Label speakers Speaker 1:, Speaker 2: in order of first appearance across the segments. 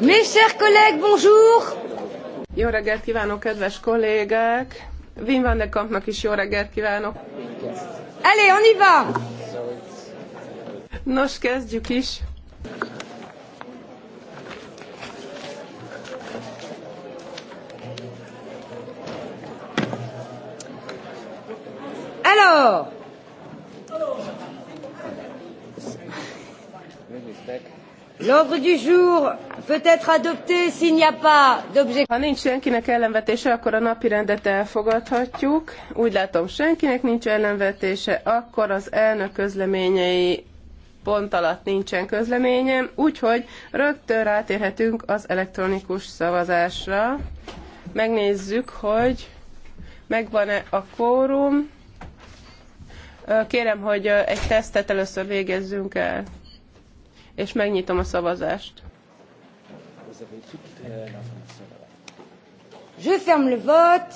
Speaker 1: Mes chers collègues, bonjour! Jó reggelt kívánok, kedves kollégák! Wim van de Kampnak is jó reggelt kívánok! Allez, on y va! Nos, kezdjük is!
Speaker 2: Alors! Hello.
Speaker 1: L'ordre du jour peut être adopté s'il n'y a pas d'objection. Ha nincs senkinek ellenvetése, akkor a napi rendet elfogadhatjuk. Úgy látom, senkinek nincs ellenvetése, akkor az elnök közleményei pont alatt nincsen közleményem, úgyhogy rögtön rátérhetünk az elektronikus szavazásra. Megnézzük, hogy megvan-e a kórum. Kérem, hogy egy tesztet először végezzünk el és megnyitom a szavazást. Je ferme le vote.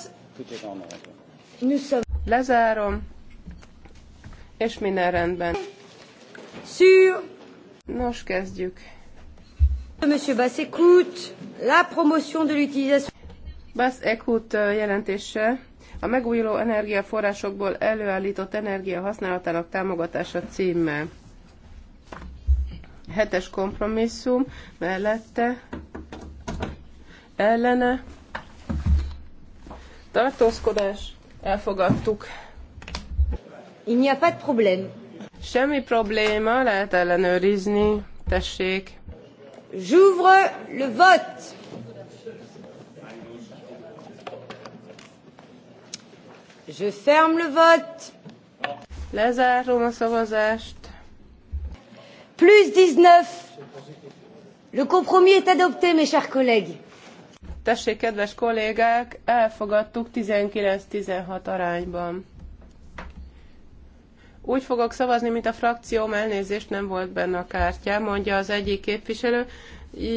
Speaker 1: Lezárom, és minden rendben. Sur. Nos, kezdjük. Monsieur Bass écoute la promotion de l'utilisation. Bass écoute euh, jelentése a megújuló energiaforrásokból előállított energia használatának támogatása címmel. Hetes kompromisszum mellette ellene tartózkodás elfogadtuk. Il n'y a pas de problème. Semmi probléma, lehet ellenőrizni. Tessék. J'ouvre le vote. Je ferme le vote. Lezárom a szavazást plus 19. Le compromis est adopté, mes chers collègues. Tessék, kedves kollégák, elfogadtuk 19-16 arányban. Úgy fogok szavazni, mint a frakcióm, elnézést nem volt benne a kártyám, mondja az egyik képviselő.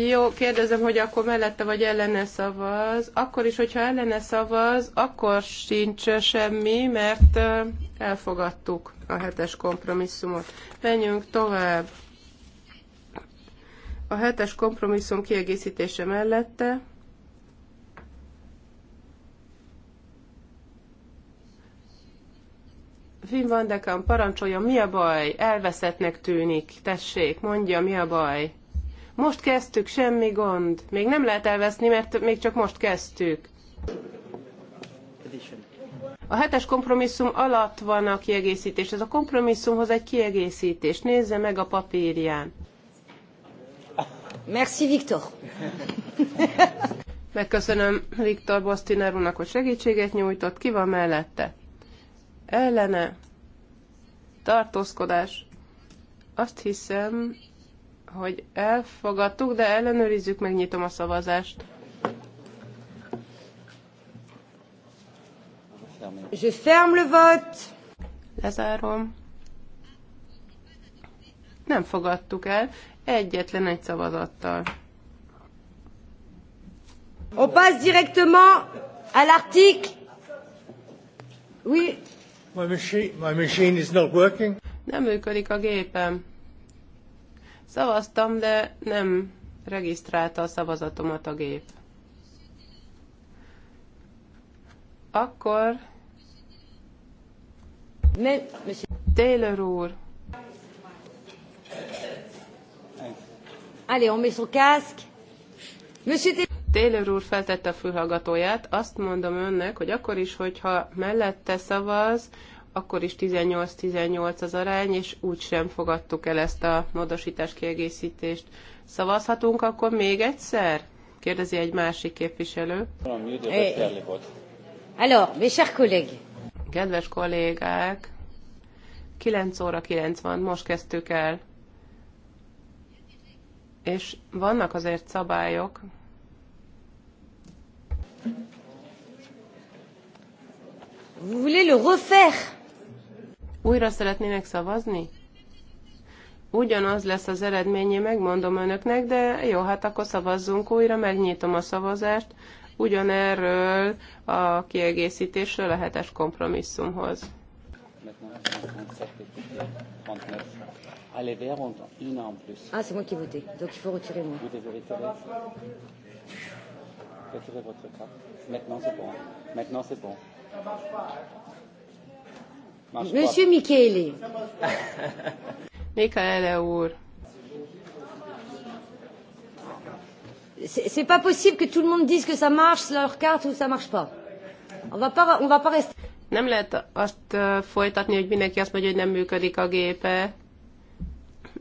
Speaker 1: Jó, kérdezem, hogy akkor mellette vagy ellene szavaz. Akkor is, hogyha ellene szavaz, akkor sincs semmi, mert elfogadtuk a hetes kompromisszumot. Menjünk tovább a hetes kompromisszum kiegészítése mellette Wim van de Kamp, parancsolja, mi a baj? Elveszettnek tűnik, tessék, mondja, mi a baj? Most kezdtük, semmi gond. Még nem lehet elveszni, mert még csak most kezdtük. A hetes kompromisszum alatt van a kiegészítés. Ez a kompromisszumhoz egy kiegészítés. Nézze meg a papírján. Merci, Viktor. Megköszönöm Viktor Bostiner úrnak, hogy segítséget nyújtott. Ki van mellette? Ellene. Tartózkodás. Azt hiszem, hogy elfogadtuk, de ellenőrizzük, megnyitom a szavazást. Je ferme le vote. Lezárom. Nem fogadtuk el. Egyetlen egy szavazattal.
Speaker 2: On passe directement à l'article.
Speaker 1: Oui.
Speaker 3: My machine, my machine is not working.
Speaker 1: Nem működik a gépem. Szavaztam, de nem regisztrálta a szavazatomat a gép. Akkor... Taylor úr. Taylor úr feltette a fülhallgatóját, azt mondom önnek, hogy akkor is, hogyha mellette szavaz, akkor is 18-18 az arány, és úgy sem fogadtuk el ezt a módosítás kiegészítést. Szavazhatunk akkor még egyszer? Kérdezi egy másik képviselő. Eh, Kedves kollégák, 9 óra 90, most kezdtük el. És vannak azért szabályok, Vous voulez le refaire Újra szeretnének szavazni? Ugyanaz lesz az eredménye, megmondom önöknek, de jó, hát akkor szavazzunk újra, megnyitom a szavazást. Ugyanerről a kiegészítésről lehetes kompromisszumhoz.
Speaker 2: Ah, les verts ont une en plus. Ah, c'est moi qui ai voté, donc il faut retirer moi. Vous devez retirer. Retirez votre carte. Maintenant, c'est bon. Maintenant,
Speaker 1: c'est bon. Marche Monsieur Michele. Michele úr. C'est pas possible que tout le monde dise que ça marche leur carte ou ça marche pas. On va pas, on va pas rester. Nem lehet azt euh, folytatni, hogy mindenki azt mondja, hogy nem működik a gépe.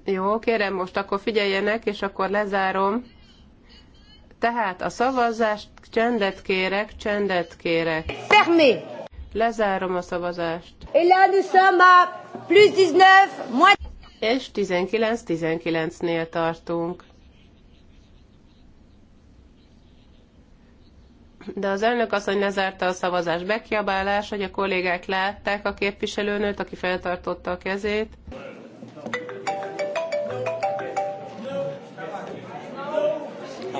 Speaker 1: Jó, kérem, most akkor figyeljenek, és akkor lezárom. Tehát a szavazást csendet kérek, csendet kérek. Fermé! Lezárom a szavazást. Et là nous sommes à plus 19, moins... És 19-19-nél tartunk. De az elnök asszony lezárta a szavazás bekiabálás, hogy a kollégák látták a képviselőnőt, aki feltartotta a kezét.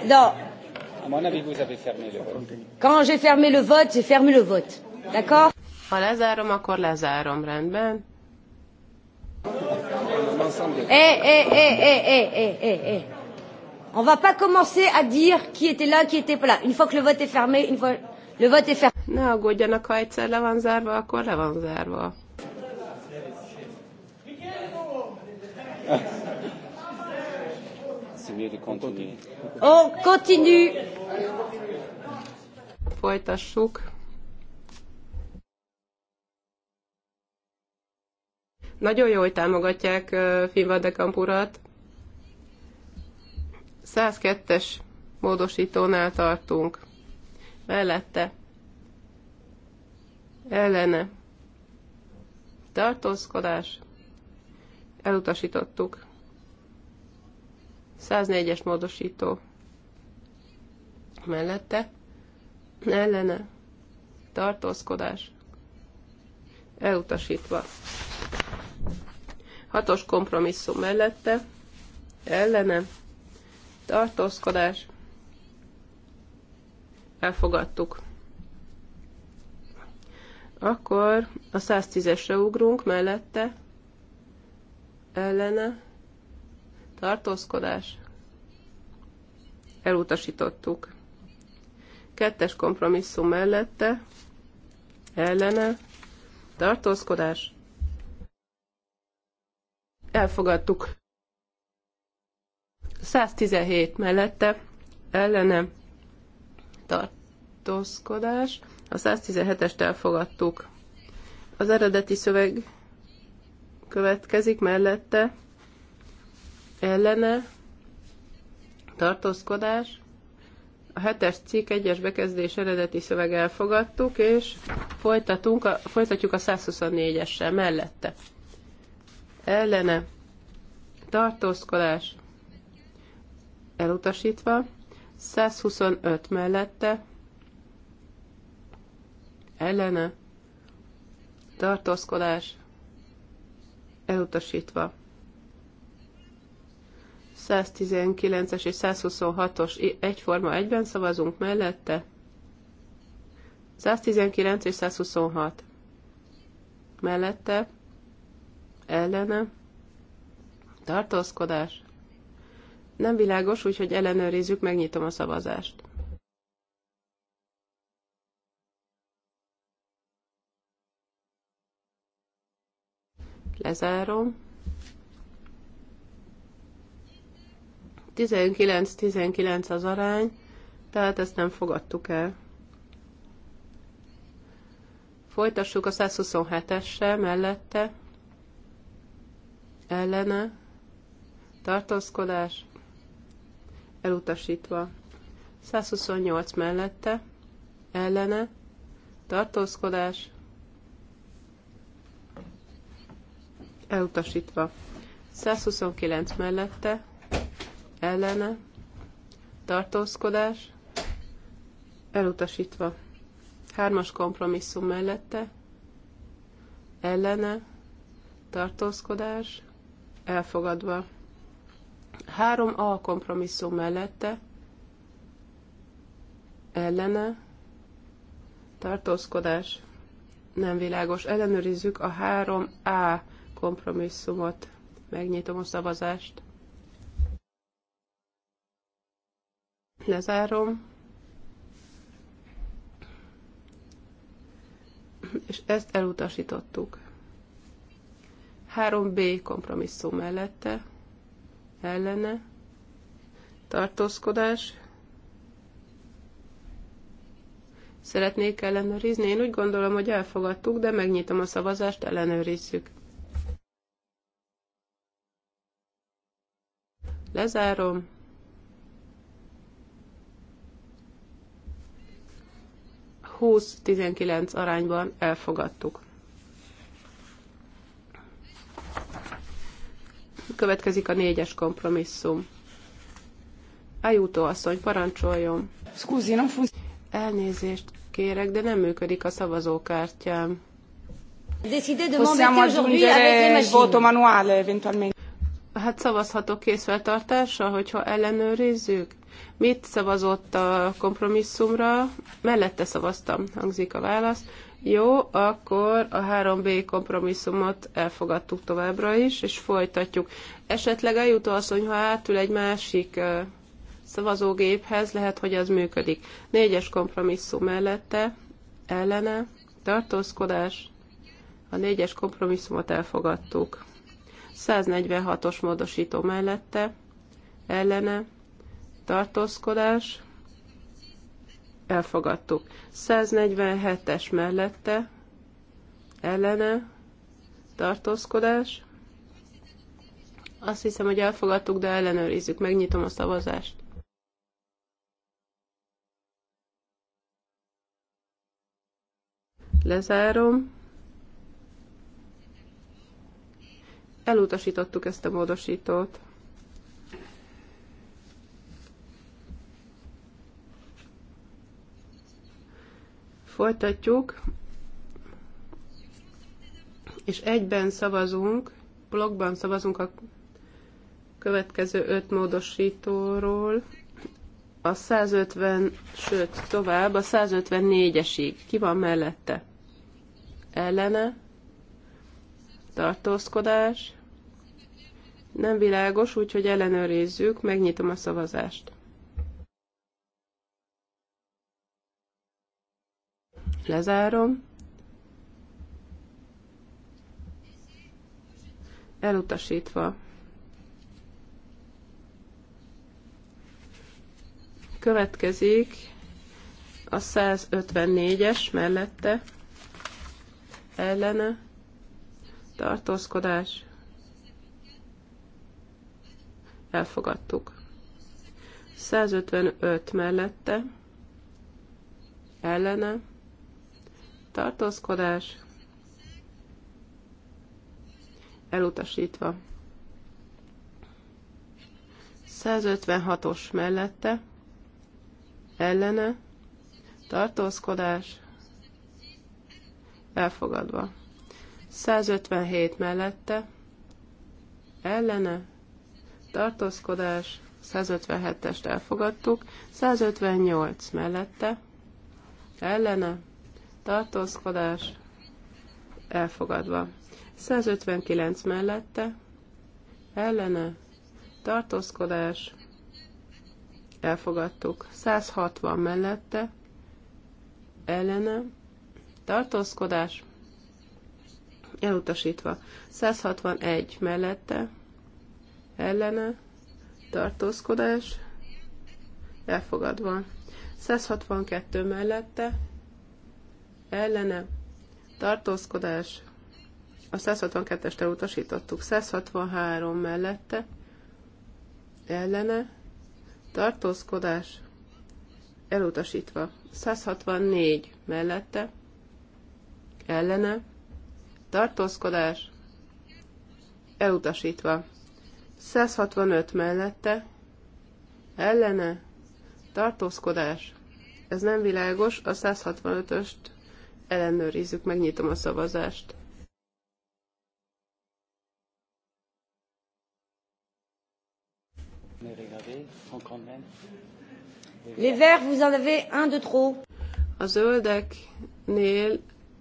Speaker 1: Non.
Speaker 2: À mon avis, vous avez fermé le vote.
Speaker 1: Quand j'ai fermé le vote, j'ai fermé le vote. D'accord Ha lezárom, akkor lezárom, rendben.
Speaker 2: Hé, eh, hé, eh, hé, eh, hé, hé,
Speaker 1: hé, hé, hé. On va pas commencer à dire qui était là, qui était pas là. Une fois que le vote est fermé, une fois le vote est fermé. Ne aggódjanak, ha egyszer le van zárva, akkor le van zárva.
Speaker 2: C'est mieux de continuer.
Speaker 1: On continue. Folytassuk. Nagyon jó, hogy támogatják Finvade urat. 102-es módosítónál tartunk. Mellette. Ellene. Tartózkodás. Elutasítottuk. 104-es módosító mellette, ellene, tartózkodás, elutasítva. Hatos kompromisszum mellette, ellene, tartózkodás, elfogadtuk. Akkor a 110-esre ugrunk mellette, ellene, tartózkodás, elutasítottuk. Kettes kompromisszum mellette, ellene, tartózkodás, elfogadtuk. 117 mellette, ellene, tartózkodás, a 117-est elfogadtuk. Az eredeti szöveg következik mellette, ellene tartózkodás. A hetes cikk egyes bekezdés eredeti szöveg elfogadtuk, és folytatunk a, folytatjuk a 124-essel mellette. Ellene tartózkodás elutasítva, 125 mellette ellene tartózkodás elutasítva. 119-es és 126-os egyforma egyben szavazunk mellette. 119 és 126 mellette, ellene, tartózkodás. Nem világos, úgyhogy ellenőrizzük, megnyitom a szavazást. Lezárom. 19-19 az arány, tehát ezt nem fogadtuk el. Folytassuk a 127-essel mellette, ellene, tartózkodás, elutasítva. 128 mellette, ellene, tartózkodás, elutasítva. 129 mellette, ellene, tartózkodás, elutasítva. Hármas kompromisszum mellette, ellene, tartózkodás, elfogadva. Három A kompromisszum mellette, ellene, tartózkodás, nem világos. Ellenőrizzük a három A kompromisszumot. Megnyitom a szavazást. lezárom, és ezt elutasítottuk. 3B kompromisszum mellette, ellene, tartózkodás, Szeretnék ellenőrizni? Én úgy gondolom, hogy elfogadtuk, de megnyitom a szavazást, ellenőrizzük. Lezárom. 20-19 arányban elfogadtuk. Következik a négyes kompromisszum. Ajutó asszony, parancsoljon. Scusi, non fun... Elnézést kérek, de nem működik a szavazókártyám. Possiamo aggiungere il voto manuale eventualmente. Hát szavazhatok készfeltartásra, hogyha ellenőrizzük? Mit szavazott a kompromisszumra? Mellette szavaztam, hangzik a válasz. Jó, akkor a 3B kompromisszumot elfogadtuk továbbra is, és folytatjuk. Esetleg eljut asszony, ha átül egy másik szavazógéphez, lehet, hogy az működik. Négyes kompromisszum mellette, ellene, tartózkodás, a négyes kompromisszumot elfogadtuk. 146-os módosító mellette, ellene, tartózkodás, elfogadtuk. 147-es mellette, ellene, tartózkodás, azt hiszem, hogy elfogadtuk, de ellenőrizzük. Megnyitom a szavazást. Lezárom. Elutasítottuk ezt a módosítót. Folytatjuk, és egyben szavazunk, blogban szavazunk a következő öt módosítóról, a 150, sőt tovább, a 154-esig. Ki van mellette? Ellene? Tartózkodás? Nem világos, úgyhogy ellenőrizzük, megnyitom a szavazást. Lezárom. Elutasítva. Következik a 154-es mellette ellene tartózkodás. Elfogadtuk. 155 mellette ellene tartózkodás, elutasítva. 156-os mellette, ellene, tartózkodás, elfogadva. 157 mellette, ellene, tartózkodás, 157-est elfogadtuk, 158 mellette, ellene, tartózkodás elfogadva. 159 mellette, ellene, tartózkodás, elfogadtuk. 160 mellette, ellene, tartózkodás, elutasítva. 161 mellette, ellene, tartózkodás, elfogadva. 162 mellette, ellene tartózkodás. A 162-est elutasítottuk. 163 mellette ellene tartózkodás elutasítva. 164 mellette ellene tartózkodás elutasítva. 165 mellette ellene tartózkodás. Ez nem világos, a 165-öst ellenőrizzük, megnyitom a szavazást. Les verts, vous en avez un de trop. A zöldeknél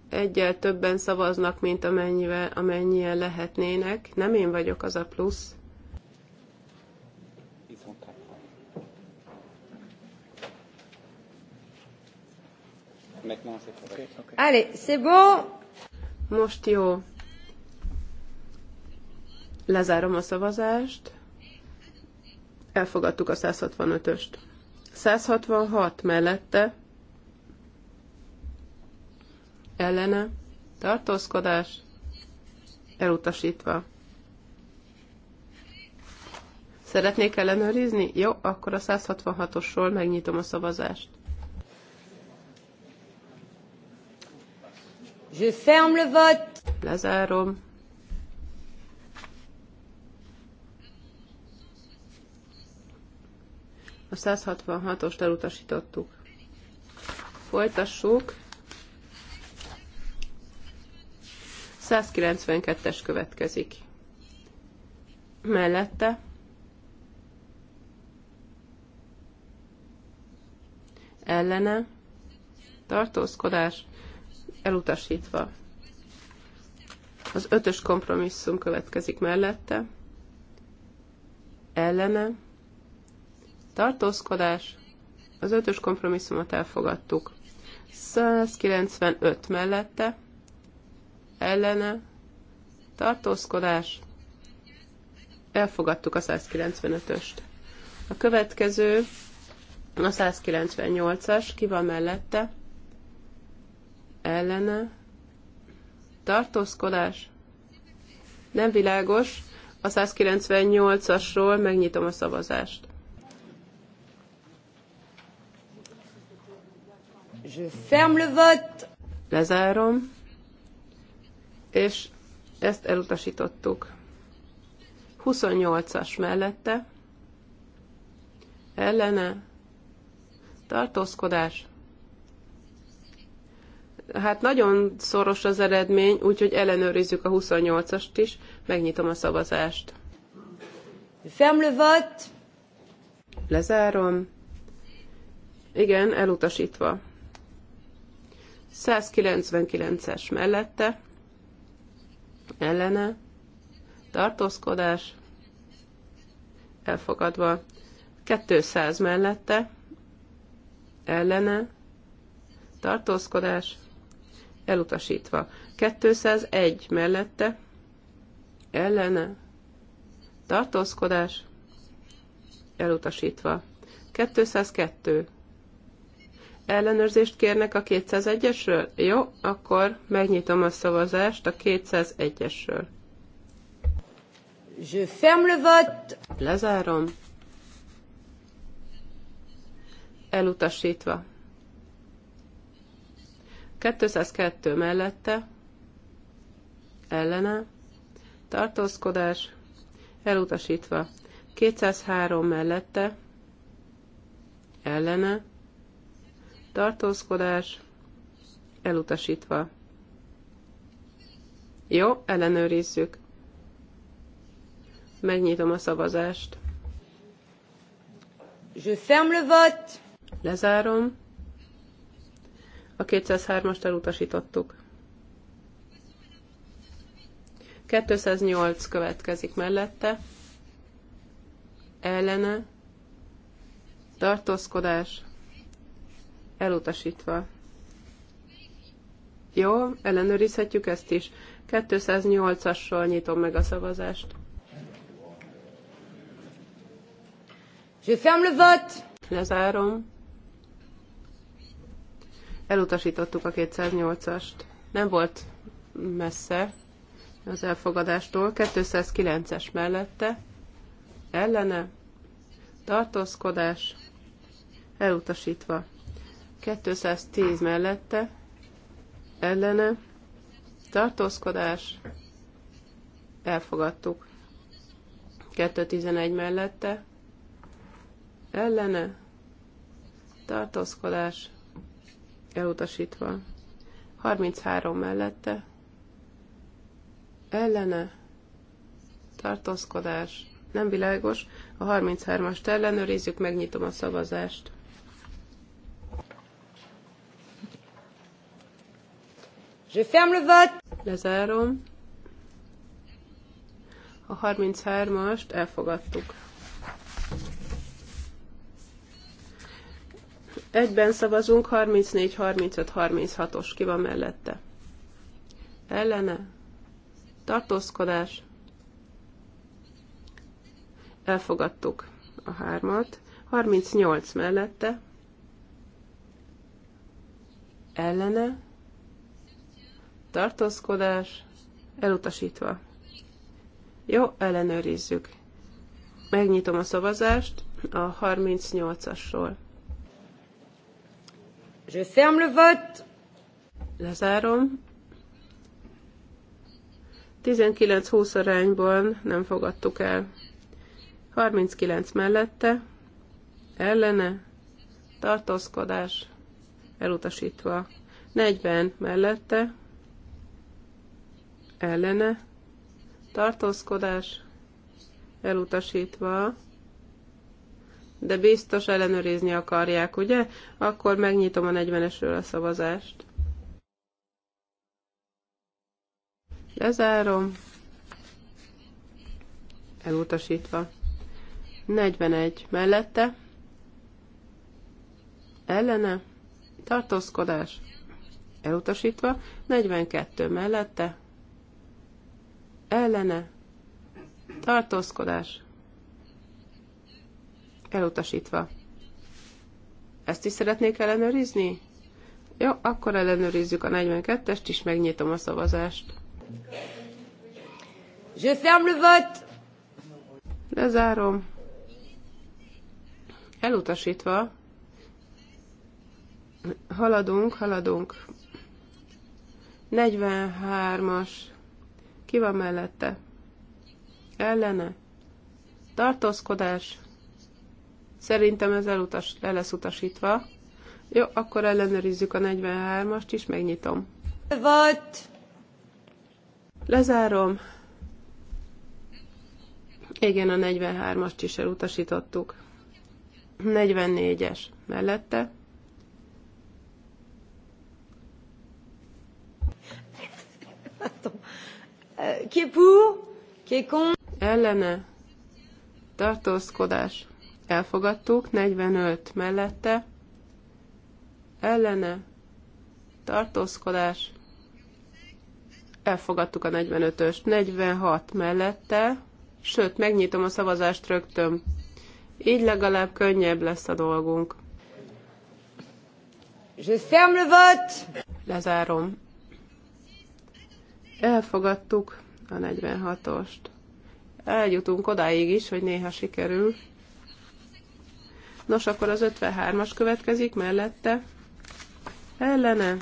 Speaker 1: egyel többen szavaznak, mint amennyivel, amennyien lehetnének. Nem én vagyok az a plusz.
Speaker 2: Allez, c'est bon.
Speaker 1: Most jó. Lezárom a szavazást. Elfogadtuk a 165-öst. 166 mellette ellene tartózkodás elutasítva. Szeretnék ellenőrizni? Jó, akkor a 166-osról megnyitom a szavazást. Je ferme le vote. Lezárom. A 166-ost elutasítottuk. Folytassuk. 192-es következik. Mellette. Ellene. Tartózkodás elutasítva. Az ötös kompromisszum következik mellette, ellene, tartózkodás, az ötös kompromisszumot elfogadtuk. 195 mellette, ellene, tartózkodás, elfogadtuk a 195-öst. A következő a 198-as, ki van mellette, ellene, tartózkodás, nem világos, a 198-asról megnyitom a szavazást. Je ferme le vote. Lezárom, és ezt elutasítottuk. 28-as mellette, ellene, tartózkodás, Hát nagyon szoros az eredmény, úgyhogy ellenőrizzük a 28-ast is. Megnyitom a szavazást. Ferm le vote. Lezárom. Igen, elutasítva. 199-es mellette, ellene, tartózkodás, elfogadva, 200 mellette, ellene, tartózkodás, elutasítva. 201 mellette ellene tartózkodás elutasítva. 202 ellenőrzést kérnek a 201-esről? Jó, akkor megnyitom a szavazást a 201-esről. Je ferme le vote. Lezárom. Elutasítva. 202 mellette ellene tartózkodás elutasítva. 203 mellette ellene tartózkodás elutasítva. Jó, ellenőrizzük. Megnyitom a szavazást. Je ferme le vote. Lezárom. A 203-ast elutasítottuk. 208 következik mellette. Ellene. Tartózkodás. Elutasítva. Jó, ellenőrizhetjük ezt is. 208-assal nyitom meg a szavazást. Je ferme le vote. Lezárom. Elutasítottuk a 208-ast. Nem volt messze az elfogadástól. 209-es mellette ellene tartózkodás elutasítva. 210 mellette ellene tartózkodás elfogadtuk. 211 mellette ellene tartózkodás elutasítva. 33 mellette, ellene, tartózkodás, nem világos, a 33-ast ellenőrizzük, megnyitom a szavazást. Je ferme le vote. Lezárom. A 33-ast elfogadtuk. Egyben szavazunk 34, 35, 36-os. Ki van mellette? Ellene? Tartózkodás? Elfogadtuk a hármat. 38 mellette? Ellene? Tartózkodás? Elutasítva. Jó, ellenőrizzük. Megnyitom a szavazást a 38-asról. Je ferme le vote. Lezárom. 19-20 arányból nem fogadtuk el. 39 mellette, ellene, tartózkodás, elutasítva. 40 mellette, ellene, tartózkodás, elutasítva de biztos ellenőrizni akarják, ugye? Akkor megnyitom a 40-esről a szavazást. Lezárom. Elutasítva. 41 mellette. Ellene. Tartózkodás. Elutasítva. 42 mellette. Ellene. Tartózkodás elutasítva. Ezt is szeretnék ellenőrizni? Jó, akkor ellenőrizzük a 42-est is, megnyitom a szavazást. Je ferme le vote. Lezárom. Elutasítva. Haladunk, haladunk. 43-as. Ki van mellette? Ellene. Tartózkodás. Szerintem ez elutas, le lesz utasítva. Jó, akkor ellenőrizzük a 43-ast is, megnyitom. Volt. Lezárom. Igen, a 43-ast is elutasítottuk. 44-es mellette. Euh, Ellene. Tartózkodás elfogadtuk, 45 mellette, ellene, tartózkodás, elfogadtuk a 45-öst, 46 mellette, sőt, megnyitom a szavazást rögtön. Így legalább könnyebb lesz a dolgunk. Je ferme le vote! Lezárom. Elfogadtuk a 46-ost. Eljutunk odáig is, hogy néha sikerül. Nos, akkor az 53-as következik mellette. Ellene.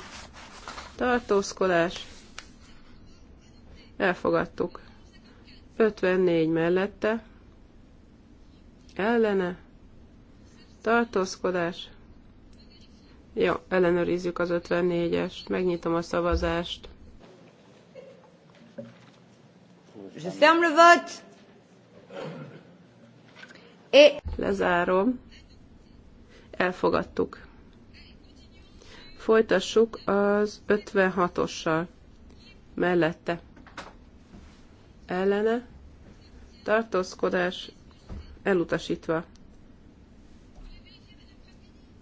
Speaker 1: Tartózkodás. Elfogadtuk. 54 mellette. Ellene. Tartózkodás. Jó, ellenőrizzük az 54-est. Megnyitom a szavazást. Je ferme le vote. Et... Lezárom elfogadtuk. Folytassuk az 56-ossal. Mellette. Ellene. Tartózkodás elutasítva.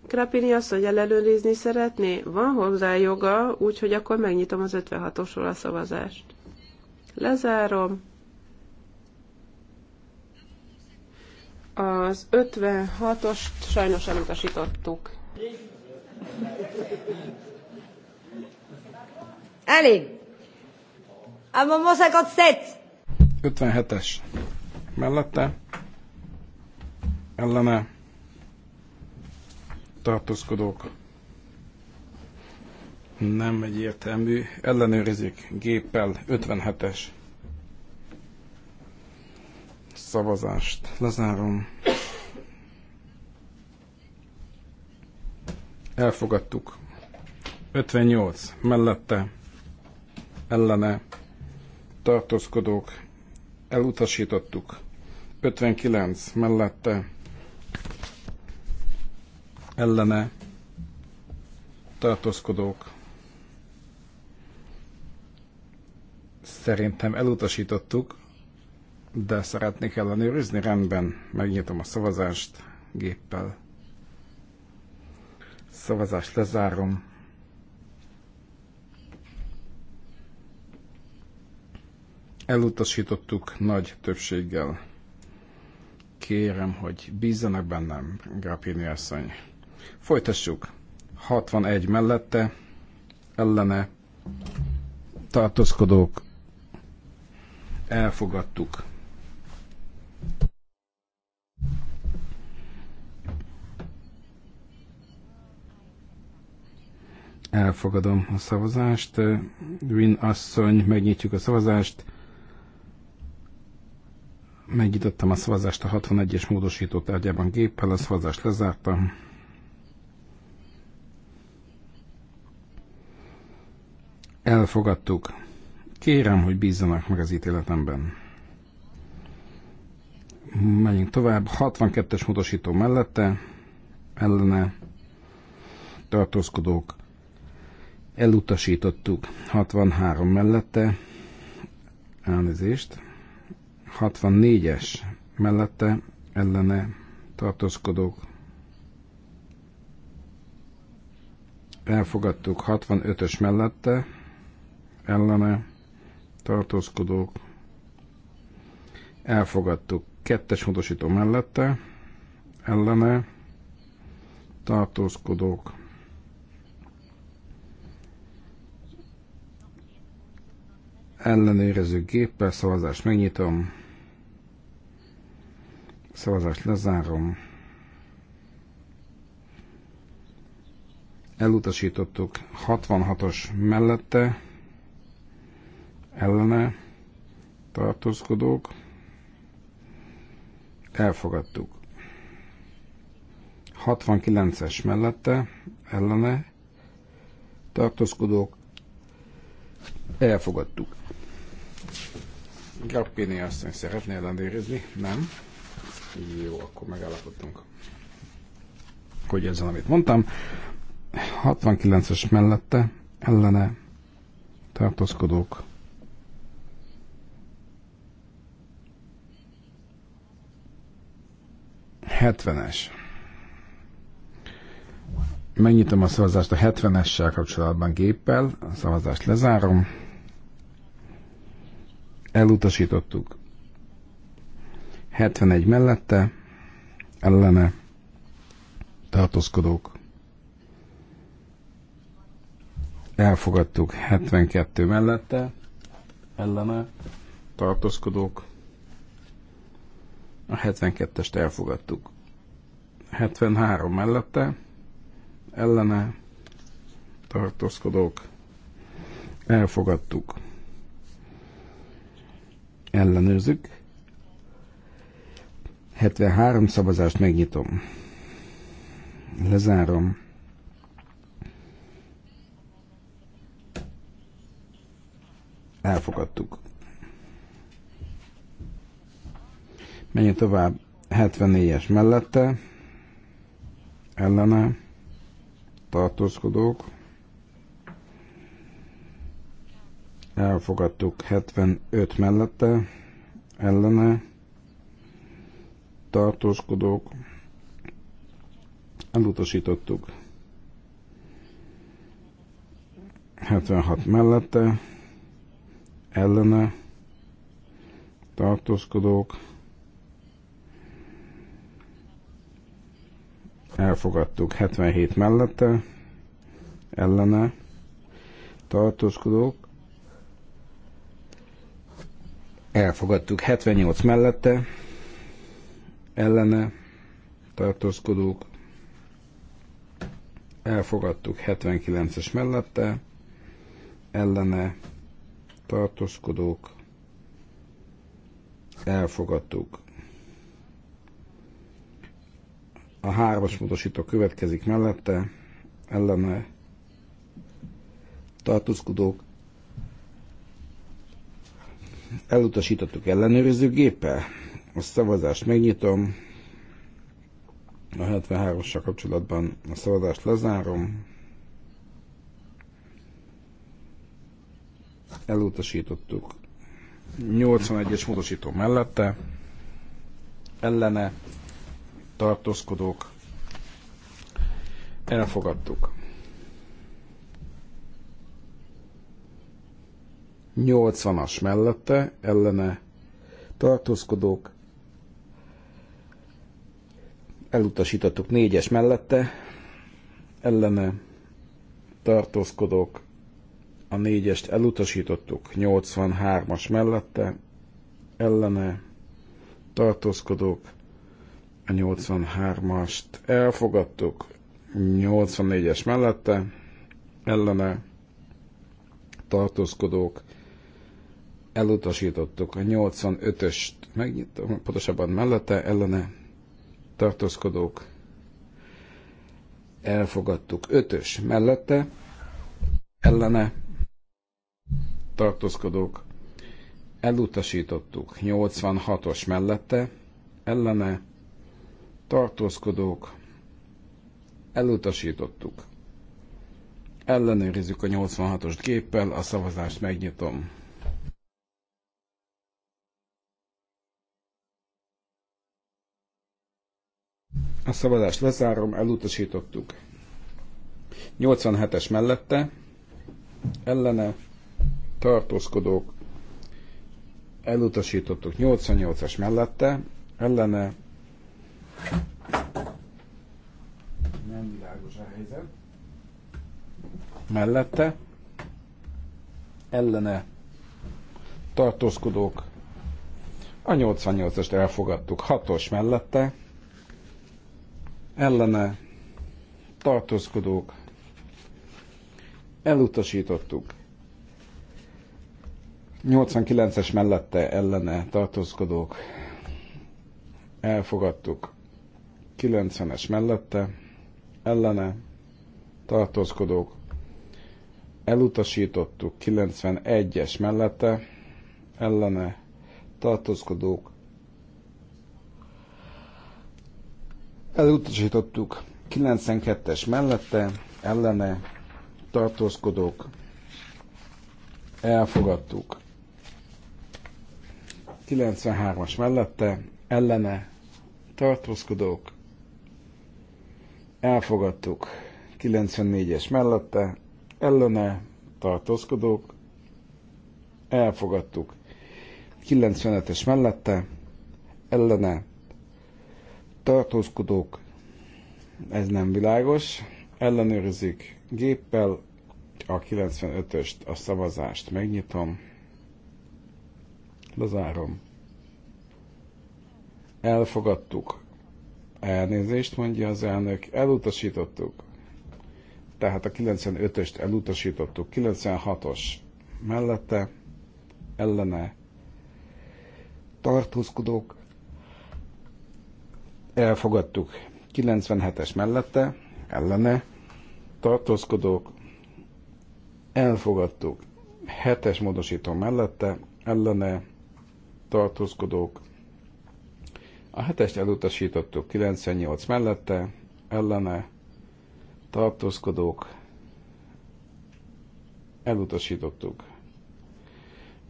Speaker 1: Krapini azt, hogy ellenőrizni szeretné, van hozzá joga, úgyhogy akkor megnyitom az 56-osról a szavazást. Lezárom. Az 56-ost sajnos elutasítottuk.
Speaker 4: Elég! Ám A moment 57! 57-es. Mellette. Ellene. Tartózkodók. Nem egyértelmű. Ellenőrizik géppel 57-es szavazást lezárom. Elfogadtuk. 58 mellette ellene tartózkodók elutasítottuk. 59 mellette ellene tartózkodók szerintem elutasítottuk, de szeretnék ellenőrizni. Rendben, megnyitom a szavazást géppel. Szavazást lezárom. Elutasítottuk nagy többséggel. Kérem, hogy bízzanak bennem, Grappini asszony. Folytassuk. 61 mellette, ellene tartózkodók elfogadtuk. Elfogadom a szavazást. Win asszony, megnyitjuk a szavazást. Megnyitottam a szavazást a 61-es módosító tárgyában géppel, a szavazást lezártam. Elfogadtuk. Kérem, hogy bízzanak meg az ítéletemben. Menjünk tovább. 62-es módosító mellette, ellene tartózkodók elutasítottuk 63 mellette, elnézést, 64-es mellette ellene tartózkodók elfogadtuk 65-ös mellette ellene tartózkodók elfogadtuk 2-es módosító mellette ellene tartózkodók ellenőrző géppel, szavazást megnyitom, szavazást lezárom, elutasítottuk 66-os mellette, ellene tartózkodók, elfogadtuk. 69-es mellette, ellene tartózkodók, elfogadtuk. Grappini mondja, szeretné ellenőrizni? Nem? Jó, akkor megállapodtunk, hogy ez amit mondtam. 69-es mellette ellene tartózkodók Hetvenes. Megnyitom a szavazást a 70-essel kapcsolatban géppel, a szavazást lezárom elutasítottuk. 71 mellette, ellene, tartózkodók. Elfogadtuk 72 mellette, ellene, tartózkodók. A 72-est elfogadtuk. 73 mellette, ellene, tartózkodók. Elfogadtuk ellenőrzük. 73 szavazást megnyitom. Lezárom. Elfogadtuk. Menjünk tovább. 74-es mellette. Ellene. Tartózkodók. elfogadtuk 75 mellette, ellene, tartózkodók, elutasítottuk 76 mellette, ellene, tartózkodók, elfogadtuk 77 mellette, ellene, tartózkodók, elfogadtuk 78 mellette, ellene tartózkodók, elfogadtuk 79-es mellette, ellene tartózkodók, elfogadtuk. A hármas módosító következik mellette, ellene tartózkodók, elutasítottuk ellenőrző géppel. A szavazást megnyitom. A 73 ossal kapcsolatban a szavazást lezárom. Elutasítottuk. 81-es módosító mellette. Ellene tartózkodók. Elfogadtuk. 80-as mellette ellene tartózkodók, elutasítottuk 4-es mellette, ellene tartózkodók, a 4-est elutasítottuk 83-as mellette, ellene tartózkodók, a 83-ast elfogadtuk 84-es mellette, ellene tartózkodók, elutasítottuk. A 85-öst megnyitom, pontosabban mellette, ellene tartózkodók elfogadtuk. 5-ös mellette, ellene tartózkodók elutasítottuk. 86-os mellette, ellene tartózkodók elutasítottuk. Ellenőrizzük a 86-os géppel, a szavazást megnyitom. A szavazást lezárom, elutasítottuk. 87-es mellette, ellene tartózkodók, elutasítottuk. 88 es mellette, ellene nem világos a helyzet. Mellette ellene tartózkodók. A 88-est elfogadtuk. 6-os mellette ellene tartózkodók elutasítottuk. 89-es mellette ellene tartózkodók elfogadtuk. 90-es mellette ellene tartózkodók elutasítottuk. 91-es mellette ellene tartózkodók Elutasítottuk 92-es mellette, ellene tartózkodók. Elfogadtuk. 93-as mellette, ellene tartózkodók. Elfogadtuk. 94-es mellette, ellene tartózkodók. Elfogadtuk. 95-es mellette, ellene tartózkodók, ez nem világos, Ellenőrizik géppel a 95-öst, a szavazást megnyitom, lezárom. Elfogadtuk. Elnézést mondja az elnök, elutasítottuk. Tehát a 95-öst elutasítottuk, 96-os mellette, ellene tartózkodók elfogadtuk. 97-es mellette, ellene, tartózkodók, elfogadtuk. 7-es módosító mellette, ellene, tartózkodók. A 7-est elutasítottuk 98 mellette, ellene, tartózkodók, elutasítottuk.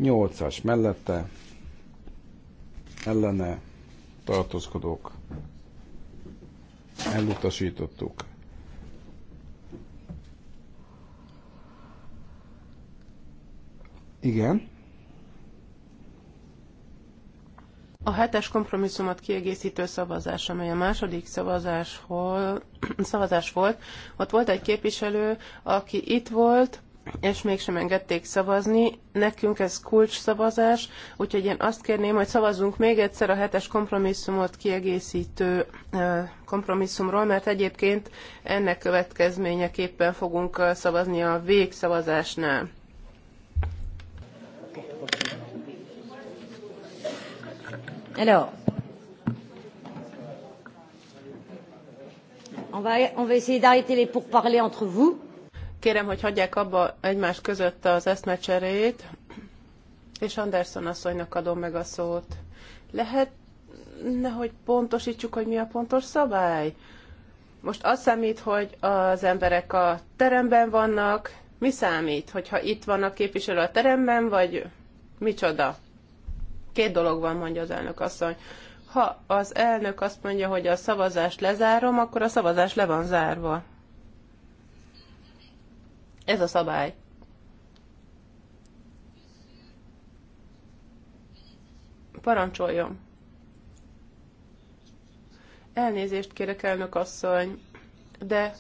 Speaker 4: 8-as mellette, ellene, tartózkodók, elutasítottuk. Igen.
Speaker 1: A hetes kompromisszumot kiegészítő szavazás, amely a második szavazás, hol, szavazás volt, ott volt egy képviselő, aki itt volt, és mégsem engedték szavazni. Nekünk ez kulcs szavazás, úgyhogy én azt kérném, hogy szavazzunk még egyszer a hetes kompromisszumot kiegészítő kompromisszumról, mert egyébként ennek következményeképpen fogunk szavazni a végszavazásnál. Hello. on va, on va essayer d'arrêter les pourparlers entre vous. Kérem, hogy hagyják abba egymás között az eszmecserét, és Anderson asszonynak adom meg a szót. Lehet, nehogy pontosítsuk, hogy mi a pontos szabály? Most az számít, hogy az emberek a teremben vannak. Mi számít, hogyha itt vannak képviselő a teremben, vagy micsoda? Két dolog van, mondja az elnök asszony. Ha az elnök azt mondja, hogy a szavazást lezárom, akkor a szavazás le van zárva. Ez a szabály. Parancsoljon. Elnézést kérek, elnök asszony, de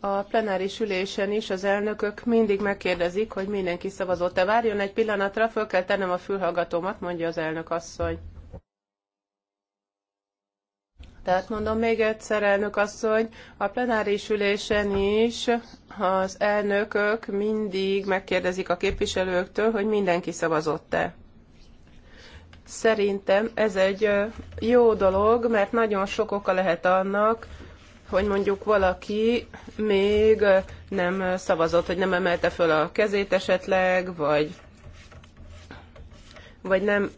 Speaker 1: a plenáris ülésen is az elnökök mindig megkérdezik, hogy mindenki szavazott-e. Várjon egy pillanatra, föl kell tennem a fülhallgatómat, mondja az elnök asszony. Tehát mondom még egyszer, elnök asszony, a plenáris ülésen is az elnökök mindig megkérdezik a képviselőktől, hogy mindenki szavazott-e. Szerintem ez egy jó dolog, mert nagyon sok oka lehet annak, hogy mondjuk valaki még nem szavazott, hogy nem emelte föl a kezét esetleg, vagy, vagy nem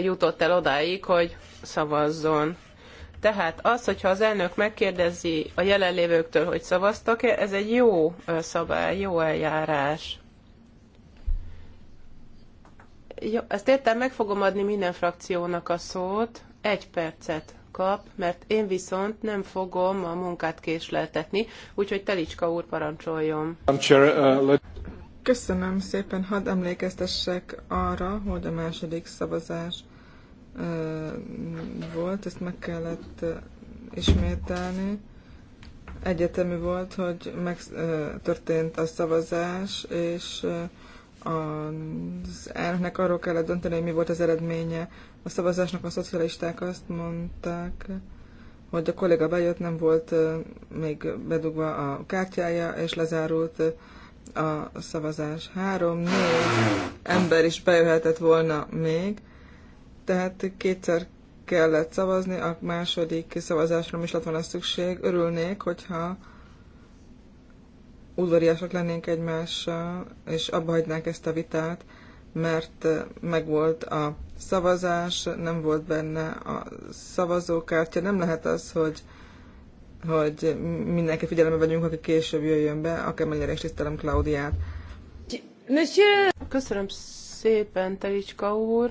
Speaker 1: jutott el odáig, hogy szavazzon. Tehát az, hogyha az elnök megkérdezi a jelenlévőktől, hogy szavaztak-e, ez egy jó szabály, jó eljárás. Jó, ezt értem, meg fogom adni minden frakciónak a szót, egy percet kap, mert én viszont nem fogom a munkát késleltetni,
Speaker 3: úgyhogy Telicska úr parancsoljon.
Speaker 4: Uh,
Speaker 3: Köszönöm szépen, hadd emlékeztessek arra, hogy a második szavazás volt, ezt meg kellett ismételni. Egyetemű volt, hogy megtörtént a szavazás, és az elnöknek arról kellett dönteni, hogy mi volt az eredménye. A szavazásnak a szocialisták azt mondták, hogy a kolléga bejött, nem volt még bedugva a kártyája, és lezárult a szavazás. Három, négy ember is bejöhetett volna még, tehát kétszer kellett szavazni, a második szavazásra is lett volna szükség. Örülnék, hogyha udvariasak lennénk egymással, és abba hagynánk ezt a vitát, mert megvolt a szavazás, nem volt benne a szavazókártya. Nem lehet az, hogy, hogy mindenki figyelembe vagyunk, aki később jöjjön be, akármennyire is tisztelem Klaudiát.
Speaker 1: Köszönöm szépen, Telicska úr!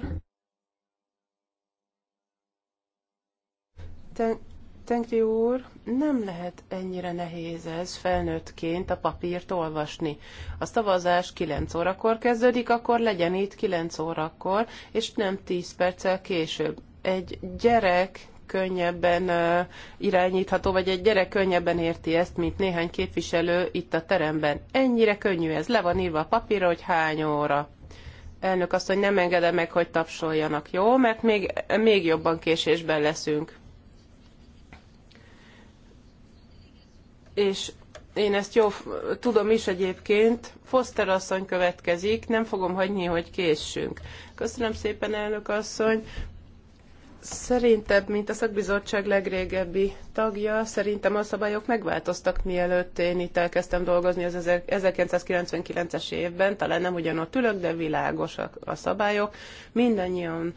Speaker 1: Tengri úr, nem lehet ennyire nehéz ez felnőttként a papírt olvasni. A szavazás 9 órakor kezdődik, akkor legyen itt 9 órakor, és nem 10 perccel később. Egy gyerek könnyebben irányítható, vagy egy gyerek könnyebben érti ezt, mint néhány képviselő itt a teremben. Ennyire könnyű ez, le van írva a papírra, hogy hány óra. Elnök azt, hogy nem engedem meg, hogy tapsoljanak, jó? Mert még, még jobban késésben leszünk. és én ezt jó tudom is egyébként. Foster asszony következik, nem fogom hagyni, hogy késsünk. Köszönöm szépen, elnök asszony. Szerintebb, mint a szakbizottság legrégebbi tagja. Szerintem a szabályok megváltoztak, mielőtt én itt elkezdtem dolgozni az 1999-es évben. Talán nem ugyanott ülök, de világosak a szabályok. Mindannyian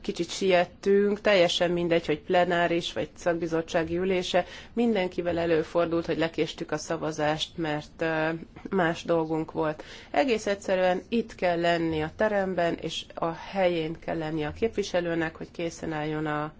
Speaker 1: kicsit siettünk, teljesen mindegy, hogy plenáris vagy szakbizottsági ülése. Mindenkivel előfordult, hogy lekéstük a szavazást, mert más dolgunk volt. Egész egyszerűen itt kell lenni a teremben, és a helyén kell lenni a képviselőnek, hogy készen álljon a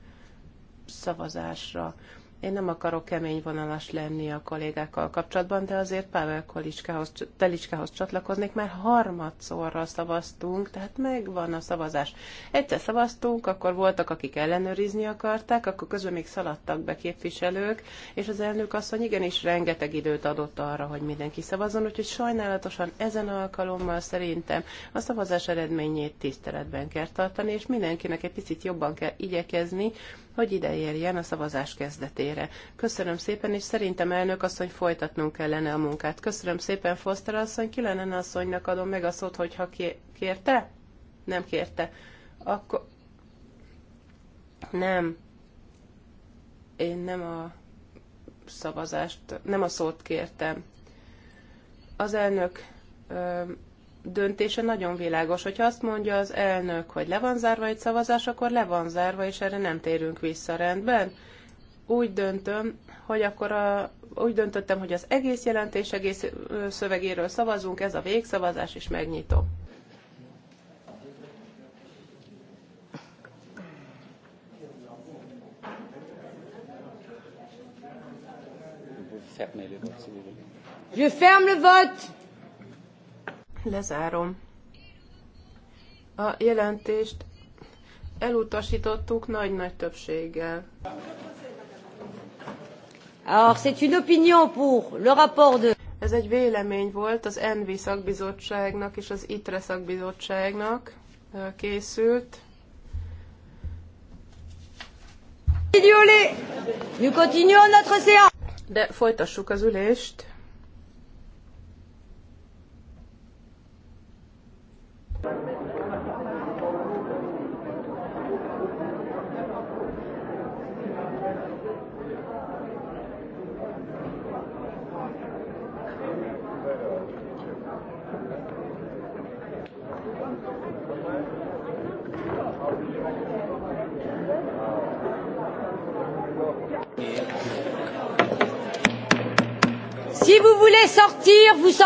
Speaker 1: szavazásra. Én nem akarok kemény vonalas lenni a kollégákkal kapcsolatban, de azért Pavel Kolicskához, Telicskához csatlakoznék, mert harmadszorra szavaztunk, tehát megvan a szavazás. Egyszer szavaztunk, akkor voltak, akik ellenőrizni akarták, akkor közben még szaladtak be képviselők, és az elnök asszony igenis rengeteg időt adott arra, hogy mindenki szavazzon, úgyhogy sajnálatosan ezen alkalommal szerintem a szavazás eredményét tiszteletben kell tartani, és mindenkinek egy picit jobban kell igyekezni, hogy ide érjen a szavazás kezdetére. Köszönöm szépen, és szerintem elnök asszony folytatnunk kellene a munkát. Köszönöm szépen, Foster asszony, lenne asszonynak adom meg a szót, hogyha kérte? Nem kérte. Akkor... Nem. Én nem a szavazást, nem a szót kértem. Az elnök döntése nagyon világos. Hogyha azt mondja az elnök, hogy le van zárva egy szavazás, akkor le van zárva, és erre nem térünk vissza rendben. Úgy döntöm, hogy akkor a, úgy döntöttem, hogy az egész jelentés egész szövegéről szavazunk, ez a végszavazás, és megnyitom. Je ferme le vote. Lezárom. A jelentést elutasítottuk nagy-nagy többséggel. Alors, c'est une opinion pour le rapport de... Ez egy vélemény volt az ENVI szakbizottságnak és az ITRE szakbizottságnak készült. De folytassuk az
Speaker 3: ülést.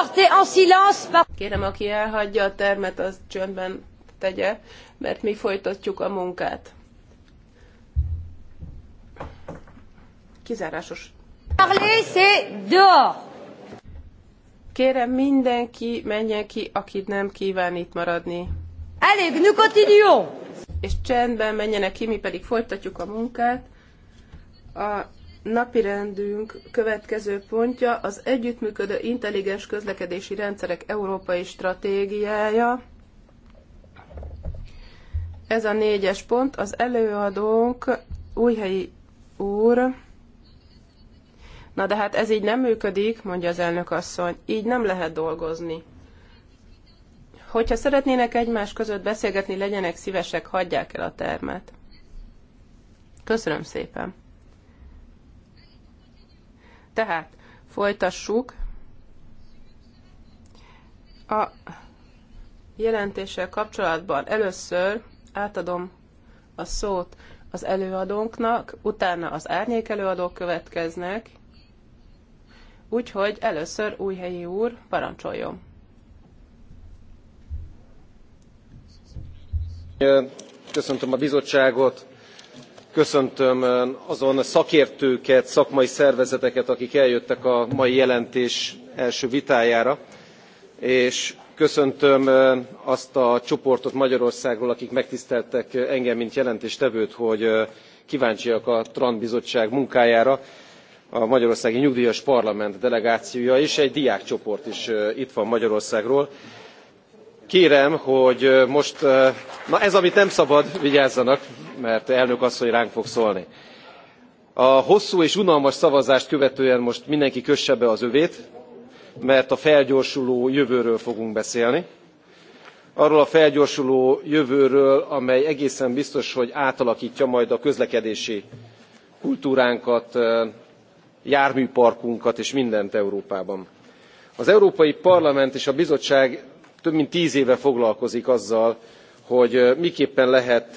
Speaker 1: sortez en silence. Kérem, aki elhagyja a termet, az csöndben tegye, mert mi folytatjuk a munkát. Kizárásos. Parler, c'est dehors. Kérem, mindenki menjen ki, akit nem kíván itt maradni. Elég, nous continuons! És csendben menjenek ki, mi pedig folytatjuk a munkát. A napirendünk következő pontja az együttműködő intelligens közlekedési rendszerek európai stratégiája. Ez a négyes pont. Az előadónk Újhelyi úr. Na de hát ez így nem működik, mondja az elnök asszony. Így nem lehet dolgozni. Hogyha szeretnének egymás között beszélgetni, legyenek szívesek, hagyják el a termet. Köszönöm szépen. Tehát folytassuk. A jelentéssel kapcsolatban először átadom a szót az előadónknak, utána az árnyék előadók következnek, úgyhogy először Újhelyi úr parancsoljon.
Speaker 2: Köszöntöm a bizottságot, köszöntöm eh, azon szakértőket szakmai szervezeteket akik eljöttek a mai jelentés első vitájára és köszöntöm eh, azt a csoportot magyarországról akik megtiszteltek eh, engem mint jelentéstevőt hogy kváncsiak a tran bizottság munkájára a magyarországi nyugdjas parlament delegációja és egy diákcsoport is itt van magyarországról kérem hogy most na ez amit nem szabad vigyázzanak mert elnök asszony ránk fog szólni a hosszú és unalmas szavazást követően most mindenki kösse be az övét mert a felgyorsuló jövőről fogunk beszélni arról a felgyorsuló jövőről amely egészen biztos hogy átalaktja majd a közlekedési kultúránkat járműparkunkat és mindent európában. az európai parlament és a bizottság több mint tz éve foglalkozik azzal hogy miképpen lehet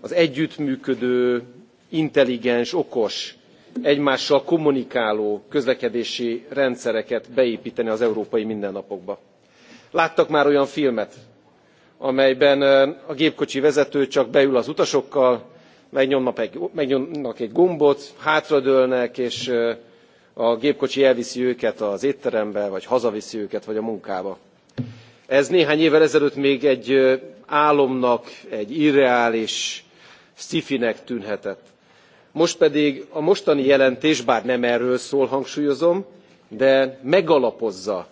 Speaker 2: az együttműködő intelligens okos egymással kommunikáló közlekedési rendszereket beépteni az európai mindennapokba. láttak már olyan filmet amelyben a gépkocsi vezető csak beül az utasokkal megnyomnak egy gombot hátradőlnek és a gépkocsi elviszi őket az étterembe vagy hazaviszi őket vagy a munkába. Ez néhány évvel ezelőtt még egy álomnak, egy irreális szifinek tűnhetett. Most pedig a mostani jelentés, bár nem erről szól, hangsúlyozom, de megalapozza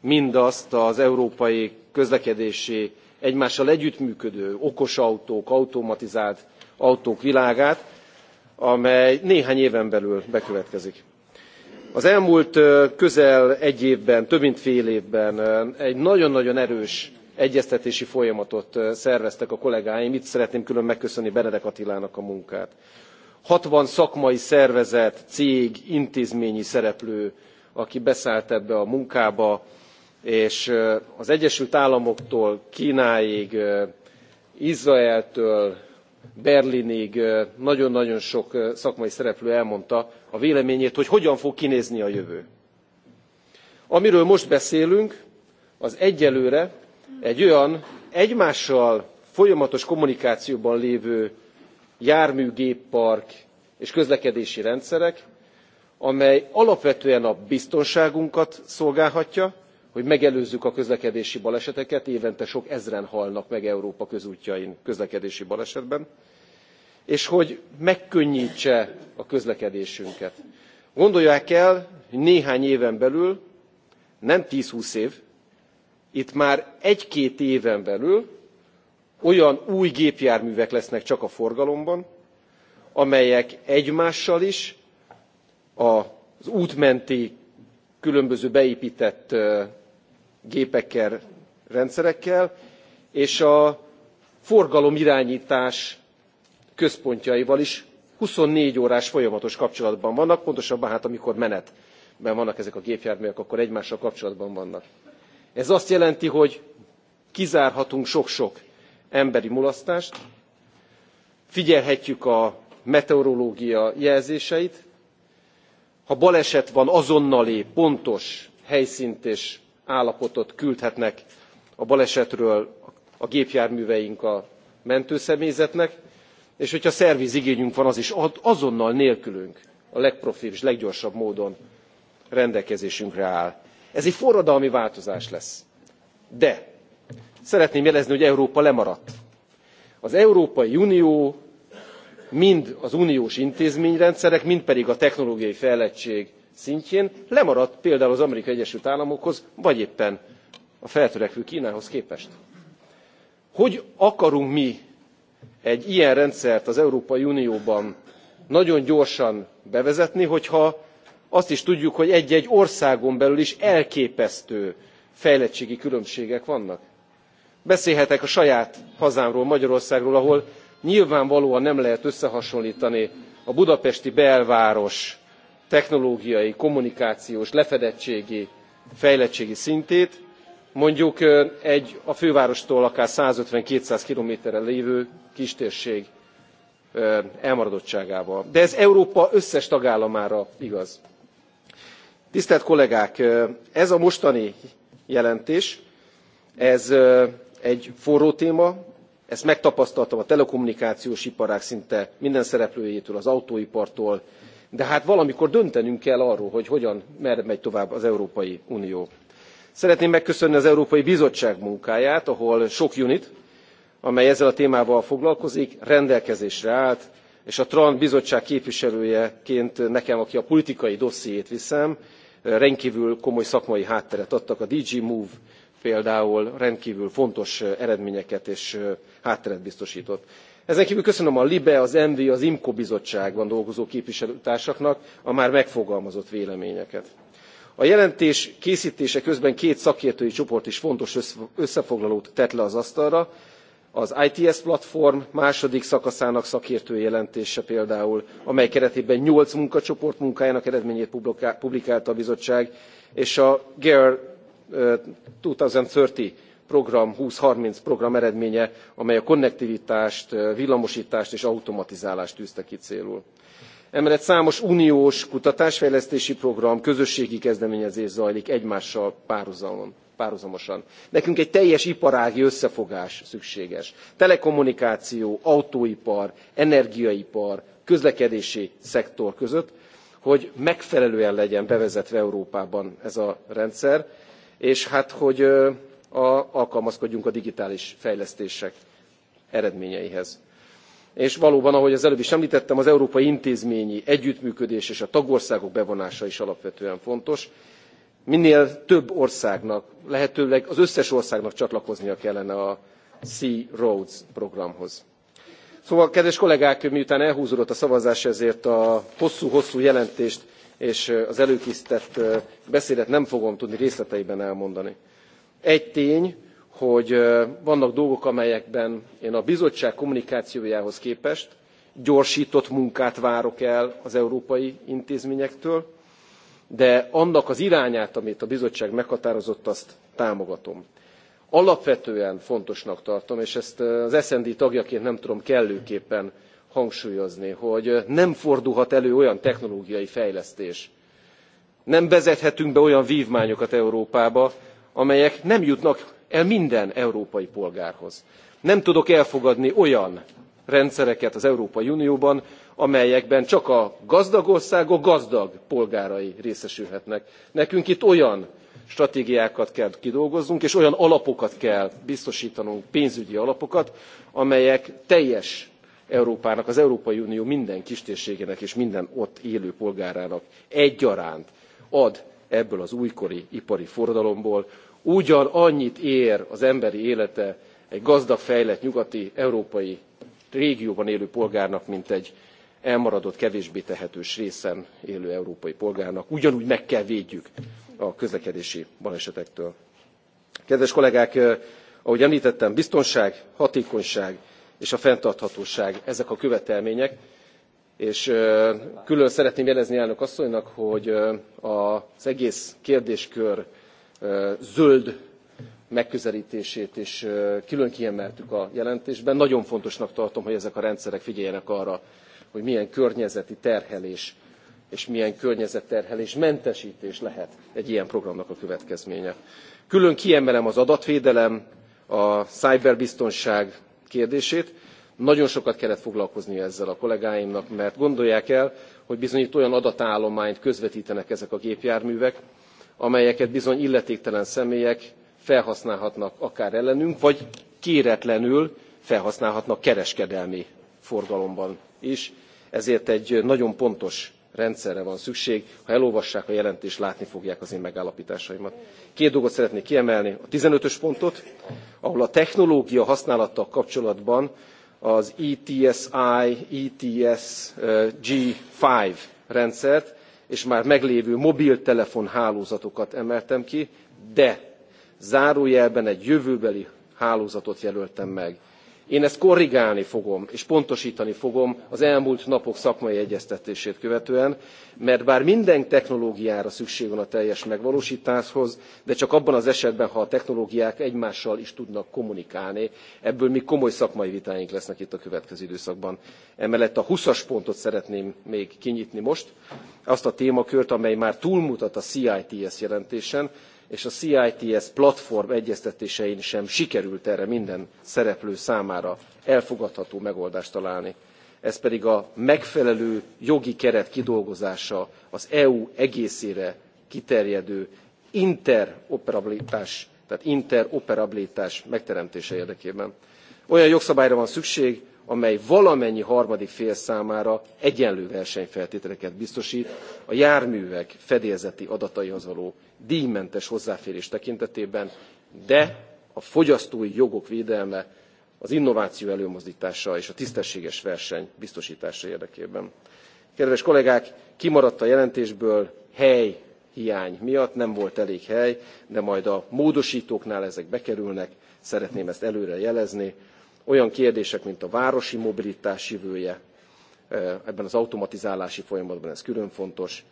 Speaker 2: mindazt az európai közlekedési, egymással együttműködő okos autók, automatizált autók világát, amely néhány éven belül bekövetkezik az elmúlt közel egy évben több mint fél évben egy nagyon nagyon erős egyeztetési folyamatot szerveztek a kollégáim itt szeretném külön megköszönni benedek attilának a munkát. sixty szakmai szervezet cég intézményi szereplő aki beszállt ebbe a munkába és az egyesült államoktól knáig izraeltől berlinig nagyon-nagyon sok szakmai szereplő elmondta a véleményét, hogy hogyan fog kinézni a jövő. Amiről most beszélünk, az egyelőre egy olyan egymással folyamatos kommunikációban lévő járműgéppark és közlekedési rendszerek, amely alapvetően a biztonságunkat szolgálhatja, hogy megelőzzük a közlekedési baleseteket évente sok ezren halnak meg európa közútjain közlekedési balesetben és hogy megkönnytse a közlekedésünket. gondolják el hogy néhány éven belül nem ten twenty év itt már egy két éven belül olyan új gépjárművek lesznek csak a forgalomban amelyek egymással is az út menti különböző beéptett gépekkel, rendszerekkel, és a forgalomirányítás központjaival is 24 órás folyamatos kapcsolatban vannak, pontosabban hát amikor menetben vannak ezek a gépjárművek, akkor egymással kapcsolatban vannak. Ez azt jelenti, hogy kizárhatunk sok-sok emberi mulasztást, figyelhetjük a meteorológia jelzéseit, ha baleset van, azonnali, pontos helyszínt és állapotot küldhetnek a balesetről a gépjárműveink a mentőszemélyzetnek és hogyha szervizigényünk van az is azonnal nélkülünk a legprofibb és leggyorsabb módon rendelkezésünkre áll. ez egy forradalmi változás lesz. de szeretném jelezni hogy európa lemaradt. az európai unió mind az uniós intézményrendszerek mind pedig a technológiai fejlettség szintjén lemaradt például az amerikai egyesült államokhoz vagy éppen a feltörekvő knához képest. hogy akarunk mi egy ilyen rendszert az európai unióban nagyon gyorsan bevezetni hogyha azt is tudjuk hogy egy egy országon belül is elképesztő fejlettségi különbségek vannak? beszélhetek a saját hazámról magyarországról ahol nyilvánvalóan nem lehet összehasonltani a budapesti belváros technológiai kommunikációs lefedettségi fejlettségi szintét mondjuk egy a fővárostól akár one hundred and fifty two hundred kilométerre lévő kistérség elmaradottságával de ez európa összes tagállamára igaz. tisztelt kollégák ez a mostani jelentés ez egy forró téma ezt megtapasztaltam a telekommunikációs iparág szinte minden szereplőjétől az autóipartól de hát valamikor döntenünk kell arról, hogy hogyan, merre megy tovább az Európai Unió. Szeretném megköszönni az Európai Bizottság munkáját, ahol sok unit, amely ezzel a témával foglalkozik, rendelkezésre állt, és a TRAN bizottság képviselőjeként nekem, aki a politikai dossziét viszem, rendkívül komoly szakmai hátteret adtak. A DG Move például rendkívül fontos eredményeket és hátteret biztosított ezen kvül köszönöm a libe az envi az imco bizottságban dolgozó képviselőtársaknak a már megfogalmazott véleményeket. a jelentés késztése közben két szakértői csoport is fontos összefoglalót tett le az asztalra az its platform második szakaszának szakértői jelentése például amely keretében nyolc munkacsoport munkájának eredményét publikálta a bizottság és a gear two thousand and thirty program two thousand and thirty program eredménye amely a konnektivitást eh, villamostást és automatizálást tűzte ki célul. emellett számos uniós kutatásfejlesztési program közösségi kezdeményezés zajlik egymással párhuzamosan. nekünk egy teljes iparági összefogás szükséges telekommunikáció autóipar energiaipar közlekedési szektor között hogy megfelelően legyen bevezetve európában ez a rendszer és hát hogy a, alkalmazkodjunk a digitális fejlesztések eredményeihez. És valóban, ahogy az előbb is említettem, az európai intézményi együttműködés és a tagországok bevonása is alapvetően fontos. Minél több országnak, lehetőleg az összes országnak csatlakoznia kellene a Sea Roads programhoz. Szóval, kedves kollégák, miután elhúzódott a szavazás, ezért a hosszú-hosszú jelentést és az előkészített beszédet nem fogom tudni részleteiben elmondani. Egy tény, hogy vannak dolgok, amelyekben én a bizottság kommunikációjához képest gyorsított munkát várok el az európai intézményektől, de annak az irányát, amit a bizottság meghatározott, azt támogatom. Alapvetően fontosnak tartom, és ezt az SND tagjaként nem tudom kellőképpen hangsúlyozni, hogy nem fordulhat elő olyan technológiai fejlesztés, nem vezethetünk be olyan vívmányokat Európába, amelyek nem jutnak el minden európai polgárhoz. nem tudok elfogadni olyan rendszereket az európai unióban amelyekben csak a gazdag országok gazdag polgárai részesülhetnek. nekünk itt olyan stratégiákat kell kidolgoznunk és olyan alapokat kell biztostanunk pénzügyi alapokat amelyek teljes európának az európai unió minden kistérségének és minden ott élő polgárának egyaránt ad ebből az újkori ipari forradalomból ugyan annyit ér az emberi élete egy gazdag fejlett nyugati európai régióban élő polgárnak mint egy elmaradott kevésbé tehetős részen élő európai polgárnak ugyanúgy meg kell védjük a közlekedési balesetektől. kedves kollégák eh, ahogy emltettem biztonság hatékonyság és a fenntarthatóság ezek a követelmények és külön szeretném jelezni elnök asszonynak hogy az egész kérdéskör zöld megközeltését is külön kiemeltük a jelentésben. nagyon fontosnak tartom hogy ezek a rendszerek figyeljenek arra hogy milyen környezeti terhelés és milyen környezetterhelés mentesítés lehet egy ilyen programnak a következménye. külön kiemelem az adatvédelem a cyberbiztonság kérdését nagyon sokat kellett foglalkozni ezzel a kollégáimnak mert gondolják el hogy bizony itt olyan adatállományt közvettenek ezek a gépjárművek amelyeket bizony illetéktelen személyek felhasználhatnak akár ellenünk vagy kéretlenül felhasználhatnak kereskedelmi forgalomban is ezért egy nagyon pontos rendszerre van szükség ha elolvassák a jelentést látni fogják az én megállaptásaimat. két dolgot szeretnék kiemelni a fifteen ös pontot ahol a technológia használattal kapcsolatban az ETSI, ETS G5 rendszert, és már meglévő mobiltelefon hálózatokat emeltem ki, de zárójelben egy jövőbeli hálózatot jelöltem meg én ezt korrigálni fogom és pontostani fogom az elmúlt napok szakmai egyeztetését követően mert bár minden technológiára szükség van a teljes megvalóstáshoz de csak abban az esetben ha a technológiák egymással is tudnak kommunikálni ebből még komoly szakmai vitáink lesznek itt a következő időszakban. emellett a twenty as pontot szeretném még kinyitni most azt a témakört amely már túlmutat a cits jelentésen és a CITS platform egyeztetésein sem sikerült erre minden szereplő számára elfogadható megoldást találni. Ez pedig a megfelelő jogi keret kidolgozása az EU egészére kiterjedő interoperabilitás, tehát interoperabilitás megteremtése érdekében. Olyan jogszabályra van szükség, amely valamennyi harmadik fél számára egyenlő versenyfeltételeket biztost a járművek fedélzeti adataihoz való djmentes hozzáférés tekintetében de a fogyasztói jogok védelme az innováció előmozdtása és a tisztességes verseny biztostása érdekében. kedves kollégák kimaradt a jelentésből hely hiány miatt nem volt elég hely de majd a módostóknál ezek bekerülnek szeretném ezt előre jelezni. Olyan kérdések, mint a városi mobilitás jövője, ebben az automatizálási folyamatban ez külön fontos,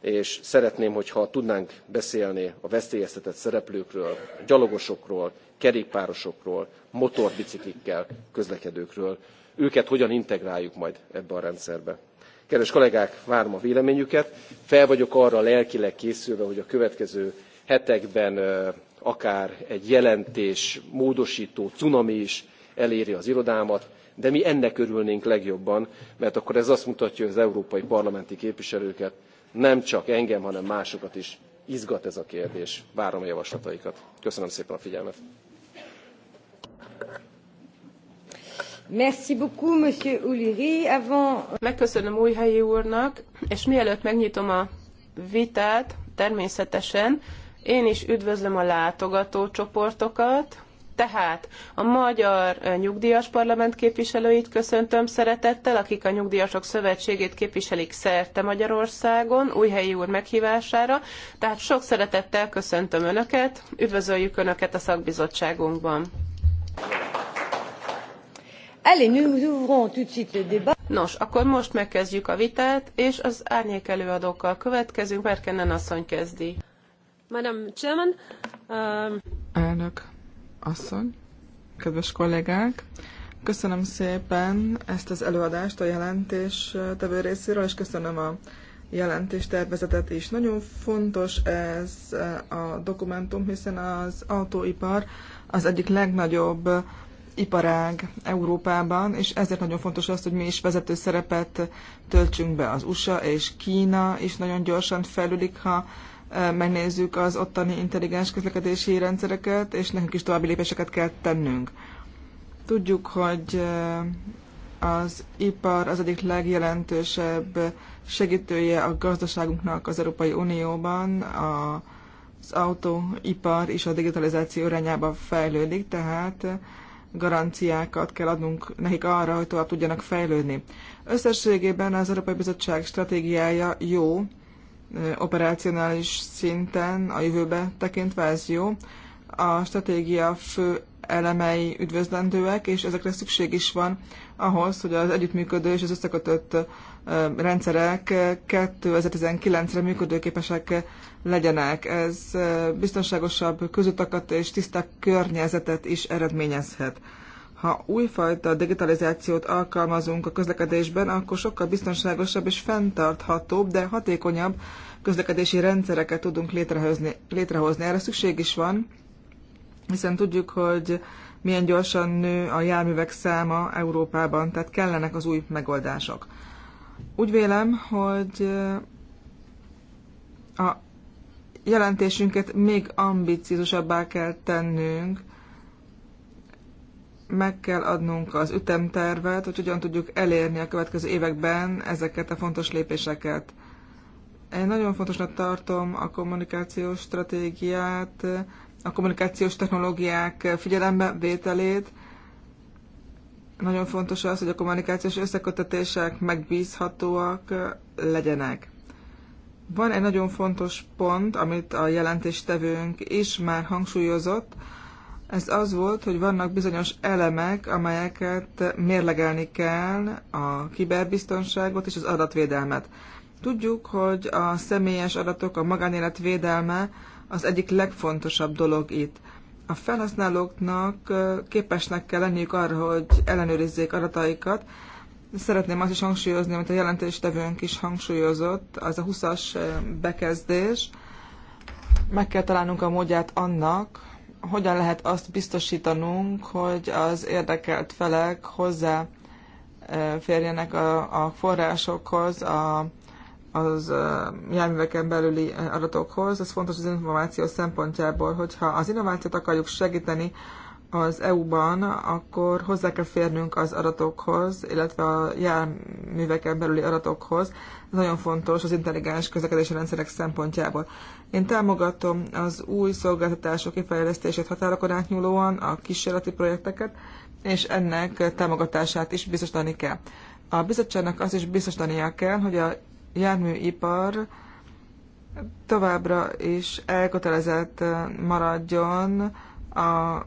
Speaker 2: és szeretném, hogyha tudnánk beszélni a veszélyeztetett szereplőkről, gyalogosokról, kerékpárosokról, motorbiciklikkel közlekedőkről, őket hogyan integráljuk majd ebbe a rendszerbe. Kedves kollégák, várom a véleményüket. Fel vagyok arra lelkileg készülve, hogy a következő hetekben akár egy jelentés, módosító, cunami is eléri az irodámat, de mi ennek örülnénk legjobban, mert akkor ez azt mutatja, hogy az európai parlamenti képviselőket nem csak engem, hanem másokat is izgat ez a kérdés. Várom a javaslataikat. Köszönöm szépen a figyelmet.
Speaker 1: Merci beaucoup, Monsieur Uliri. Avant... Megköszönöm Újhelyi úrnak, és mielőtt megnyitom a vitát, természetesen én is üdvözlöm a látogató csoportokat. Tehát a magyar eh, nyugdíjas parlament képviselőit köszöntöm szeretettel, akik a Nyugdíjasok Szövetségét képviselik szerte Magyarországon, újhelyi úr meghívására. Tehát sok szeretettel köszöntöm Önöket, üdvözöljük Önöket a szakbizottságunkban. Allez, nous ouvrons tout de suite le débat. Nos, akkor most megkezdjük a vitát, és az árnyék előadókkal következünk. Merkennen asszony kezdi. Madam Chairman, um...
Speaker 3: Elnök asszony, kedves kollégák! Köszönöm szépen ezt az előadást a jelentés tevő részéről, és köszönöm a jelentéstervezetet is. Nagyon fontos ez a dokumentum, hiszen az autóipar az egyik legnagyobb iparág Európában, és ezért nagyon fontos az, hogy mi is vezető szerepet töltsünk be. Az USA és Kína is nagyon gyorsan felülik, ha megnézzük az ottani intelligens közlekedési rendszereket, és nekünk is további lépéseket kell tennünk. Tudjuk, hogy az ipar az egyik legjelentősebb segítője a gazdaságunknak az Európai Unióban, a, az autóipar is a digitalizáció irányába fejlődik, tehát garanciákat kell adnunk nekik arra, hogy tovább tudjanak fejlődni. Összességében az Európai Bizottság stratégiája jó, operacionális szinten a jövőbe tekintve, ez jó. A stratégia fő elemei üdvözlendőek, és ezekre szükség is van ahhoz, hogy az együttműködő és az összekötött rendszerek 2019-re működőképesek legyenek. Ez biztonságosabb közutakat és tisztább környezetet is eredményezhet ha újfajta digitalizációt alkalmazunk a közlekedésben, akkor sokkal biztonságosabb és fenntarthatóbb, de hatékonyabb közlekedési rendszereket tudunk létrehozni. létrehozni. Erre szükség is van, hiszen tudjuk, hogy milyen gyorsan nő a járművek száma Európában, tehát kellenek az új megoldások. Úgy vélem, hogy eh, a jelentésünket még ambiciózusabbá kell tennünk, meg kell adnunk az ütemtervet, hogy hogyan tudjuk elérni a következő években ezeket a fontos lépéseket. Én nagyon fontosnak tartom a kommunikációs stratégiát, a kommunikációs technológiák figyelembe vételét. Nagyon fontos az, hogy a kommunikációs összekötetések megbízhatóak legyenek. Van egy nagyon fontos pont, amit a jelentéstevőnk is már hangsúlyozott, ez az volt, hogy vannak bizonyos elemek, amelyeket mérlegelni kell, a kiberbiztonságot és az adatvédelmet. Tudjuk, hogy a személyes adatok, a magánélet védelme az egyik legfontosabb dolog itt. A felhasználóknak képesnek kell lenniük arra, hogy ellenőrizzék adataikat. Szeretném azt is hangsúlyozni, amit a jelentéstevőnk is hangsúlyozott, az a 20-as bekezdés. Meg kell találnunk a módját annak, hogyan lehet azt biztosítanunk, hogy az érdekelt felek hozzá férjenek a, a forrásokhoz, a, az járműveken belüli adatokhoz. Ez fontos az információ szempontjából, hogyha az innovációt akarjuk segíteni az EU-ban, akkor hozzá kell férnünk az adatokhoz, illetve a járműveken belüli adatokhoz. Ez nagyon fontos az intelligens közlekedési rendszerek szempontjából. Én támogatom az új szolgáltatások kifejlesztését határokon átnyúlóan, a kísérleti projekteket, és ennek támogatását is biztosítani kell. A bizottságnak azt is biztosítania kell, hogy a járműipar továbbra is elkötelezett maradjon a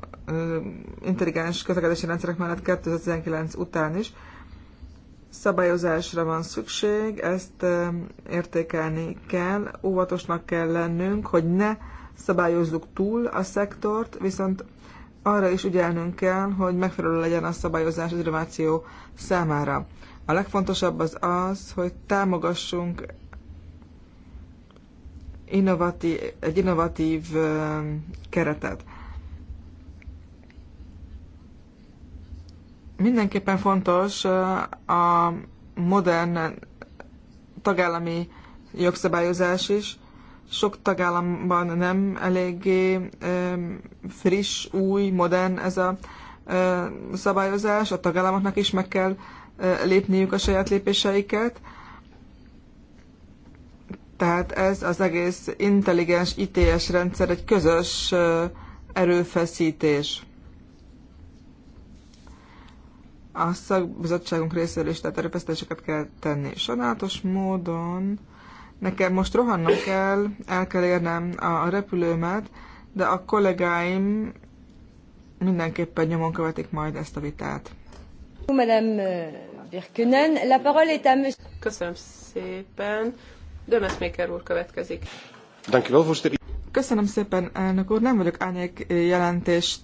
Speaker 3: intelligens közlekedési rendszerek mellett 2019 után is, szabályozásra van szükség, ezt értékelni kell, óvatosnak kell lennünk, hogy ne szabályozzuk túl a szektort, viszont arra is ügyelnünk kell, hogy megfelelő legyen a szabályozás az innováció számára. A legfontosabb az az, hogy támogassunk innovatív, egy innovatív keretet. Mindenképpen fontos a modern tagállami jogszabályozás is. Sok tagállamban nem eléggé friss, új, modern ez a szabályozás. A tagállamoknak is meg kell lépniük a saját lépéseiket. Tehát ez az egész intelligens ITS rendszer egy közös erőfeszítés a szakbizottságunk részéről is tehát kell tenni. Sajnálatos módon nekem most rohannom kell, el kell érnem a repülőmet, de a kollégáim mindenképpen nyomon követik majd ezt a vitát.
Speaker 1: Euh, Köszönöm szépen. Dömeszméker úr következik.
Speaker 3: Köszönöm szépen, elnök úr. Nem vagyok ányék jelentés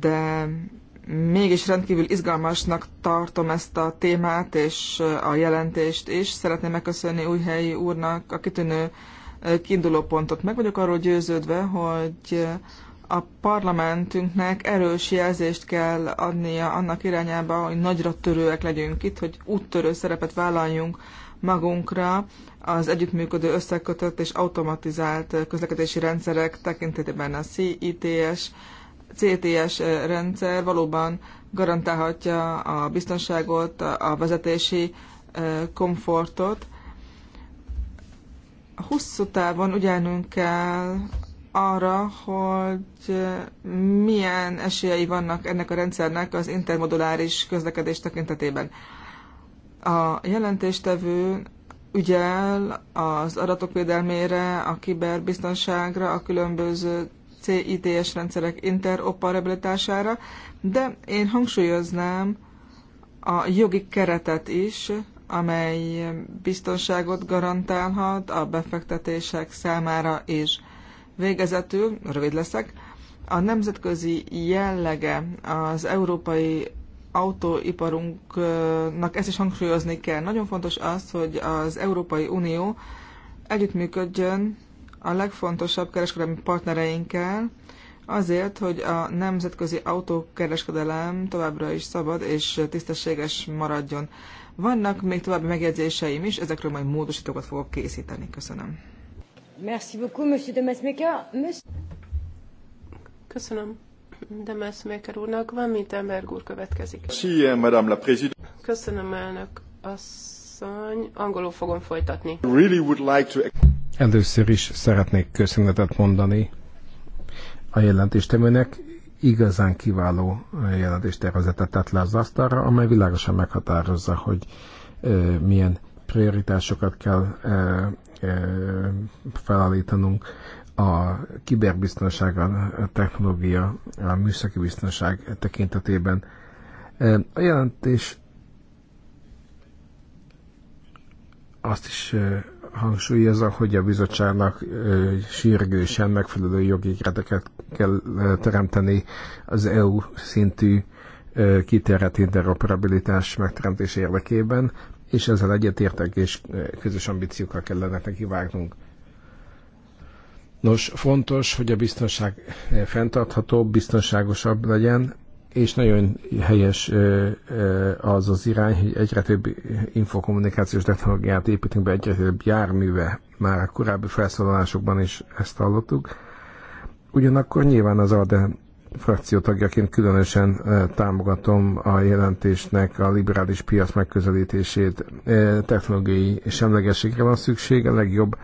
Speaker 3: de mégis rendkívül izgalmasnak tartom ezt a témát és a jelentést is. Szeretném megköszönni Újhelyi úrnak a kitűnő kiinduló pontot. Meg vagyok arról győződve, hogy a parlamentünknek erős jelzést kell adnia annak irányába, hogy nagyra törőek legyünk itt, hogy úttörő szerepet vállaljunk magunkra az együttműködő összekötött és automatizált közlekedési rendszerek tekintetében a CITS CTS eh, rendszer valóban garantálhatja a biztonságot, a vezetési eh, komfortot. Hosszú távon ugyanunk kell arra, hogy eh, milyen esélyei vannak ennek a rendszernek az intermoduláris közlekedés tekintetében. A jelentéstevő ügyel az adatok védelmére, a kiberbiztonságra, a különböző CITS rendszerek interoperabilitására, de én hangsúlyoznám a jogi keretet is, amely biztonságot garantálhat a befektetések számára és végezetül, rövid leszek, a nemzetközi jellege az európai autóiparunknak ezt is hangsúlyozni kell. Nagyon fontos az, hogy az Európai Unió együttműködjön a legfontosabb kereskedelmi partnereinkkel, azért, hogy a nemzetközi autókereskedelem továbbra is szabad és tisztességes maradjon. Vannak még további megjegyzéseim is, ezekről majd módosítókat fogok készíteni. Köszönöm.
Speaker 1: Merci beaucoup, monsieur de Mesmaker. Köszönöm. De Mesmaker úrnak van, mint Emberg úr következik.
Speaker 4: Merci, madame la présidente.
Speaker 1: Köszönöm, elnök asszony asszony, angolul fogom folytatni.
Speaker 4: Really would like to... Először is szeretnék köszönetet mondani a jelentéstevőnek. Igazán kiváló jelentéstervezetet tett le az asztalra, amely világosan meghatározza, hogy ö, milyen prioritásokat kell ö, ö, felállítanunk a kiberbiztonság, a technológia, a műszaki biztonság tekintetében. A jelentés azt is hangsúlyozza, hogy a bizottságnak sürgősen megfelelő jogi kereteket kell teremteni az EU szintű kiterjedt interoperabilitás megteremtés érdekében, és ezzel egyetértek, és közös ambíciókkal kellene vágnunk. Nos, fontos, hogy a biztonság fenntarthatóbb, biztonságosabb legyen, és nagyon helyes az az irány, hogy egyre több infokommunikációs technológiát építünk be, egyre több járműve. Már a korábbi felszólalásokban is ezt hallottuk. Ugyanakkor nyilván az ADE frakció tagjaként különösen támogatom a jelentésnek a liberális piac megközelítését. Technológiai semlegességre van szükség, a legjobb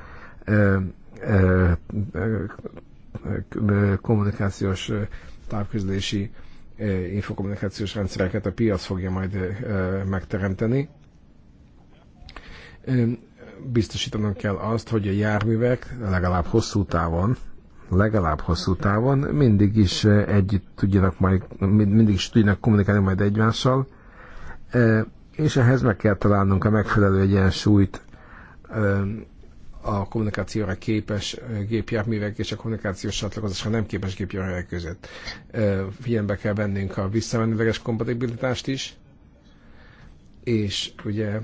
Speaker 4: kommunikációs távközlési Eh, infokommunikációs rendszereket a piac fogja majd eh, megteremteni. Biztosítanunk kell azt, hogy a járművek legalább hosszú távon, legalább hosszú távon mindig is eh, együtt tudjanak majd, mindig is tudjanak kommunikálni majd egymással, és ehhez meg kell találnunk a megfelelő egyensúlyt a kommunikációra képes gépjárművek és a kommunikációs csatlakozásra nem képes gépjárművek között. Figyelembe kell vennünk a visszamenőleges kompatibilitást is, és ugye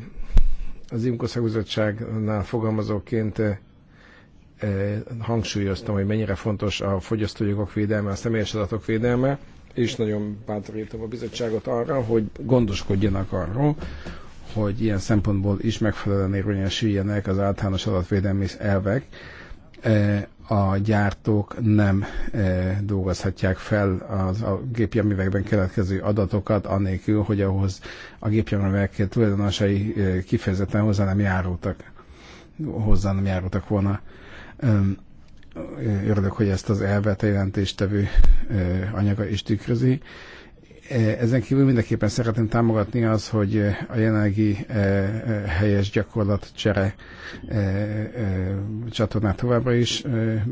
Speaker 4: az IMCO szakbizottságnál fogalmazóként hangsúlyoztam, hogy mennyire fontos a fogyasztói jogok védelme, a személyes adatok védelme, és nagyon bátorítom a bizottságot arra, hogy gondoskodjanak arról, hogy ilyen szempontból is megfelelően érvényesüljenek az általános adatvédelmi elvek. E, a gyártók nem e, dolgozhatják fel az a gépjárművekben keletkező adatokat, anélkül, hogy ahhoz a gépjárművek tulajdonosai e, kifejezetten hozzá nem járultak, hozzá nem járultak volna örülök, hogy ezt az elvet a jelentéstevő anyaga is tükrözi. Eh, ezen kívül mindenképpen szeretném támogatni az, hogy eh, a jelenlegi eh, helyes gyakorlat csere csatornát továbbra is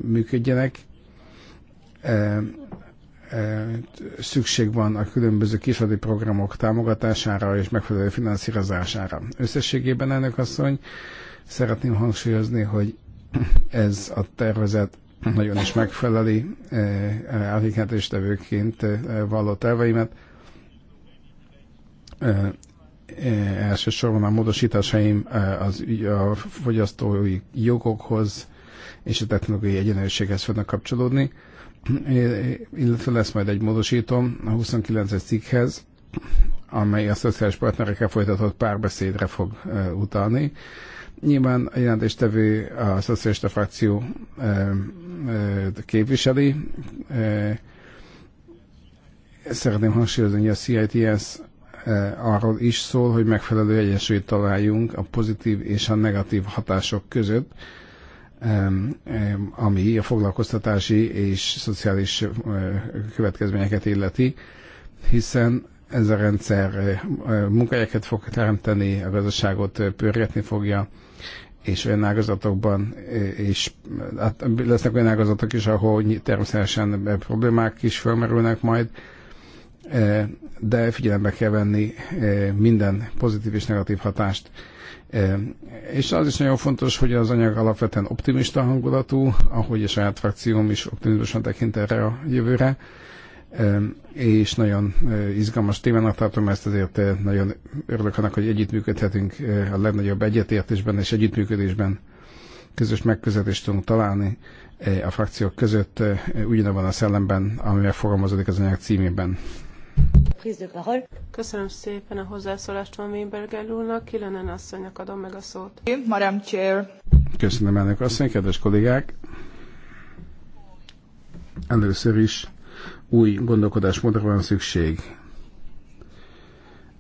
Speaker 4: működjenek. Szükség van a különböző kisadi programok támogatására és megfelelő finanszírozására. Összességében, elnök asszony, szeretném hangsúlyozni, hogy ez a tervezet nagyon is megfeleli eh, vallott elveimet elsősorban a módosításaim az, a fogyasztói jogokhoz és a technológiai egyenlőséghez fognak kapcsolódni, illetve lesz majd egy módosítom a 29-es cikkhez, amely a szociális partnerekkel folytatott párbeszédre fog utalni. Nyilván a jelentéstevő a szocialista frakció képviseli. Szeretném hangsúlyozni, hogy a CITS Eh, arról is szól, hogy megfelelő egyensúlyt találjunk a pozitív és a negatív hatások között, ami a foglalkoztatási és szociális eh, következményeket illeti, hiszen ez a rendszer eh, munkahelyeket fog teremteni, a gazdaságot pörgetni fogja, és olyan ágazatokban, és hát lesznek olyan ágazatok is, ahol természetesen problémák is felmerülnek majd, E, de figyelembe kell venni e, minden pozitív és negatív hatást. E, és az is nagyon fontos, hogy az anyag alapvetően optimista hangulatú, ahogy a saját frakcióm is optimizmusan tekint erre a jövőre, és nagyon izgalmas témának tartom ezt, ezért nagyon örülök annak, hogy együttműködhetünk a legnagyobb egyetértésben és együttműködésben közös megközelítést tudunk találni a frakciók között ugyanabban a szellemben, amivel fogalmazódik az anyag címében.
Speaker 1: Köszönöm szépen a hozzászólást Van Weinberger úrnak, Kilenen asszonynak adom meg a szót. Chair.
Speaker 4: Köszönöm elnök asszony, kedves kollégák! Először is új gondolkodásmódra van szükség.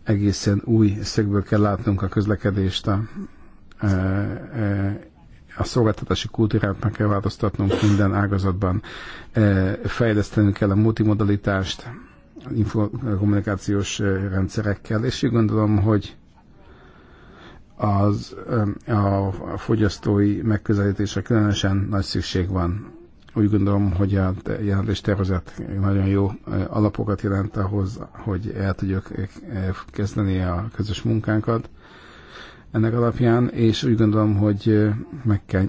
Speaker 4: Egészen új szögből kell látnunk a közlekedést, a, a, e, e, a szolgáltatási kultúrát meg kell változtatnunk minden ágazatban. E, fejlesztenünk kell a multimodalitást, kommunikációs eh, rendszerekkel, és úgy gondolom, hogy az, eh, a fogyasztói megközelítésre különösen nagy szükség van. Úgy gondolom, hogy a jelentés tervezet nagyon jó eh, alapokat jelent ahhoz, hogy el tudjuk kezdeni a közös munkánkat ennek alapján, és úgy gondolom, hogy meg kell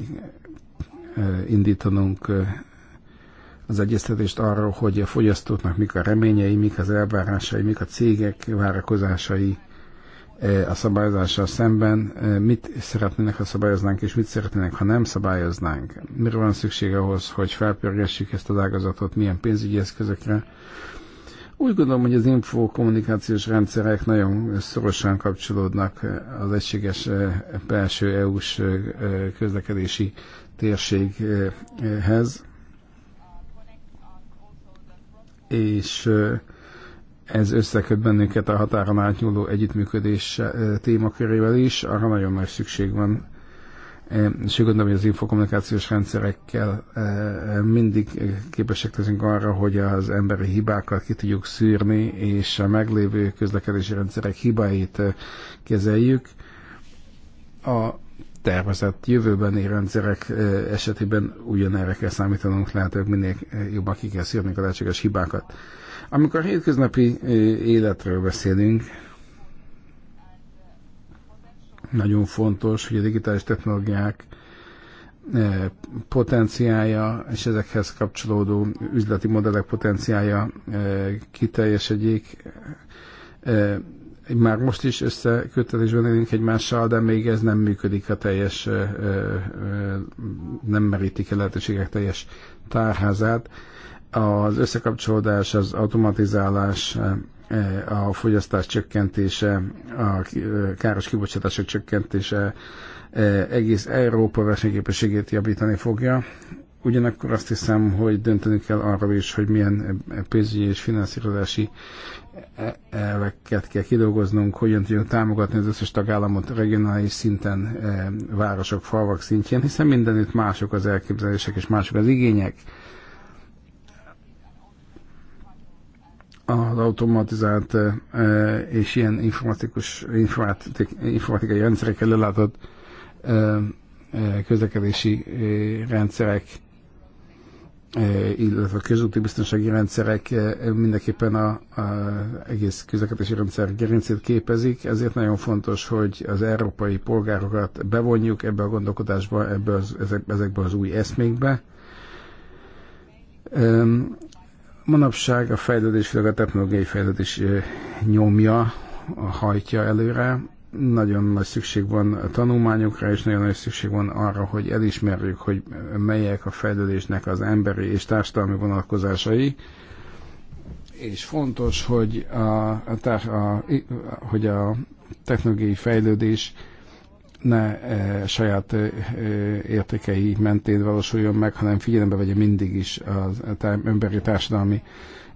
Speaker 4: indítanunk az egyeztetést arról, hogy a fogyasztóknak mik a reményei, mik az elvárásai, mik a cégek várakozásai e, a szabályozással szemben, e, mit szeretnének, ha szabályoznánk, és mit szeretnének, ha nem szabályoznánk. Miről van szükség ahhoz, hogy felpörgessük ezt az ágazatot, milyen pénzügyi eszközökre. Úgy gondolom, hogy az infokommunikációs rendszerek nagyon szorosan kapcsolódnak az egységes e, belső EU-s közlekedési térséghez és ez összeköt bennünket a határon átnyúló együttműködés témakörével is, arra nagyon nagy szükség van. És úgy gondolom, hogy az infokommunikációs rendszerekkel mindig képesek leszünk arra, hogy az emberi hibákat ki tudjuk szűrni, és a meglévő közlekedési rendszerek hibáit kezeljük. A tervezett jövőbeni rendszerek esetében ugyanerre kell számítanunk, lehet, hogy minél jobban ki kell szírni a lehetséges hibákat. Amikor a hétköznapi életről beszélünk, nagyon fontos, hogy a digitális technológiák potenciája és ezekhez kapcsolódó üzleti modellek potenciája kiteljesedjék már most is összekötetésben élünk egymással, de még ez nem működik a teljes, nem merítik a lehetőségek teljes tárházát. Az összekapcsolódás, az automatizálás, a fogyasztás csökkentése, a káros kibocsátások csökkentése egész Európa versenyképességét javítani fogja. Ugyanakkor azt hiszem, hogy döntenünk kell arról is, hogy milyen pénzügyi és finanszírozási elveket kell kidolgoznunk, hogyan tudjuk támogatni az összes tagállamot regionális szinten, eh, városok, falvak szintjén, hiszen mindenütt mások az elképzelések és mások az igények. az automatizált eh, és ilyen informatikus, informatik, informatikai rendszerekkel ellátott eh, közlekedési rendszerek E, illetve a közúti biztonsági rendszerek e, mindenképpen a, a egész közlekedési rendszer gerincét képezik, ezért nagyon fontos, hogy az európai polgárokat bevonjuk ebbe a gondolkodásba, ebbe az, ezek, ezekbe az új eszmékbe. E, manapság a fejlődés, főleg a technológiai fejlődés nyomja, hajtja előre, nagyon nagy szükség van a tanulmányokra, és nagyon nagy szükség van arra, hogy elismerjük, hogy melyek a fejlődésnek az emberi és társadalmi vonatkozásai, és fontos, hogy a, a, a, hogy a technológiai fejlődés ne e, saját e, értékei mentén valósuljon meg, hanem figyelembe vegye mindig is az emberi társadalmi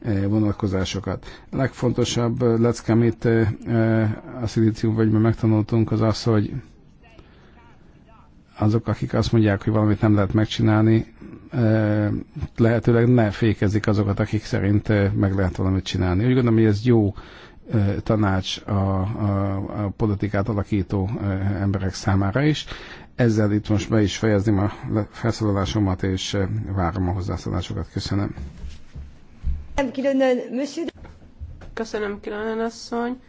Speaker 4: Eh, vonatkozásokat. A legfontosabb eh, lecke, amit eh, a szilícium vagy megtanultunk, az az, hogy azok, akik azt mondják, hogy valamit nem lehet megcsinálni, lehetőleg ne fékezik azokat, akik szerint meg lehet valamit csinálni. Úgy gondolom, hogy ez jó tanács a, a, a politikát alakító emberek számára is. Ezzel itt most be is fejezném a felszólalásomat, és várom a hozzászólásokat. Köszönöm.
Speaker 1: Köszönöm, Kilonen asszony.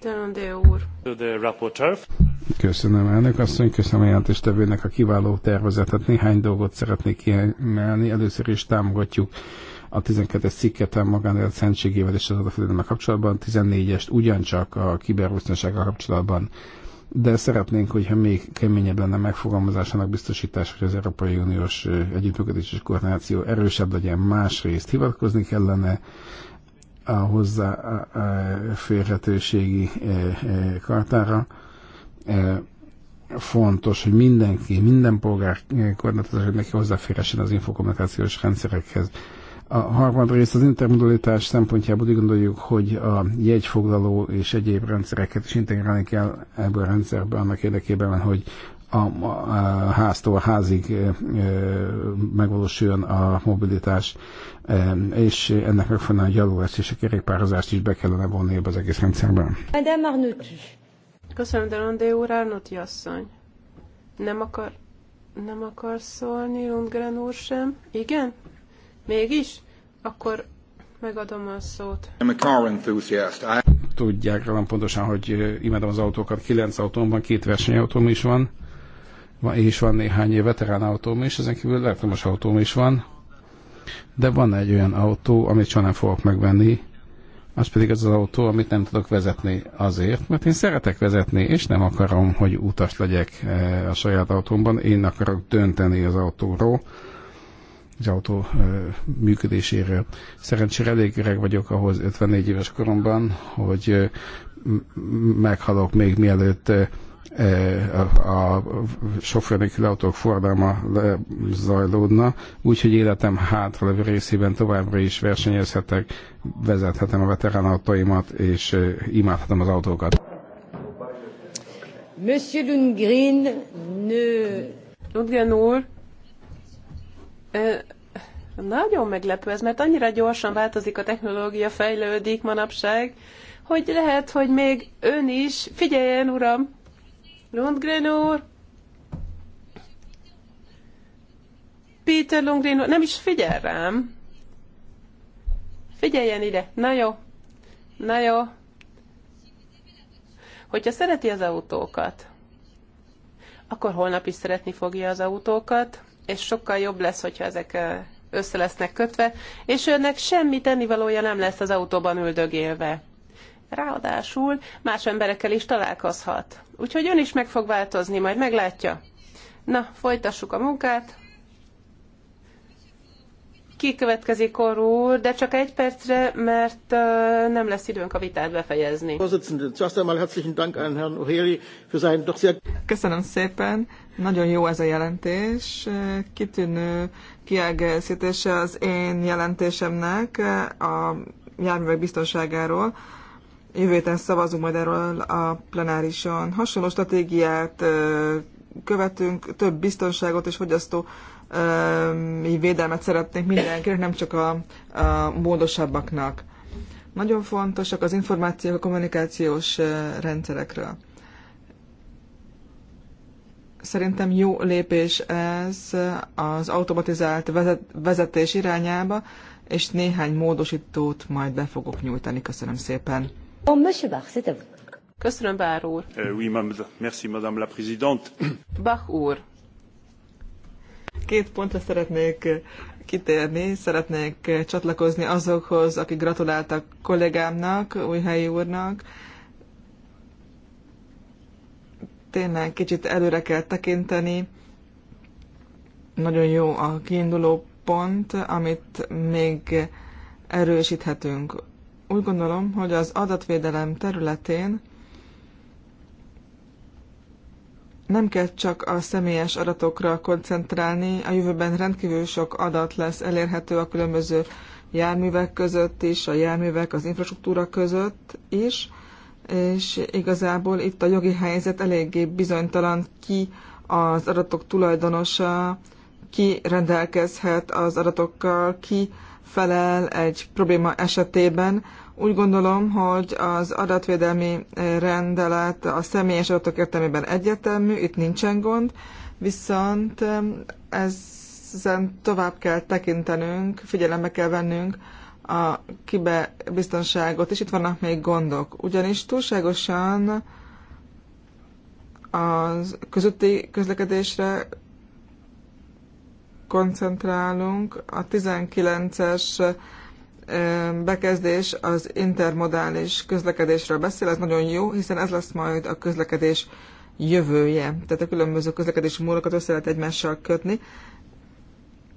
Speaker 1: Telondé úr.
Speaker 4: Köszönöm, elnök asszony, köszönöm a jelentéstevőnek a kiváló tervezetet. Néhány dolgot szeretnék kiemelni. Először is támogatjuk a 12-es cikket a magánélet szentségével és az adatfelelőmmel kapcsolatban, 14-est ugyancsak a kiberbiztonsággal kapcsolatban de szeretnénk, hogyha még keményebb lenne megfogalmazásának biztosítás, hogy az Európai Uniós együttműködés és koordináció erősebb legyen. Másrészt hivatkozni kellene a hozzáférhetőségi kartára. Fontos, hogy mindenki, minden polgár koordinátor, hogy neki hozzáférhessen az infokommunikációs rendszerekhez. A harmad rész az intermodalitás szempontjából úgy gondoljuk, hogy a jegyfoglaló és egyéb rendszereket is integrálni kell ebbe a rendszerbe annak érdekében, hogy a, a háztól a házig e, megvalósuljon a mobilitás, e, és ennek megfelelően a gyalogást és a kerékpározást is be kellene vonni ebbe az egész rendszerben.
Speaker 1: Köszönöm, de Köszönöm, úr, Arnuti asszony. Nem akar, nem akar szólni Rundgren úr sem? Igen? Mégis? Akkor megadom a szót.
Speaker 3: I'm
Speaker 4: a car enthusiast. I... Tudják rólam pontosan, hogy imádom az autókat. Kilenc autóm van, két versenyautóm is van, és van néhány veterán autóm is, ezen kívül elektromos autóm is van. De van egy olyan autó, amit soha nem fogok megvenni, az pedig az az autó, amit nem tudok vezetni azért, mert én szeretek vezetni, és nem akarom, hogy utas legyek a saját autómban, én akarok dönteni az autóról, az autó működéséről. Szerencsére elég öreg vagyok ahhoz 54 éves koromban, hogy meghalok még mielőtt a sofőr nélkül autók forradalma zajlódna, úgyhogy életem hátralevő részében továbbra is versenyezhetek, vezethetem a veterán autóimat, és imádhatom az autókat.
Speaker 1: Monsieur Lundgren, ne... Lundgren úr, nagyon meglepő ez, mert annyira gyorsan változik a technológia, fejlődik manapság, hogy lehet, hogy még ön is, figyeljen, uram, Lundgren úr, Peter Lundgren úr, nem is figyel rám. Figyeljen ide, na jó, na jó. Hogyha szereti az autókat, akkor holnap is szeretni fogja az autókat, és sokkal jobb lesz, hogyha ezek össze lesznek kötve, és önnek semmi tennivalója nem lesz az autóban üldögélve. Ráadásul más emberekkel is találkozhat. Úgyhogy ön is meg fog változni, majd meglátja. Na, folytassuk a munkát kikövetkezik következik úr, de csak egy percre, mert nem lesz időnk a vitát befejezni.
Speaker 3: Köszönöm szépen, nagyon jó ez a jelentés, kitűnő kiegészítése az én jelentésemnek a járművek biztonságáról. Jövő héten szavazunk majd erről a plenárison. Hasonló stratégiát követünk, több biztonságot és fogyasztó um, védelmet szeretnénk mindenkinek, nem csak a, a módosabbaknak. Nagyon fontosak az információk a kommunikációs uh, rendszerekről. Szerintem jó lépés ez az automatizált vezetés irányába, és néhány módosítót majd be fogok nyújtani. Köszönöm szépen. Oh,
Speaker 1: Köszönöm, Bár úr. Eh, oui, merci, madame la présidente.
Speaker 3: Bach úr. Két pontra szeretnék eh, kitérni, szeretnék eh, csatlakozni azokhoz, akik gratuláltak kollégámnak, Újhelyi úrnak. Tényleg kicsit előre kell tekinteni. Nagyon jó a kiinduló pont, amit még erősíthetünk. Úgy gondolom, hogy az adatvédelem területén nem kell csak a személyes adatokra koncentrálni, a jövőben rendkívül sok adat lesz elérhető a különböző járművek között is, a járművek az infrastruktúra között is, és igazából itt a jogi helyzet eléggé bizonytalan, ki az adatok tulajdonosa, ki rendelkezhet az adatokkal, ki felel egy probléma esetében, úgy gondolom, hogy az adatvédelmi eh, rendelet a személyes adatok értelmében egyetemű, itt nincsen gond, viszont ezen tovább kell tekintenünk, figyelembe kell vennünk a kibebiztonságot, és itt vannak még gondok. Ugyanis túlságosan a közötti közlekedésre koncentrálunk, a 19-es bekezdés az intermodális közlekedésről beszél, ez nagyon jó, hiszen ez lesz majd a közlekedés jövője. Tehát a különböző közlekedési módokat össze lehet egymással kötni,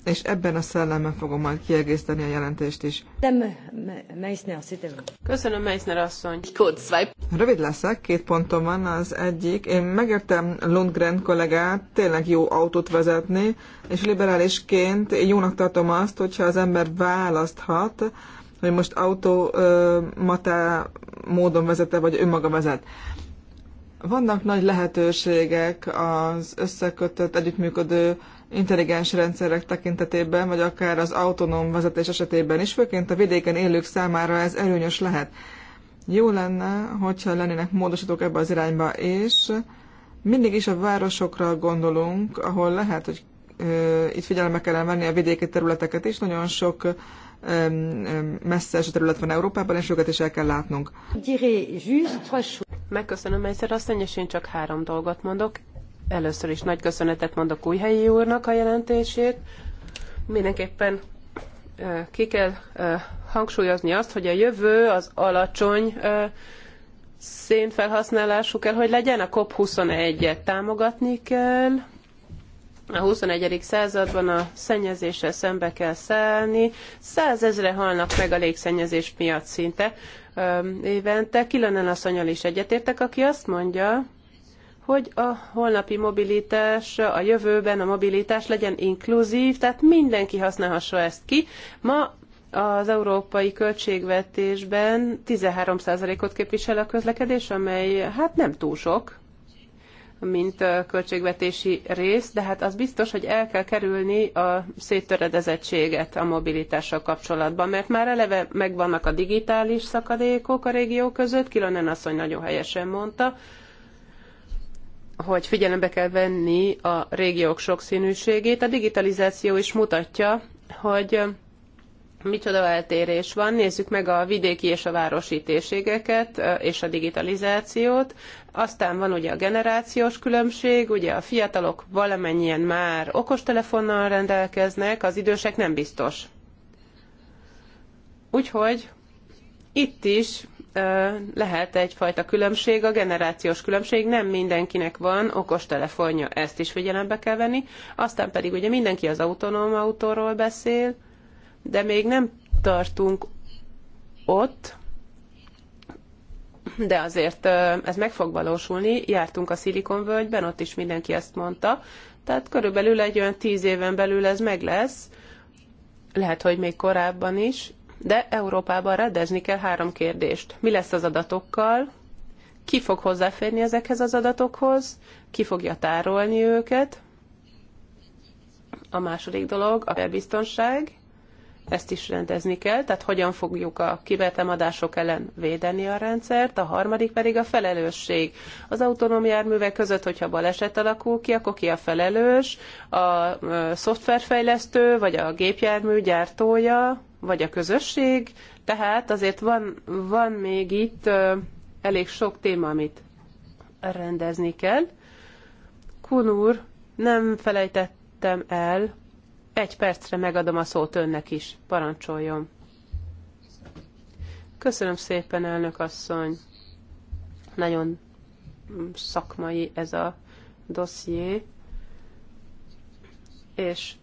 Speaker 3: és ebben a szellemben fogom majd kiegészíteni a jelentést is.
Speaker 1: Köszönöm, Meissner asszony.
Speaker 3: Rövid leszek, két pontom van az egyik. Én megértem Lundgren kollégát, tényleg jó autót vezetni, és liberálisként jónak tartom azt, hogyha az ember választhat, hogy most automata módon vezete, vagy önmaga vezet. Vannak nagy lehetőségek az összekötött, együttműködő intelligens rendszerek tekintetében, vagy akár az autonóm vezetés esetében is, főként a vidéken élők számára ez erőnyös lehet. Jó lenne, hogyha lennének módosítók ebbe az irányba, és mindig is a városokra gondolunk, ahol lehet, hogy ö, itt figyelembe kellene venni a vidéki területeket is, nagyon sok ö, ö, terület van Európában, és őket is el kell látnunk.
Speaker 1: Megköszönöm egyszer, azt ennyi, én csak három dolgot mondok. Először is nagy köszönetet mondok Újhelyi úrnak a jelentését. Mindenképpen ki kell hangsúlyozni azt, hogy a jövő az alacsony szénfelhasználású kell, hogy legyen. A COP21-et támogatni kell. A 21. században a szennyezéssel szembe kell szállni. Százezre halnak meg a légszennyezés miatt szinte évente. Kilönen asszonyal is egyetértek, aki azt mondja, hogy a holnapi mobilitás, a jövőben a mobilitás legyen inkluzív, tehát mindenki használhassa ezt ki. Ma az európai költségvetésben 13%-ot képvisel a közlekedés, amely hát nem túl sok, mint költségvetési rész, de hát az biztos, hogy el kell kerülni a széttöredezettséget a mobilitással kapcsolatban, mert már eleve megvannak a digitális szakadékok a régió között, Kilonen asszony nagyon helyesen mondta, hogy figyelembe kell venni a régiók sokszínűségét. A digitalizáció is mutatja, hogy micsoda eltérés van. Nézzük meg a vidéki és a városi térségeket és a digitalizációt. Aztán van ugye a generációs különbség, ugye a fiatalok valamennyien már okostelefonnal rendelkeznek, az idősek nem biztos. Úgyhogy itt is lehet egyfajta különbség, a generációs különbség, nem mindenkinek van okostelefonja, ezt is figyelembe kell venni. Aztán pedig ugye mindenki az autonóm autóról beszél, de még nem tartunk ott, de azért ez meg fog valósulni. Jártunk a Szilikonvölgyben, ott is mindenki ezt mondta, tehát körülbelül egy olyan tíz éven belül ez meg lesz, lehet, hogy még korábban is, de Európában rendezni kell három kérdést. Mi lesz az adatokkal? Ki fog hozzáférni ezekhez az adatokhoz? Ki fogja tárolni őket? A második dolog a biztonság, Ezt is rendezni kell, tehát hogyan fogjuk a kibertámadások ellen védeni a rendszert. A harmadik pedig a felelősség. Az autonóm járművek között, hogyha baleset alakul ki, akkor ki a felelős? A szoftverfejlesztő, vagy a gépjármű gyártója, vagy a közösség, tehát azért van, van még itt elég sok téma, amit rendezni kell. Kunur, nem felejtettem el, egy percre megadom a szót önnek is, parancsoljon. Köszönöm szépen, elnök asszony. Nagyon szakmai ez a dosszié, és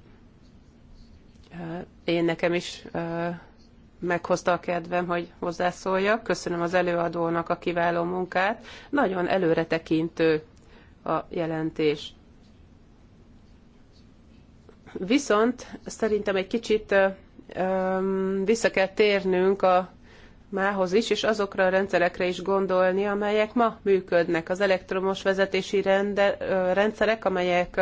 Speaker 1: én nekem is meghozta a kedvem, hogy hozzászóljak. Köszönöm az előadónak a kiváló munkát. Nagyon előretekintő a jelentés. Viszont szerintem egy kicsit vissza kell térnünk a mához is, és azokra a rendszerekre is gondolni, amelyek ma működnek. Az elektromos vezetési rende, rendszerek, amelyek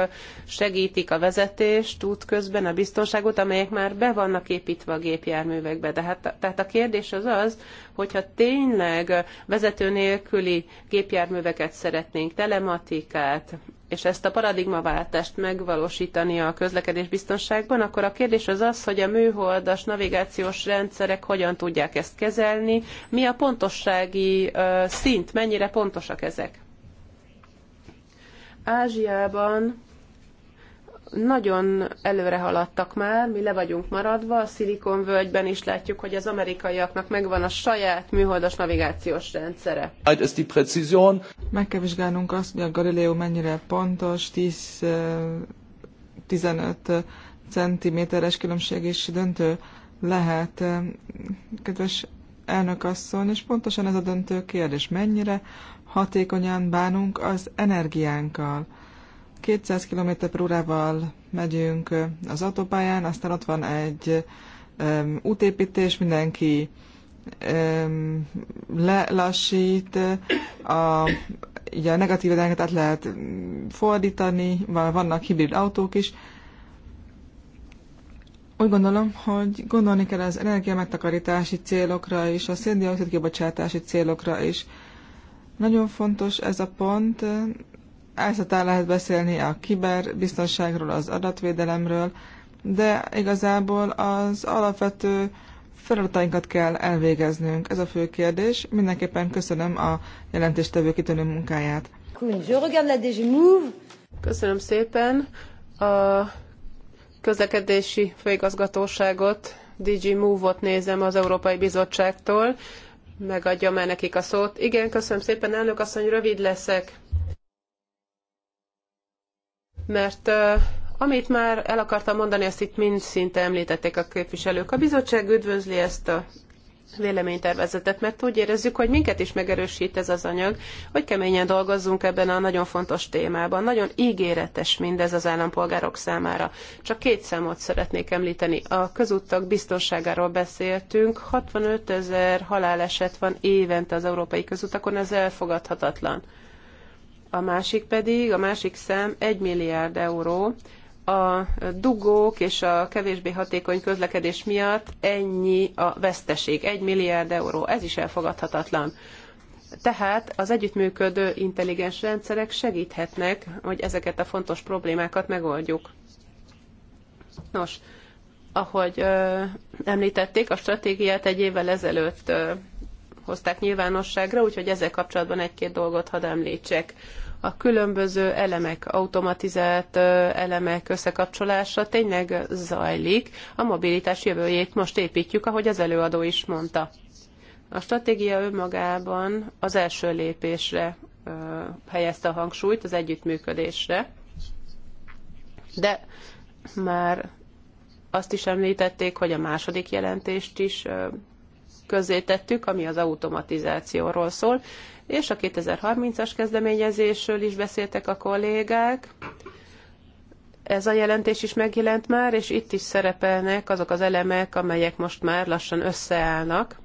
Speaker 1: segítik a vezetést útközben, a biztonságot, amelyek már be vannak építve a gépjárművekbe. De hát, tehát a kérdés az az, hogyha tényleg vezető nélküli gépjárműveket szeretnénk, telematikát, és ezt a paradigmaváltást megvalósítani a közlekedés biztonságban, akkor a kérdés az az, hogy a műholdas navigációs rendszerek hogyan tudják ezt kezelni, mi a pontossági szint, mennyire pontosak ezek. Ázsiában nagyon előre haladtak már, mi le vagyunk maradva, a Szilikonvölgyben is látjuk, hogy az amerikaiaknak megvan a saját műholdas navigációs rendszere.
Speaker 3: Meg kell vizsgálnunk azt, hogy a Galileo mennyire pontos, 10, 15 centiméteres különbség is döntő lehet. Kedves elnökasszony, és pontosan ez a döntő kérdés, mennyire hatékonyan bánunk az energiánkkal 200 km per órával megyünk az autópályán, aztán ott van egy um, útépítés, mindenki um, lelassít, a, így a negatív irányokat át lehet fordítani, vannak hibrid autók is. Úgy gondolom, hogy gondolni kell az energiamegtakarítási célokra is, a széndiokszid kibocsátási célokra is. Nagyon fontos ez a pont, Ezután lehet beszélni a kiberbiztonságról, az adatvédelemről, de igazából az alapvető feladatainkat kell elvégeznünk. Ez a fő kérdés. Mindenképpen köszönöm a jelentéstevő kitűnő munkáját.
Speaker 1: Köszönöm szépen. A közlekedési főigazgatóságot, DG Move-ot nézem az Európai Bizottságtól. Megadja el nekik a szót. Igen, köszönöm szépen, elnök asszony, rövid leszek mert amit már el akartam mondani, ezt itt mind szinte említették a képviselők. A bizottság üdvözli ezt a véleménytervezetet, mert úgy érezzük, hogy minket is megerősít ez az anyag, hogy keményen dolgozzunk ebben a nagyon fontos témában. Nagyon ígéretes mindez az állampolgárok számára. Csak két számot szeretnék említeni. A közúttak biztonságáról beszéltünk. 65 ezer haláleset van évente az európai közutakon, ez elfogadhatatlan. A másik pedig, a másik szám 1 milliárd euró. A dugók és a kevésbé hatékony közlekedés miatt ennyi a veszteség, 1 milliárd euró. Ez is elfogadhatatlan. Tehát az együttműködő intelligens rendszerek segíthetnek, hogy ezeket a fontos problémákat megoldjuk. Nos, ahogy ö, említették, a stratégiát egy évvel ezelőtt ö, hozták nyilvánosságra, úgyhogy ezzel kapcsolatban egy-két dolgot hadd említsek a különböző elemek, automatizált elemek összekapcsolása tényleg zajlik. A mobilitás jövőjét most építjük, ahogy az előadó is mondta. A stratégia önmagában az első lépésre helyezte a hangsúlyt, az együttműködésre, de már azt is említették, hogy a második jelentést is közé tettük, ami az automatizációról szól, és a 2030-as kezdeményezésről is beszéltek a kollégák. Ez a jelentés is megjelent már, és itt is szerepelnek azok az elemek, amelyek most már lassan összeállnak.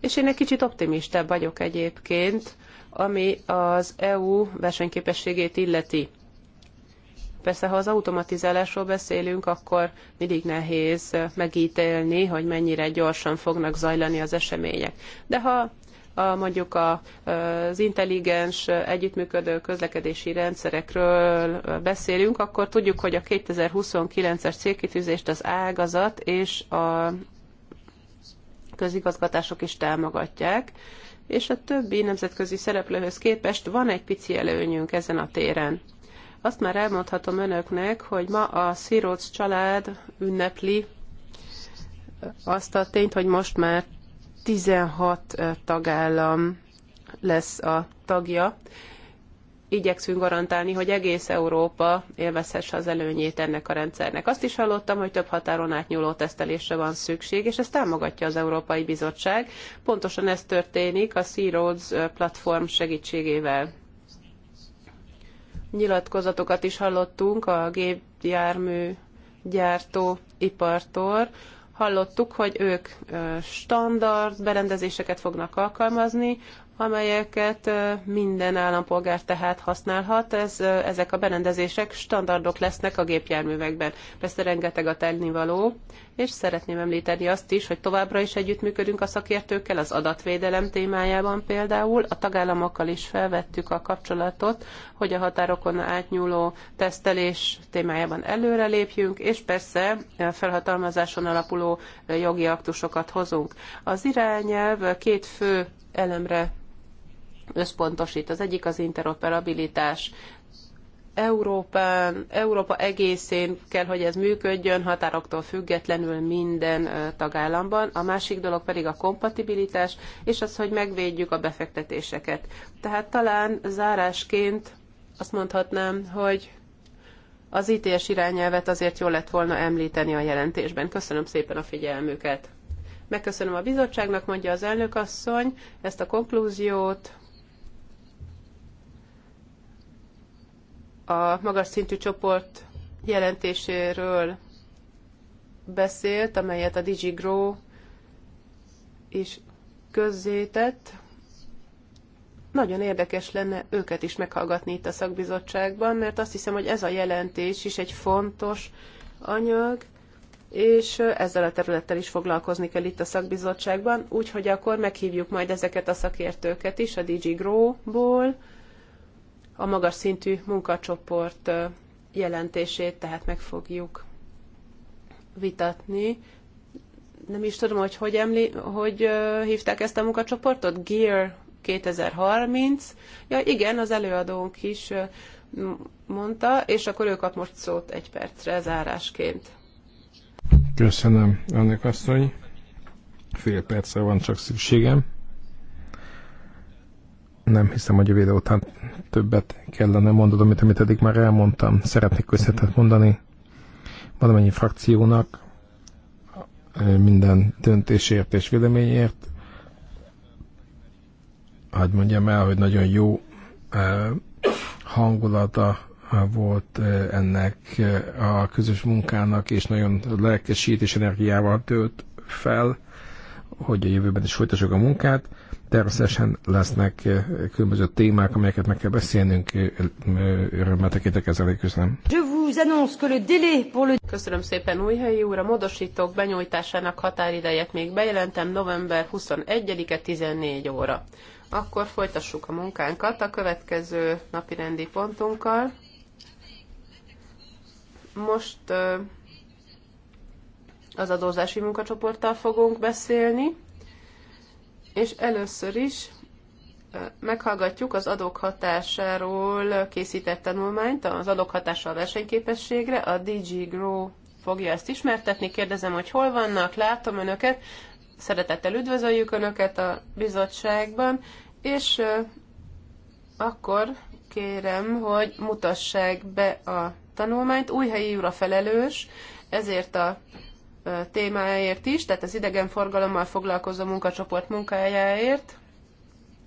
Speaker 1: És én egy kicsit optimistább vagyok egyébként, ami az EU versenyképességét illeti Persze, ha az automatizálásról beszélünk, akkor mindig nehéz megítélni, hogy mennyire gyorsan fognak zajlani az események. De ha a, mondjuk a, az intelligens együttműködő közlekedési rendszerekről beszélünk, akkor tudjuk, hogy a 2029-es célkitűzést az ágazat és a közigazgatások is támogatják, és a többi nemzetközi szereplőhöz képest van egy pici előnyünk ezen a téren. Azt már elmondhatom önöknek, hogy ma a Szíróc család ünnepli azt a tényt, hogy most már 16 tagállam lesz a tagja. Igyekszünk garantálni, hogy egész Európa élvezhesse az előnyét ennek a rendszernek. Azt is hallottam, hogy több határon átnyúló tesztelésre van szükség, és ezt támogatja az Európai Bizottság. Pontosan ez történik a Sea Roads platform segítségével nyilatkozatokat is hallottunk a gépjármű gyártó ipartól. Hallottuk, hogy ők standard berendezéseket fognak alkalmazni, amelyeket minden állampolgár tehát használhat. Ez, ezek a berendezések standardok lesznek a gépjárművekben. Persze rengeteg a tennivaló, és szeretném említeni azt is, hogy továbbra is együttműködünk a szakértőkkel, az adatvédelem témájában például. A tagállamokkal is felvettük a kapcsolatot, hogy a határokon átnyúló tesztelés témájában előrelépjünk, és persze felhatalmazáson alapuló jogi aktusokat hozunk. Az irányelv két fő elemre összpontosít. Az egyik az interoperabilitás. Európán, Európa egészén kell, hogy ez működjön, határoktól függetlenül minden tagállamban. A másik dolog pedig a kompatibilitás, és az, hogy megvédjük a befektetéseket. Tehát talán zárásként azt mondhatnám, hogy az ITS irányelvet azért jól lett volna említeni a jelentésben. Köszönöm szépen a figyelmüket. Megköszönöm a bizottságnak, mondja az elnök asszony, ezt a konklúziót a magas szintű csoport jelentéséről beszélt, amelyet a DigiGrow is közzétett. Nagyon érdekes lenne őket is meghallgatni itt a szakbizottságban, mert azt hiszem, hogy ez a jelentés is egy fontos anyag, és ezzel a területtel is foglalkozni kell itt a szakbizottságban, úgyhogy akkor meghívjuk majd ezeket a szakértőket is a DigiGrow-ból, a magas szintű munkacsoport jelentését, tehát meg fogjuk vitatni. Nem is tudom, hogy hogy, emli, hogy hívták ezt a munkacsoportot? Gear 2030. Ja igen, az előadónk is mondta, és akkor ő kap most szót egy percre zárásként.
Speaker 4: Köszönöm, önök asszony. Fél percre van csak szükségem. Nem hiszem, hogy a videót többet kellene mondanom, mint amit eddig már elmondtam. Szeretnék köszönetet mondani valamennyi frakciónak, minden döntésért és véleményért. Hogy mondjam el, hogy nagyon jó hangulata volt ennek a közös munkának, és nagyon lelkesít és energiával tölt fel, hogy a jövőben is folytassuk a munkát. Természetesen lesznek eh, különböző témák, amelyeket meg kell beszélnünk. Eh, eh, örömmel tekintek ezzel, köszönöm.
Speaker 1: Köszönöm szépen Újhelyi úr, a módosítók benyújtásának határidejét még bejelentem november 21-e 14 óra. Akkor folytassuk a munkánkat a következő napi rendi pontunkkal. Most az adózási munkacsoporttal fogunk beszélni és először is meghallgatjuk az adók hatásáról készített tanulmányt, az adók hatással a versenyképességre. A DG Grow fogja ezt ismertetni. Kérdezem, hogy hol vannak, látom önöket. Szeretettel üdvözöljük önöket a bizottságban, és akkor kérem, hogy mutassák be a tanulmányt. Újhelyi úr a felelős, ezért a témáért is, tehát az idegenforgalommal foglalkozó munkacsoport munkájáért,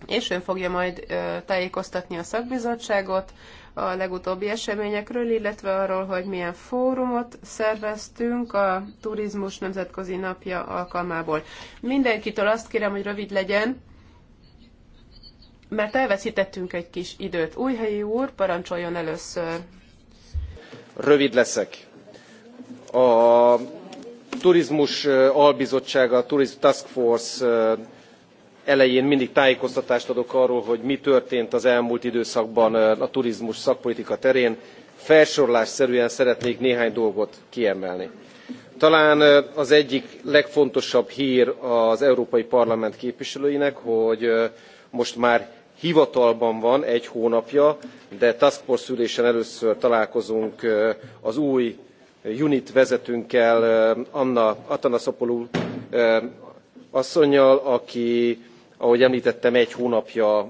Speaker 1: és ön fogja majd tájékoztatni a szakbizottságot a legutóbbi eseményekről, illetve arról, hogy milyen fórumot szerveztünk a Turizmus Nemzetközi Napja alkalmából. Mindenkitől azt kérem, hogy rövid legyen, mert elveszítettünk egy kis időt. Újhelyi úr, parancsoljon először.
Speaker 2: Rövid leszek. A turizmus eh, albizottsága, a Tourism Task Force eh, elején mindig tájékoztatást adok arról, hogy mi történt az elmúlt időszakban eh, a turizmus szakpolitika terén. Felsorolásszerűen szeretnék néhány dolgot kiemelni. Talán az egyik legfontosabb hír az Európai Parlament képviselőinek, hogy most már hivatalban van egy hónapja, de Task Force ülésen először találkozunk az új unit vezetőnkkel, Anna Atanasopolú asszonynal, aki, ahogy említettem, egy hónapja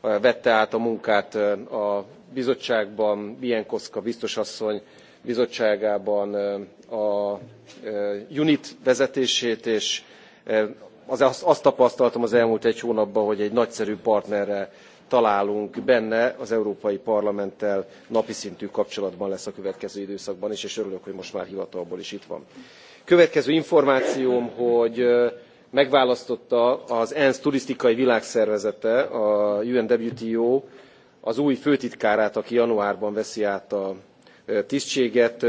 Speaker 2: vette át a munkát a bizottságban, Bienkowska biztosasszony bizottságában a unit vezetését, és az, azt tapasztaltam az elmúlt egy hónapban, hogy egy nagyszerű partnerre találunk benne az európai parlamenttel napi szintű kapcsolatban lesz a következő időszakban is és örülök hogy most már hivatalból is itt van. következő információm hogy megválasztotta az ensz turisztikai világszervezete a unwto az új főtitkárát aki januárban veszi át a tisztséget.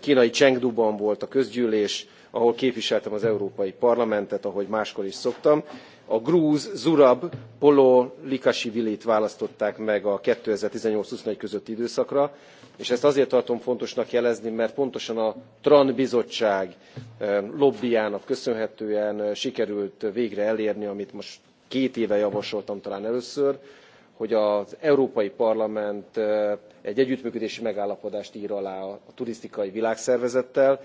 Speaker 2: knai chengduban volt a közgyűlés ahol képviseltem az európai parlamentet ahogy máskor is szoktam a grúz zurab polo likasivilit választották meg a two thousand and eighteen twenty közötti időszakra és ezt azért tartom fontosnak jelezni mert pontosan a tran bizottság eh, lobbjiának köszönhetően eh, sikerült végre elérni amit most két éve javasoltam talán először hogy az európai parlament eh, egy együttműködési megállapodást r alá a turisztikai világszervezettel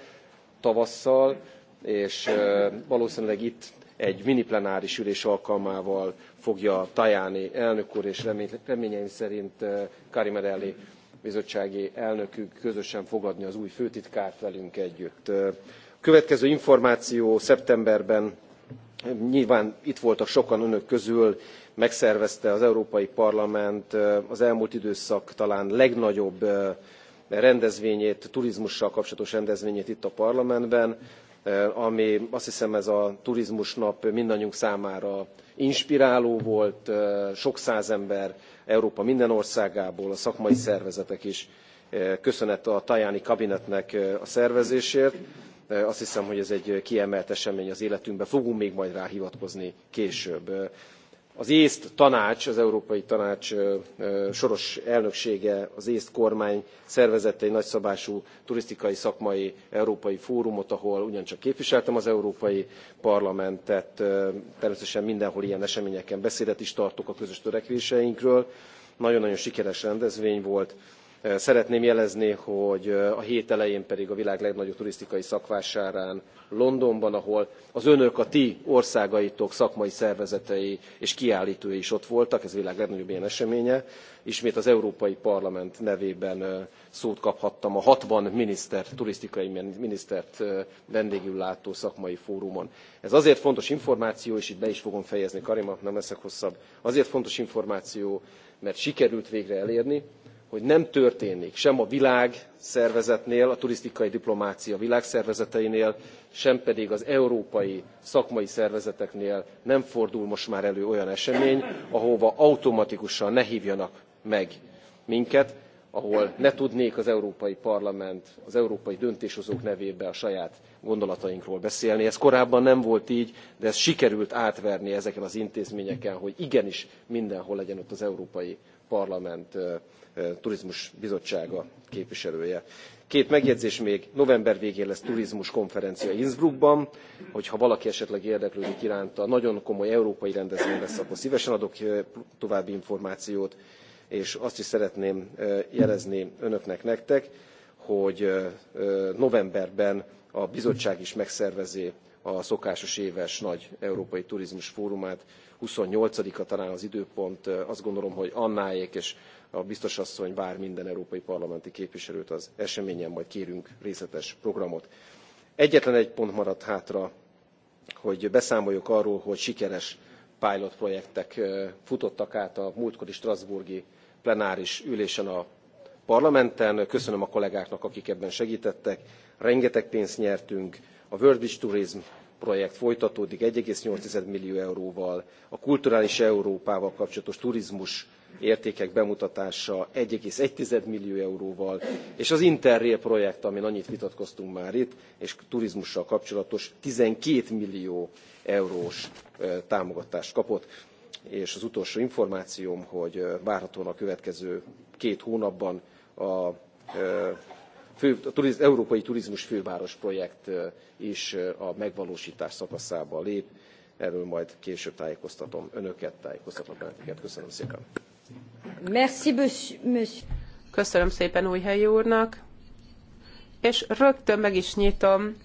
Speaker 2: tavasszal és valósznűleg itt egy mini plenáris ülés alkalmával fogja Tajani elnök úr és reményeim szerint eh, Karimerelli bizottsági elnökük közösen fogadni az új főtitkárt velünk együtt. Eh, következő információ szeptemberben eh, nyilván itt voltak sokan önök közül, megszervezte az Európai Parlament az elmúlt időszak talán legnagyobb rendezvényét, turizmussal kapcsolatos rendezvényét itt a parlamentben. Eh, ami azt hiszem ez a turizmusnap mindannyiunk számára inspiráló volt, eh, sok száz ember Európa minden országából, a szakmai szervezetek is eh, köszönet a Tajani kabinetnek a szervezésért. Azt hiszem, hogy ez egy kiemelt esemény az életünkben, fogunk még majd rá hivatkozni később az észt tanács az európai tanács soros elnöksége az észt kormány szervezett egy nagyszabású turisztikai szakmai európai fórumot ahol ugyancsak képviseltem az európai parlamentet természetesen mindenhol ilyen eseményeken beszédet is tartok a közös törekvéseinkről nagyon nagyon sikeres rendezvény volt. Szeretném jelezni, hogy a hét elején pedig a világ legnagyobb turisztikai szakvásárán Londonban, ahol az önök, a ti országaitok szakmai szervezetei és kiállítói is ott voltak, ez a világ legnagyobb ilyen eseménye, ismét az Európai Parlament nevében szót kaphattam a 60 minisztert, turisztikai minisztert vendégül látó szakmai fórumon. Ez azért fontos információ, és itt be is fogom fejezni, Karima, nem leszek hosszabb, azért fontos információ, mert sikerült végre elérni, hogy nem történik sem a világszervezetnél a turisztikai diplomácia világszervezeteinél sem pedig az európai szakmai szervezeteknél nem fordul most már elő olyan esemény ahova automatikusan ne hvjanak meg minket ahol ne tudnék az európai parlament az európai döntéshozók nevében a saját gondolatainkról beszélni. ez korábban nem volt gy de ezt sikerült átverni ezeken az intézményeken hogy igenis mindenhol legyen ott az európai Parlament Turizmus Bizottsága képviselője. Két megjegyzés még, november végén lesz turizmus konferencia Innsbruckban, hogyha valaki esetleg érdeklődik iránta, nagyon komoly európai rendezvény lesz, akkor szívesen adok további információt, és azt is szeretném jelezni önöknek, nektek, hogy novemberben a bizottság is megszervezi a szokásos éves nagy európai turizmus fórumát. 28-a talán az időpont, azt gondolom, hogy Annáék és a biztos asszony vár minden európai parlamenti képviselőt az eseményen, majd kérünk részletes programot. Egyetlen egy pont maradt hátra, hogy beszámoljak arról, hogy sikeres pilot projektek futottak át a múltkori Strasburgi plenáris ülésen a parlamenten. Köszönöm a kollégáknak, akik ebben segítettek. Rengeteg pénzt nyertünk, a World Beach Tourism projekt folytatódik 1,8 millió euróval, a kulturális Európával kapcsolatos turizmus értékek bemutatása 1,1 millió euróval, és az Interrail projekt, amin annyit vitatkoztunk már itt, és turizmussal kapcsolatos 12 millió eurós támogatást kapott és az utolsó információm, hogy várhatóan a következő két hónapban a fő, a turiz, Európai Turizmus Főváros projekt is a megvalósítás szakaszába lép. Erről majd később tájékoztatom önöket, tájékoztatom
Speaker 4: önöket. Köszönöm szépen.
Speaker 1: Merci, monsieur. Köszönöm szépen Újhelyi úrnak, és rögtön meg is nyitom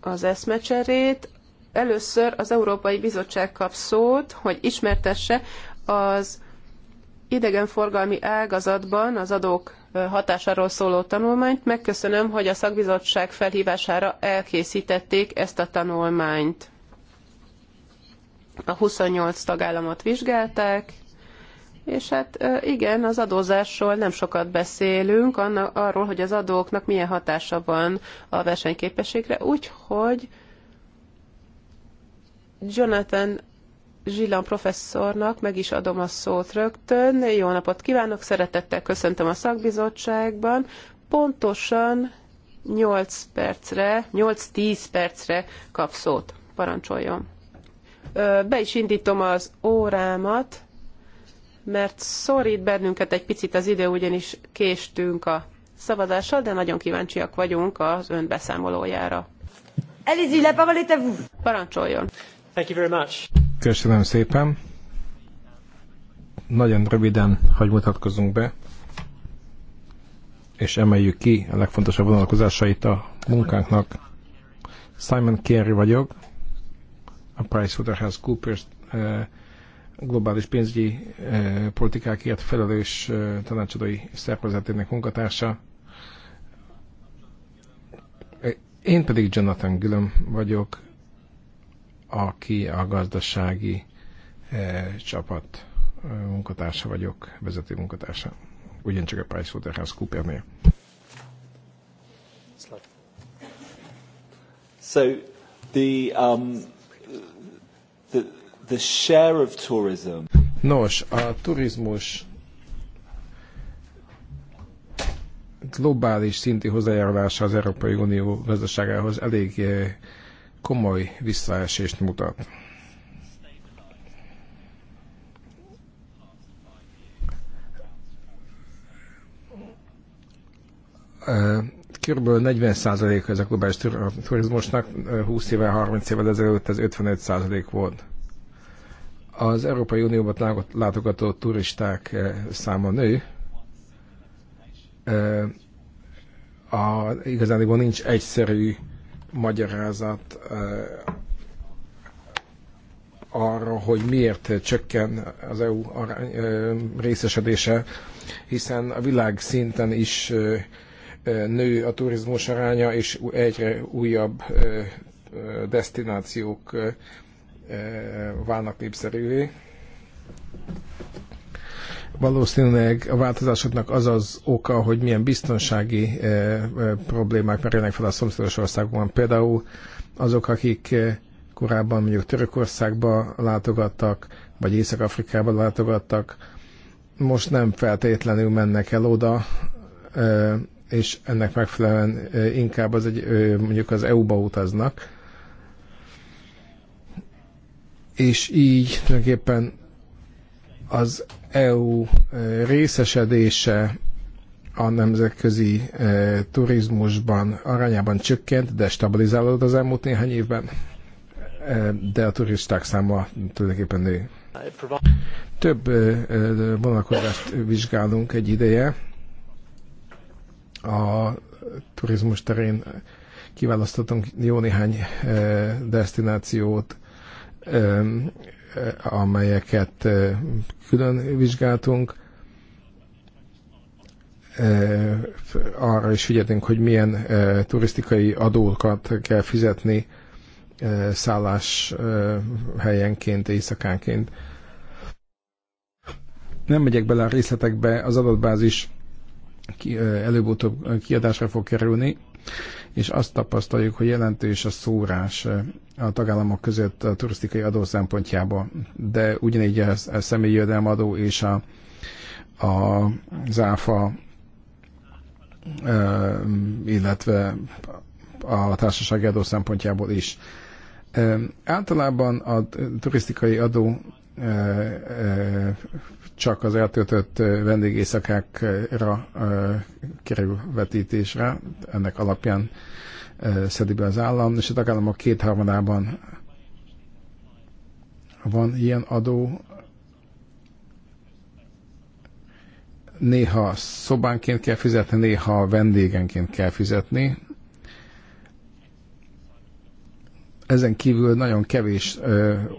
Speaker 1: az eszmecserét. Először az Európai Bizottság kap szót, hogy ismertesse az idegenforgalmi ágazatban az adók hatásáról szóló tanulmányt. Megköszönöm, hogy a szakbizottság felhívására elkészítették ezt a tanulmányt. A 28 tagállamot vizsgálták, és hát igen, az adózásról nem sokat beszélünk, annak, arról, hogy az adóknak milyen hatása van a versenyképességre, úgyhogy Jonathan Zsillan professzornak meg is adom a szót rögtön. Jó napot kívánok, szeretettel köszöntöm a szakbizottságban. Pontosan 8 percre, 8-10 percre kap szót. Parancsoljon. Be is indítom az órámat, mert szorít bennünket egy picit az idő, ugyanis késtünk a szavazással, de nagyon kíváncsiak vagyunk az ön beszámolójára. allez la parole est à vous. Parancsoljon. Thank you very much.
Speaker 4: Köszönöm szépen. Nagyon röviden, hogy mutatkozunk be, és emeljük ki a legfontosabb vonalkozásait a munkánknak. Simon Carey vagyok, a PricewaterhouseCoopers eh, globális pénzügyi eh, politikákért felelős eh, tanácsadói szervezetének munkatársa. Én pedig Jonathan Gülöm vagyok, aki a gazdasági e, csapat e, munkatársa vagyok, vezető munkatársa, ugyancsak a PricewaterhouseCoopernél.
Speaker 3: So the, um, the, the share of tourism.
Speaker 4: Nos, a turizmus globális szinti hozzájárulása az Európai Unió gazdaságához elég e, komoly visszaesést mutat. Kb. 40% ez a globális turizmusnak, 20 éve, 30 évvel ezelőtt ez 55% volt. Az Európai Unióban látogató turisták száma nő, a, igazán nincs egyszerű magyarázat arra, hogy miért csökken az EU részesedése, hiszen a világ szinten is nő a turizmus aránya, és egyre újabb destinációk válnak népszerűvé. Valószínűleg a változásoknak az az oka, hogy milyen biztonsági eh, eh, problémák merülnek fel a szomszédos országokban. Például azok, akik eh, korábban mondjuk Törökországba látogattak, vagy Észak-Afrikába látogattak, most nem feltétlenül mennek el oda, és ennek megfelelően inkább az egy, mondjuk az EU-ba utaznak. És így tulajdonképpen az EU e, részesedése a nemzetközi e, turizmusban arányában csökkent, de stabilizálódott az elmúlt néhány évben, e, de a turisták száma tulajdonképpen nő. Több vonalkozást vizsgálunk egy ideje a turizmus terén kiválasztottunk jó néhány destinációt, Eh, amelyeket eh, külön vizsgáltunk. Eh, arra is figyeltünk, hogy milyen turisztikai adókat kell fizetni szállás helyenként, éjszakánként. Nem megyek bele a részletekbe, az adatbázis előbb-utóbb kiadásra fog kerülni és azt tapasztaljuk, hogy jelentős a szórás eh, a tagállamok között a turisztikai adó szempontjából, de ugyanígy a személyi jövedelemadó és a, a záfa, eh, illetve a társasági adó szempontjából is. Eh, általában a turisztikai adó csak az eltöltött vendégészakákra kerül vetítésre, ennek alapján szedi be az állam, és a tagállamok kétharmadában van ilyen adó, néha szobánként kell fizetni, néha vendégenként kell fizetni, Ezen kívül nagyon kevés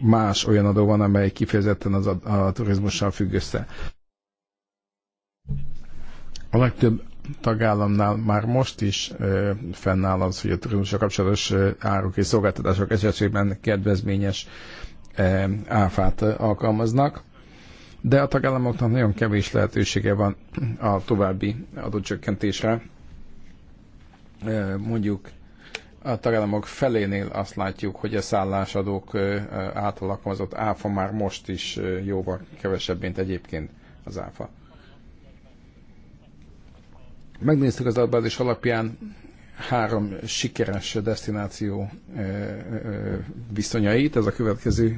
Speaker 4: más olyan adó van, amely kifejezetten az a, a turizmussal függ össze. A legtöbb tagállamnál már most is ö, fennáll az, hogy a turizmusra kapcsolatos ö, áruk és szolgáltatások esetében kedvezményes ö, áfát alkalmaznak, de a tagállamoknak nagyon kevés lehetősége van a további adócsökkentésre. Ö, mondjuk a tagállamok felénél azt látjuk, hogy a szállásadók átalakozott áfa már most is jóval kevesebb, mint egyébként az áfa. Megnéztük az adatbázis alapján három sikeres destináció viszonyait, ez a következő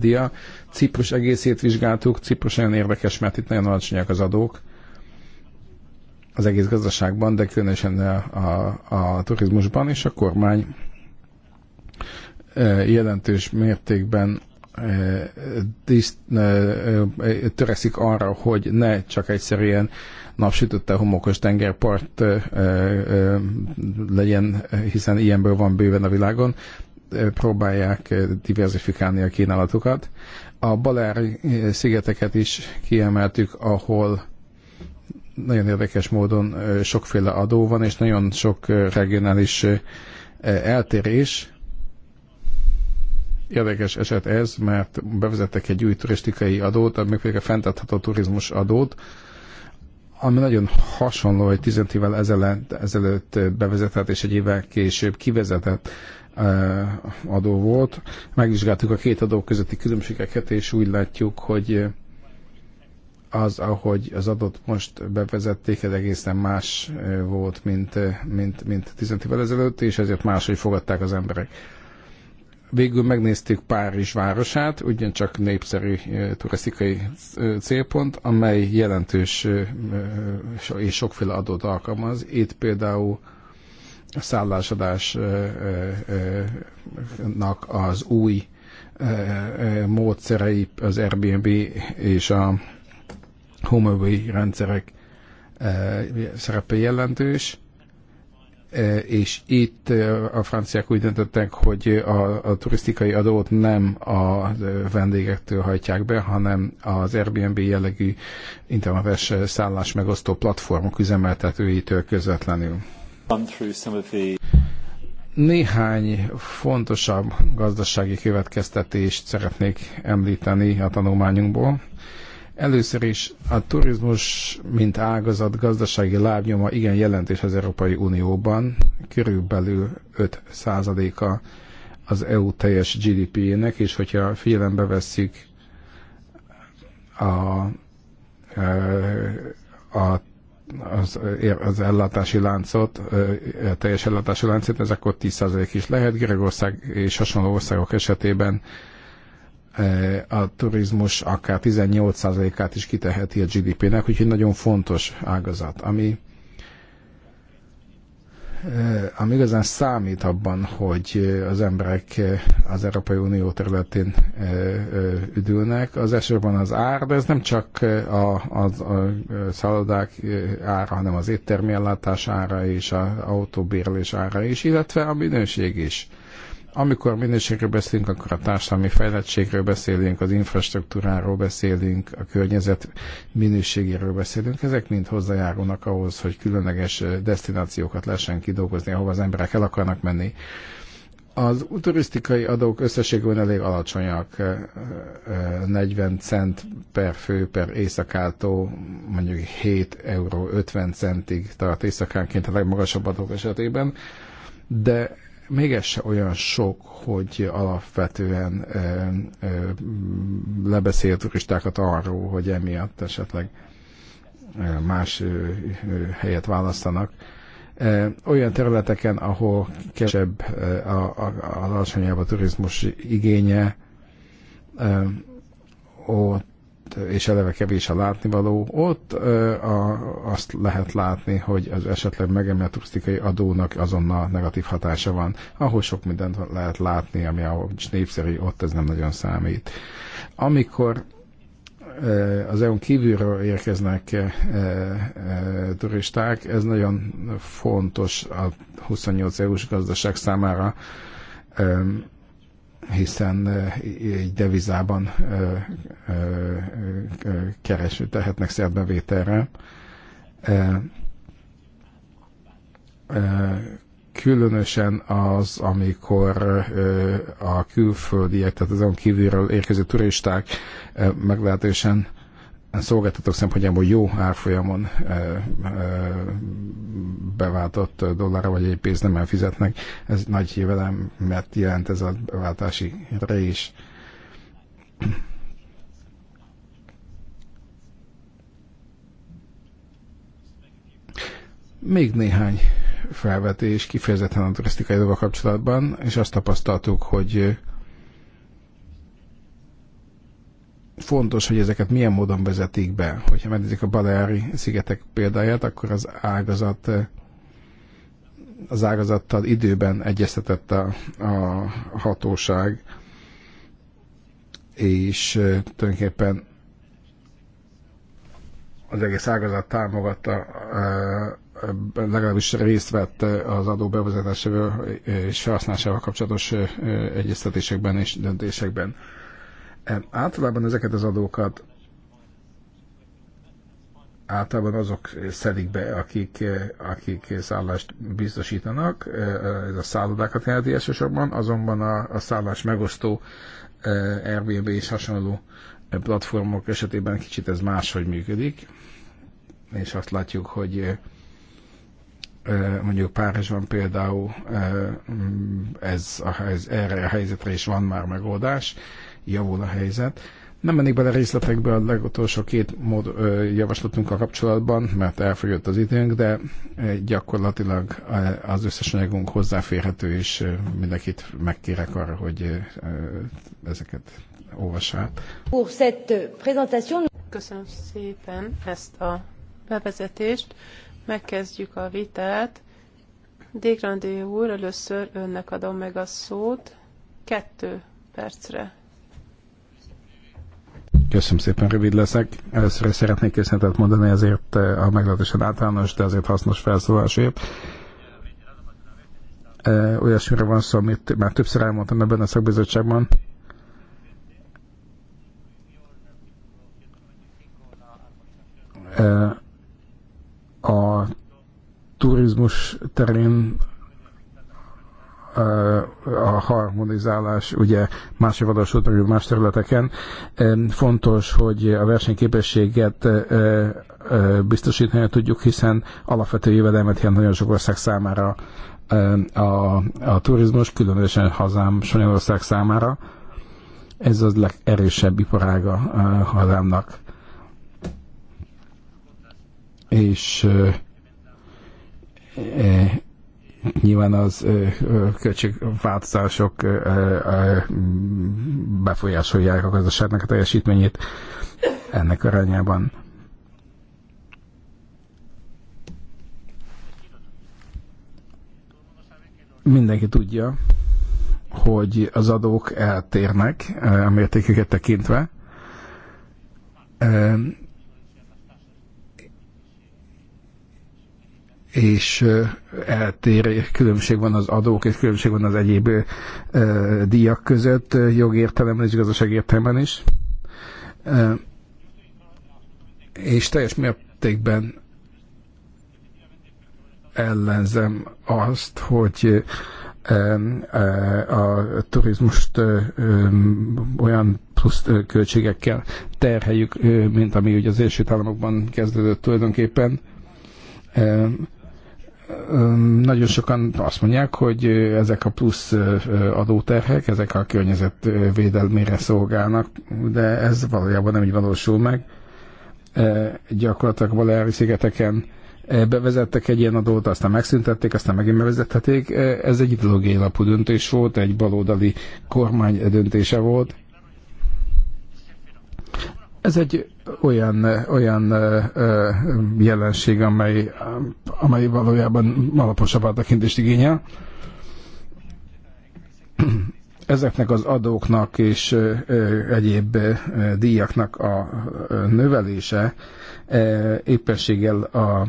Speaker 4: dia. Ciprus egészét vizsgáltuk, Ciprus nagyon érdekes, mert itt nagyon alacsonyak az adók, az egész gazdaságban, de különösen a, a, a turizmusban, és a kormány e, jelentős mértékben e, diszt, e, töreszik arra, hogy ne csak egyszerűen napsütötte homokos tengerpart legyen, hiszen ilyenből van bőven a világon, próbálják diversifikálni a kínálatukat. A Balári szigeteket is kiemeltük, ahol nagyon érdekes módon sokféle adó van, és nagyon sok regionális eltérés. Érdekes eset ez, mert bevezettek egy új turisztikai adót, még pedig a fenntartható turizmus adót, ami nagyon hasonló, hogy 15 évvel ezelőtt, ezelőtt bevezetett és egy évvel később kivezetett adó volt. Megvizsgáltuk a két adó közötti különbségeket, és úgy látjuk, hogy az, ahogy az adott most bevezették, ez egészen más volt, mint, mint, mint 10 évvel ezelőtt, és ezért máshogy fogadták az emberek. Végül megnéztük Párizs városát, ugyancsak népszerű turisztikai célpont, amely jelentős és sokféle adót alkalmaz. Itt például a szállásadásnak az új módszerei az Airbnb és a homogén rendszerek eh, szerepe jelentős, eh, és itt eh, a franciák úgy döntöttek, hogy a, a turisztikai adót nem a vendégektől hajtják be, hanem az Airbnb jellegű internetes szállás megosztó platformok üzemeltetőitől közvetlenül. Néhány fontosabb gazdasági következtetést szeretnék említeni a tanulmányunkból. Először is a turizmus, mint ágazat gazdasági lábnyoma igen jelentős az Európai Unióban, körülbelül 5 a az EU teljes GDP-nek, és hogyha figyelembe vesszük a, e, a az, az ellátási láncot, a e, e, teljes ellátási láncot, ez akkor 10% is lehet. Görögország és hasonló országok esetében a turizmus akár 18%-át is kiteheti a GDP-nek, úgyhogy nagyon fontos ágazat, ami, eh, ami igazán számít abban, hogy eh, az emberek eh, az Európai Unió területén üdülnek. Az elsősorban az ár, de ez nem csak a, a, a szállodák ára, hanem az éttermi ellátás ára és az autóbérlés ára is, illetve a minőség is amikor minőségről beszélünk, akkor a társadalmi fejlettségről beszélünk, az infrastruktúráról beszélünk, a környezet minőségéről beszélünk. Ezek mind hozzájárulnak ahhoz, hogy különleges destinációkat lehessen kidolgozni, ahova az emberek el akarnak menni. Az turisztikai adók összességében elég alacsonyak, 40 cent per fő per éjszakától mondjuk 7 euró 50 centig tart éjszakánként a legmagasabb adók esetében, de még ez se olyan sok, hogy alapvetően ö, ö, lebeszél turistákat arról, hogy emiatt esetleg más helyet választanak. Olyan területeken, ahol kevesebb a alacsonyabb a turizmus igénye, ott és eleve kevés a látnivaló, ott a, azt lehet látni, hogy az esetleg megemelt turisztikai adónak azonnal negatív hatása van. Ahol sok mindent lehet látni, ami a népszerű, ott ez nem nagyon számít. Amikor az EU-n kívülről érkeznek turisták, ez nagyon fontos a 28 EU-s gazdaság számára, hiszen egy devizában kereső tehetnek szerbevételre. Különösen az, amikor a külföldiek, tehát azon kívülről érkező turisták meglehetősen szolgáltatók szempontjából jó árfolyamon beváltott dollárra vagy egy pénzt nem elfizetnek. Ez nagy jövelem, mert jelent ez a beváltási is. Még néhány felvetés kifejezetten a turisztikai dolgok kapcsolatban, és azt tapasztaltuk, hogy fontos, hogy ezeket milyen módon vezetik be. Hogyha megnézik a Baleári szigetek példáját, akkor az ágazat az ágazattal időben egyeztetett a, a hatóság, és tulajdonképpen az egész ágazat támogatta, legalábbis részt vett az adó bevezetésével és felhasználásával kapcsolatos egyeztetésekben és döntésekben Általában ezeket az adókat általában azok szedik be, akik, eh, akik szállást biztosítanak, eh, eh, ez a szállodákat jelenti elsősorban, azonban a, a szállás megosztó Airbnb és hasonló platformok esetében kicsit ez máshogy működik, és azt látjuk, hogy mondjuk Párizsban például mm, ez, a, ez erre a helyzetre is van már megoldás, javul a helyzet. Nem mennék bele részletekbe a legutolsó két mód, ö, a kapcsolatban, mert elfogyott az időnk, de gyakorlatilag az összes anyagunk hozzáférhető, és mindenkit megkérek arra, hogy ö, ezeket olvassák.
Speaker 1: Köszönöm szépen ezt a bevezetést. Megkezdjük a vitát. Dégrandi úr, először önnek adom meg a szót kettő percre.
Speaker 4: Köszönöm szépen, rövid leszek. Először is szeretnék köszönetet mondani ezért eh, a meglehetősen általános, de azért hasznos felszólásért. Eh, Olyasmire van szó, amit már többször elmondtam ebben a szakbizottságban, eh, a turizmus terén a harmonizálás ugye más javadalsult meg más területeken. Fontos, hogy a versenyképességet e, e, e, biztosítani tudjuk, hiszen alapvető jövedelmet jelent nagyon sok ország számára a, a turizmus, különösen hazám Spanyolország számára. Ez az legerősebb iparága a hazámnak. És Nyilván az költségváltozások befolyásolják a gazdaságnak a teljesítményét ennek arányában. Mindenki tudja, hogy az adók eltérnek a mértéküket tekintve és eltér, különbség van az adók, és különbség van az egyéb díjak között, jogértelemben és gazdaságértelemben is. És teljes mértékben ellenzem azt, hogy a turizmust olyan plusz költségekkel terheljük, mint ami ugye az első Államokban kezdődött tulajdonképpen nagyon sokan azt mondják, hogy ezek a plusz adóterhek, ezek a környezetvédelmére szolgálnak, de ez valójában nem így valósul meg. Gyakorlatilag a Baleári szigeteken bevezettek egy ilyen adót, aztán megszüntették, aztán megint bevezették. Ez egy ideológiai lapú döntés volt, egy baloldali kormány döntése volt. Ez egy olyan, olyan jelenség, amely, amely valójában alaposabb áttekintést igényel. Ezeknek az adóknak és egyéb díjaknak a növelése éppességgel a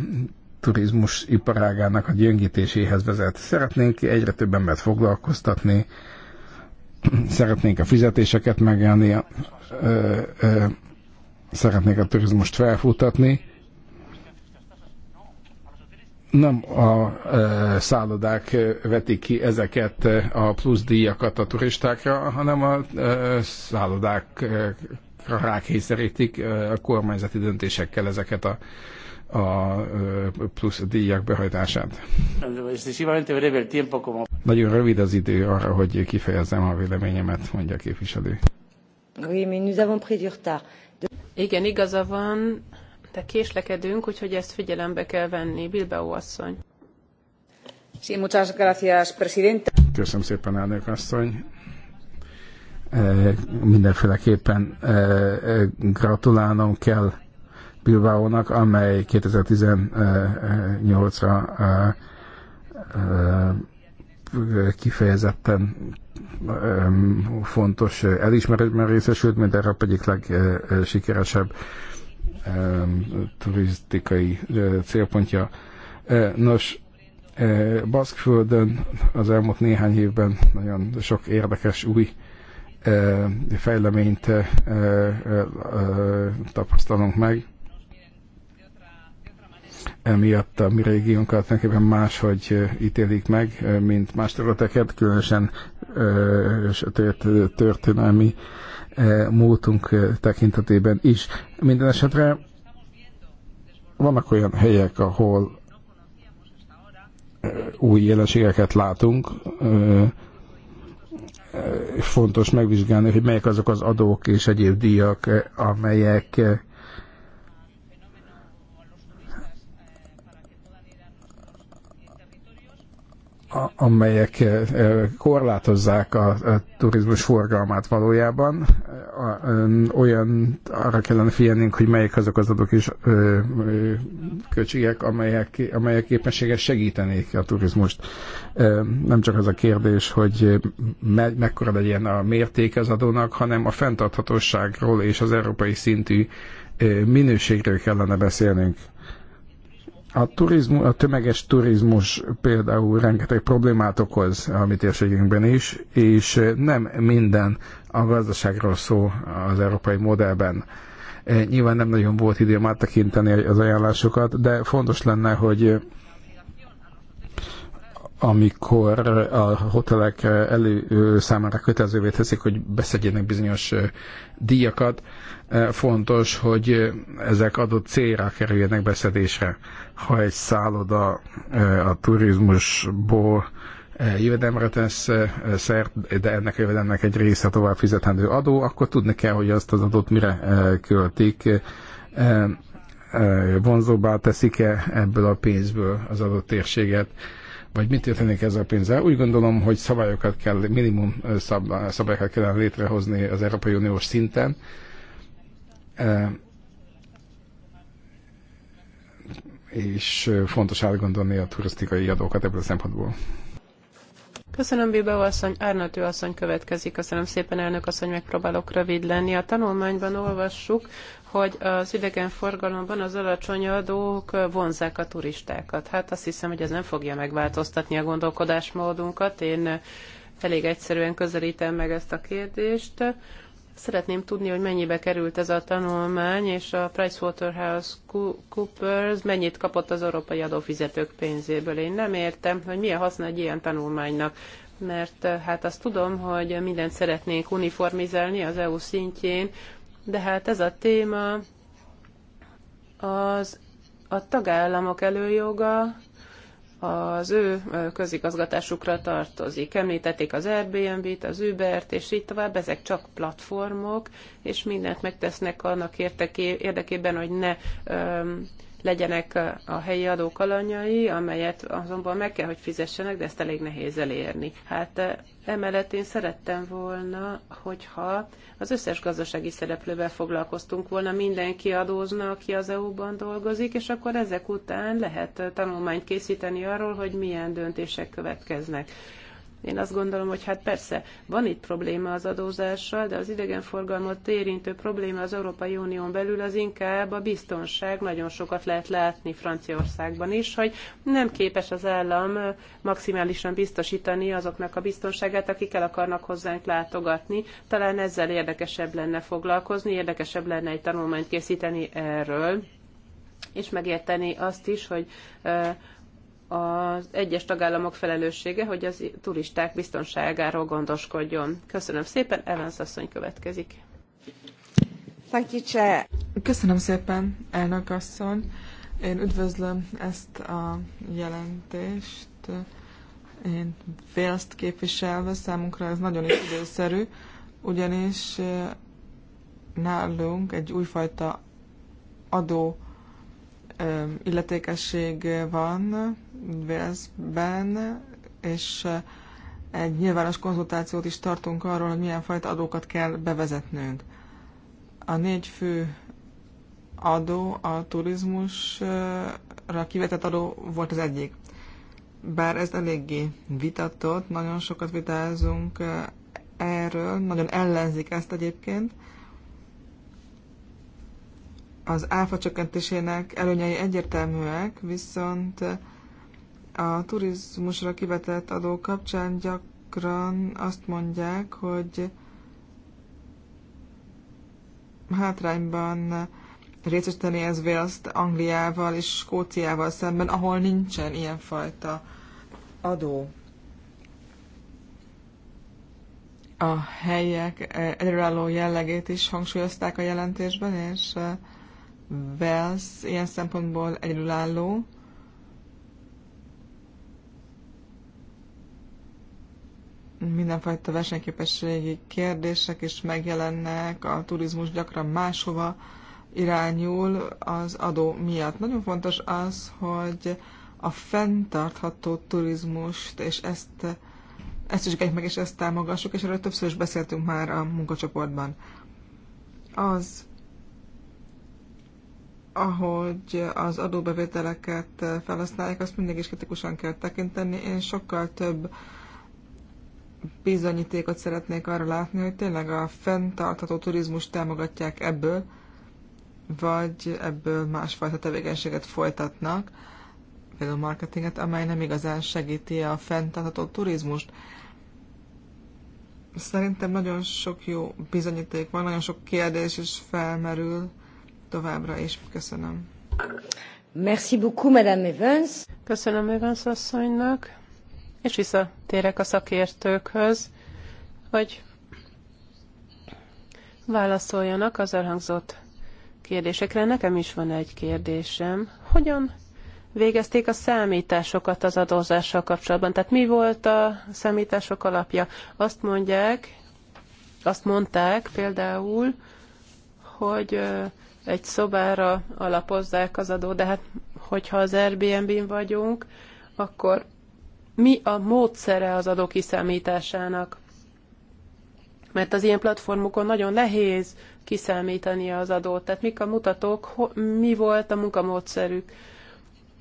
Speaker 4: turizmus iparágának a gyöngítéséhez vezet. Szeretnénk egyre több embert foglalkoztatni, szeretnénk a fizetéseket megelni, szeretnék a turizmust felfutatni, nem a e, szállodák e, vetik ki ezeket e, a plusz díjakat a turistákra, hanem a e, szállodák rákényszerítik e, a kormányzati döntésekkel ezeket a, a plusz díjak behajtását. Nagyon rövid az idő arra, hogy kifejezzem a véleményemet, mondja a képviselő.
Speaker 1: Oui, mais nous avons pris du retard. Igen, igaza van, de késlekedünk, úgyhogy ezt figyelembe kell venni. Bilbao asszony. Sí, muchas gracias, Köszönöm
Speaker 4: szépen, elnök asszony. E, mindenféleképpen e, e, gratulálnom kell Bilbaónak, amely 2018-ra kifejezetten fontos elismerésben részesült, mint erre egyik legsikeresebb turisztikai célpontja. Nos, Baszkföldön az elmúlt néhány évben nagyon sok érdekes új fejleményt tapasztalunk meg. Emiatt a mi régiónkat tulajdonképpen máshogy ítélik meg, mint más területeket, különösen sötét történelmi múltunk tekintetében is. Minden esetre vannak olyan helyek, ahol új jelenségeket látunk, fontos megvizsgálni, hogy melyek azok az adók és egyéb díjak, amelyek amelyek korlátozzák a, turizmus forgalmát valójában. Olyan arra kellene figyelnünk, hogy melyik azok az adók és költségek, amelyek, amelyek képességes segítenék a turizmust. Nem csak az a kérdés, hogy me, mekkora legyen a mérték az adónak, hanem a fenntarthatóságról és az európai szintű minőségről kellene beszélnünk a, turizmus, a tömeges turizmus például rengeteg problémát okoz a mi térségünkben is, és nem minden a gazdaságról szó az európai modellben. Nyilván nem nagyon volt időm áttekinteni az ajánlásokat, de fontos lenne, hogy amikor a hotelek elő számára kötelezővé teszik, hogy beszedjenek bizonyos díjakat, fontos, hogy ezek adott célra kerüljenek beszedésre. Ha egy szálloda a turizmusból jövedelemre tesz szert, de ennek a jövedelemnek egy része tovább fizetendő adó, akkor tudni kell, hogy azt az adót mire költik, vonzóbbá teszik-e ebből a pénzből az adott térséget vagy mit történik ezzel a pénzzel. Úgy gondolom, hogy szabályokat kell, minimum szabályokat kellene létrehozni az Európai Uniós szinten. És fontos átgondolni a turisztikai adókat ebből a szempontból.
Speaker 1: Köszönöm, Bilbao asszony. Árnatő asszony következik. Köszönöm szépen, elnök asszony, megpróbálok rövid lenni. A tanulmányban olvassuk, hogy az idegenforgalomban az alacsony adók vonzák a turistákat. Hát azt hiszem, hogy ez nem fogja megváltoztatni a gondolkodásmódunkat. Én elég egyszerűen közelítem meg ezt a kérdést. Szeretném tudni, hogy mennyibe került ez a tanulmány, és a PricewaterhouseCoopers mennyit kapott az európai adófizetők pénzéből. Én nem értem, hogy milyen haszna egy ilyen tanulmánynak, mert hát azt tudom, hogy mindent szeretnénk uniformizálni az EU szintjén, de hát ez a téma az a tagállamok előjoga, az ő közigazgatásukra tartozik. Említették az Airbnb-t, az Uber-t, és így tovább, ezek csak platformok, és mindent megtesznek annak érdekében, hogy ne öm, legyenek eh, a helyi adók alanyai, amelyet azonban meg kell, hogy fizessenek, de ezt elég nehéz elérni. Hát eh, emellett én szerettem volna, hogyha az összes gazdasági szereplővel foglalkoztunk volna, mindenki adózna, aki az EU-ban dolgozik, és akkor ezek után lehet eh, tanulmányt készíteni arról, hogy milyen döntések következnek én azt gondolom, hogy hát persze van itt probléma az adózással, de az idegenforgalmat érintő probléma az Európai Unión belül az inkább a biztonság. Nagyon sokat lehet látni Franciaországban is, hogy nem képes az állam maximálisan biztosítani azoknak a biztonságát, akik el akarnak hozzánk látogatni. Talán ezzel érdekesebb lenne foglalkozni, érdekesebb lenne egy tanulmányt készíteni erről és megérteni azt is, hogy az egyes tagállamok felelőssége, hogy az turisták biztonságáról gondoskodjon. Köszönöm szépen, Evans asszony következik.
Speaker 3: Thank you, Chair. Köszönöm szépen, elnök asszony. Én üdvözlöm ezt a jelentést. Én Vélszt képviselve számunkra ez nagyon is időszerű, ugyanis eh, nálunk egy újfajta adó eh, illetékesség van, Walesben, és eh, egy nyilvános konzultációt is tartunk arról, hogy milyen fajta adókat kell bevezetnünk. A négy fő adó, a turizmusra kivetett adó volt az egyik. Bár ez eléggé vitatott, nagyon sokat vitázunk eh, erről, nagyon ellenzik ezt egyébként. Az áfa csökkentésének előnyei egyértelműek, viszont eh, a turizmusra kivetett adó kapcsán gyakran azt mondják, hogy hátrányban részesíteni ez Wales-t Angliával és Skóciával szemben, ahol nincsen ilyenfajta adó. A helyek előálló jellegét is hangsúlyozták a jelentésben, és e, Wales ilyen szempontból egyedülálló. mindenfajta versenyképességi kérdések is megjelennek, a turizmus gyakran máshova irányul az adó miatt. Nagyon fontos az, hogy a fenntartható turizmust, és ezt, ezt is meg, és ezt támogassuk, és erről többször is beszéltünk már a munkacsoportban. Az, ahogy az adóbevételeket felhasználják, azt mindig is kritikusan kell tekinteni. Én sokkal több uh, bizonyítékot szeretnék arra látni, hogy tényleg a fenntartható turizmus támogatják ebből, vagy ebből másfajta tevékenységet folytatnak, például marketinget, amely nem igazán segíti a fenntartható turizmust. Szerintem nagyon sok jó bizonyíték van, nagyon sok kérdés is felmerül továbbra is. Köszönöm. Merci beaucoup, Madame
Speaker 1: Evans. Köszönöm Evans asszonynak és visszatérek a szakértőkhöz, hogy válaszoljanak az elhangzott kérdésekre. Nekem is van egy kérdésem. Hogyan végezték a számításokat az adózással kapcsolatban? Tehát mi volt a számítások alapja? Azt mondják, azt mondták például, hogy egy szobára alapozzák az adó, de hát hogyha az Airbnb-n vagyunk, akkor mi a módszere az adó kiszámításának. Mert az ilyen platformokon nagyon nehéz kiszámítani az adót. Tehát mik a mutatók, mi volt a munkamódszerük.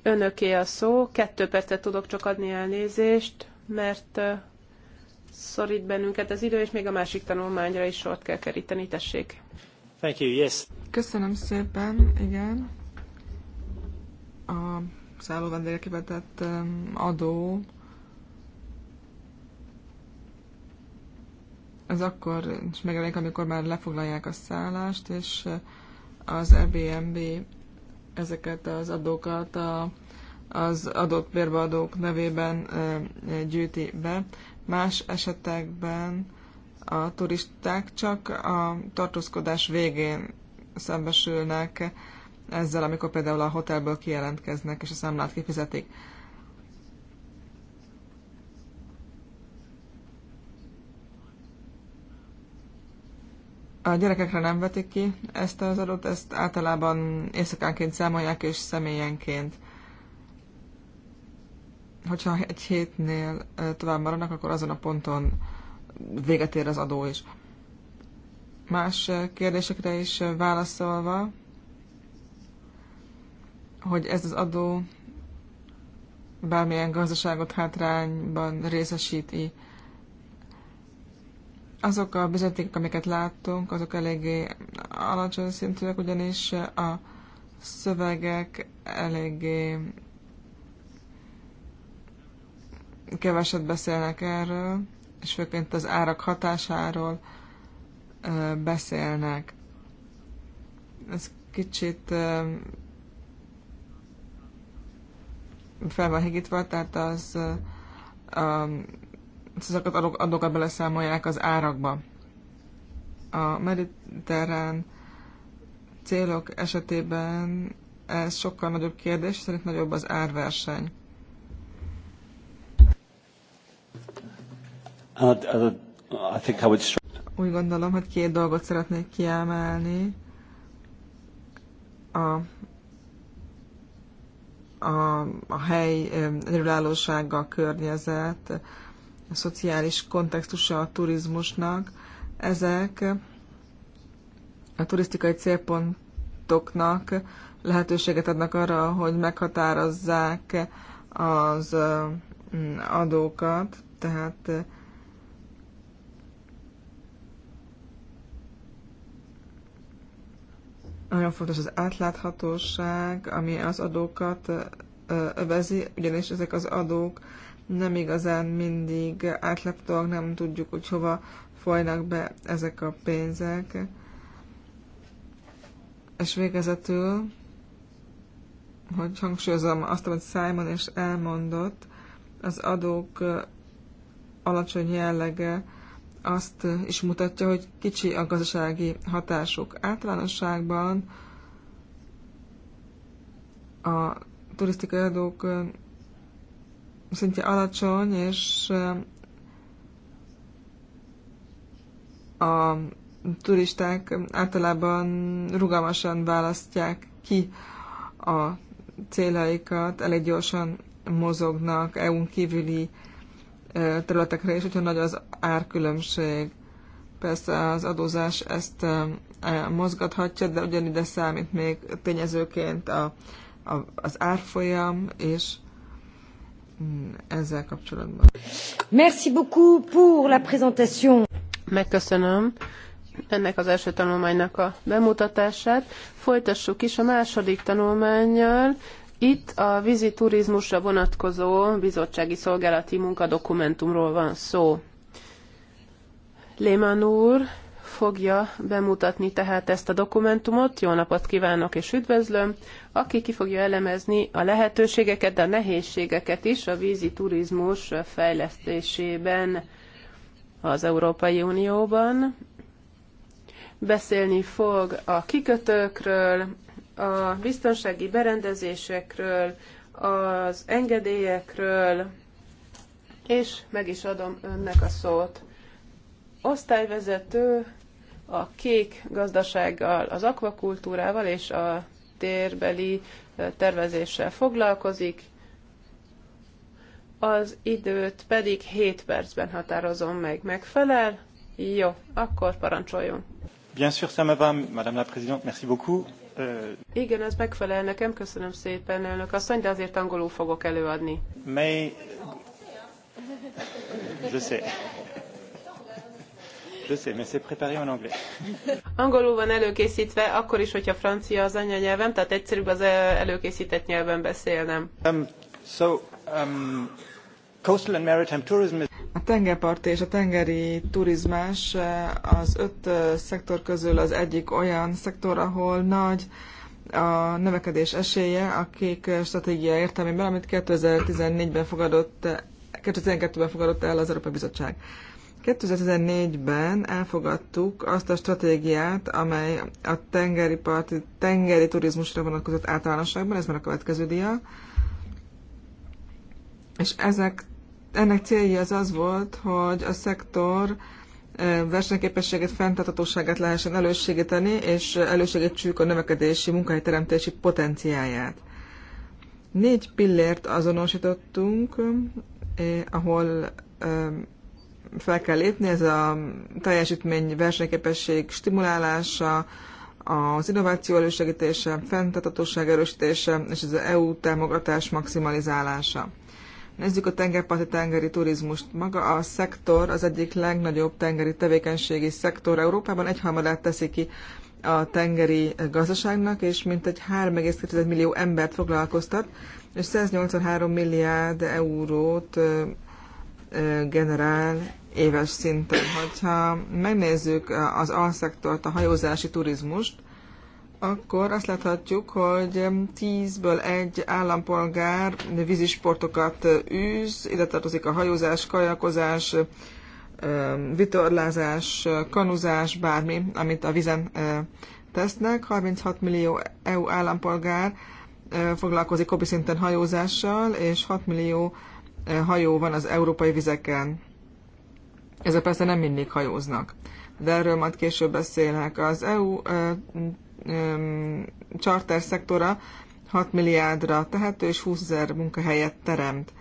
Speaker 1: Önöké a szó, kettő percet tudok csak adni elnézést, mert szorít bennünket az idő, és még a másik tanulmányra is sort kell keríteni, tessék.
Speaker 3: Thank you, yes. Köszönöm szépen, igen. A szálló vendégekében tett adó ez akkor is megjelenik, amikor már lefoglalják a szállást, és eh, az Airbnb ezeket az adókat a, az adott bérbeadók nevében eh, gyűjti be. Más esetekben a turisták csak a tartózkodás végén szembesülnek ezzel, amikor például a hotelből kijelentkeznek és a számlát kifizetik. A gyerekekre nem vetik ki ezt az adót, ezt általában éjszakánként számolják és személyenként. Hogyha egy hétnél tovább maradnak, akkor azon a ponton véget ér az adó is. Más kérdésekre is válaszolva, hogy ez az adó bármilyen gazdaságot hátrányban részesíti azok a bizonyítékok, amiket láttunk, azok eléggé alacsony szintűek, ugyanis a szövegek eléggé keveset beszélnek erről, és főként az árak hatásáról beszélnek. Ez kicsit fel van higítva, tehát az azokat adok, adókat beleszámolják az árakba. A mediterrán célok esetében ez sokkal nagyobb kérdés, szerint nagyobb az árverseny. Uh, uh, Úgy gondolom, hogy két dolgot szeretnék kiemelni. A, a, a hely egyedülállósága, a környezet, a szociális kontextusa a turizmusnak, ezek a turisztikai célpontoknak lehetőséget adnak arra, hogy meghatározzák az mm, adókat, tehát nagyon fontos az átláthatóság, ami az adókat övezi, ugyanis ezek az adók nem igazán mindig átláthatóak, nem tudjuk, hogy hova folynak be ezek a pénzek. És végezetül, hogy hangsúlyozom azt, amit Simon és elmondott, az adók alacsony jellege azt is mutatja, hogy kicsi a gazdasági hatásuk. Általánosságban a turisztikai adók szintje alacsony, és a turisták általában rugalmasan választják ki a céljaikat, elég gyorsan mozognak EU-n kívüli területekre, és hogyha nagy az árkülönbség, persze az adózás ezt e, mozgathatja, de ugyanide számít még tényezőként a, a, az árfolyam és ezzel kapcsolatban.
Speaker 1: Merci beaucoup pour la présentation. Megköszönöm ennek az első tanulmánynak a bemutatását. Folytassuk is a második tanulmányjal. Itt a vízi turizmusra vonatkozó bizottsági szolgálati munkadokumentumról van szó. Lehmann úr, fogja bemutatni tehát ezt a dokumentumot. Jó napot kívánok és üdvözlöm! Aki ki fogja elemezni a lehetőségeket, de a nehézségeket is a vízi turizmus fejlesztésében az Európai Unióban. Beszélni fog a kikötőkről, a biztonsági berendezésekről, az engedélyekről, és meg is adom önnek a szót osztályvezető a kék gazdasággal, az akvakultúrával és a térbeli tervezéssel foglalkozik, az időt pedig 7 percben határozom meg. Megfelel? Jó, akkor parancsoljon.
Speaker 3: Bien sûr, ça me va, Madame la Présidente, merci beaucoup. Euh,
Speaker 1: Igen, ez megfelel nekem, köszönöm szépen, elnök asszony, de azért angolul fogok előadni. May... Je sais. Angolul van előkészítve, akkor is, hogyha francia az anyanyelvem, tehát egyszerűbb az előkészített nyelven beszélnem.
Speaker 3: Um, so, um, coastal and maritime tourism is... A tengerparti és a tengeri turizmás eh, az öt eh, szektor közül az egyik olyan szektor, ahol nagy a növekedés esélye, akik stratégia értelmében, amit 2014-ben fogadott, 2012-ben eh, fogadott el az Európai Bizottság. 2014-ben elfogadtuk azt a stratégiát, amely a tengeri parti, tengeri turizmusra vonatkozott általánosságban, ez már a következő dia. És ezek, ennek célja az az volt, hogy a szektor versenyképességet, fenntartatóságát lehessen elősegíteni, és elősegítsük a növekedési, munkahelyteremtési potenciáját. Négy pillért azonosítottunk, eh, ahol eh, fel kell lépni, ez a teljesítmény versenyképesség stimulálása, az innováció elősegítése, fenntartatóság erősítése és az EU támogatás maximalizálása. Nézzük a tengerparti tengeri turizmust. Maga a szektor az egyik legnagyobb tengeri tevékenységi szektor Európában, egyharmadát teszi ki a tengeri gazdaságnak, és mintegy 3,2 millió embert foglalkoztat, és 183 milliárd eurót generál éves szinten. Hogyha megnézzük eh, az alszektort, a hajózási turizmust, akkor azt láthatjuk, hogy 10-ből egy állampolgár vízi sportokat űz, ide tartozik a hajózás, kajakozás, eh, vitorlázás, kanuzás, bármi, amit a vizen eh, tesznek. 36 millió EU állampolgár foglalkozik hobbi szinten hajózással, és 6 millió hajó van az európai vizeken. Ezek persze nem mindig hajóznak, de erről majd később beszélnek. Az EU ö, ö, charter szektora 6 milliárdra tehető és 20 ezer munkahelyet teremt.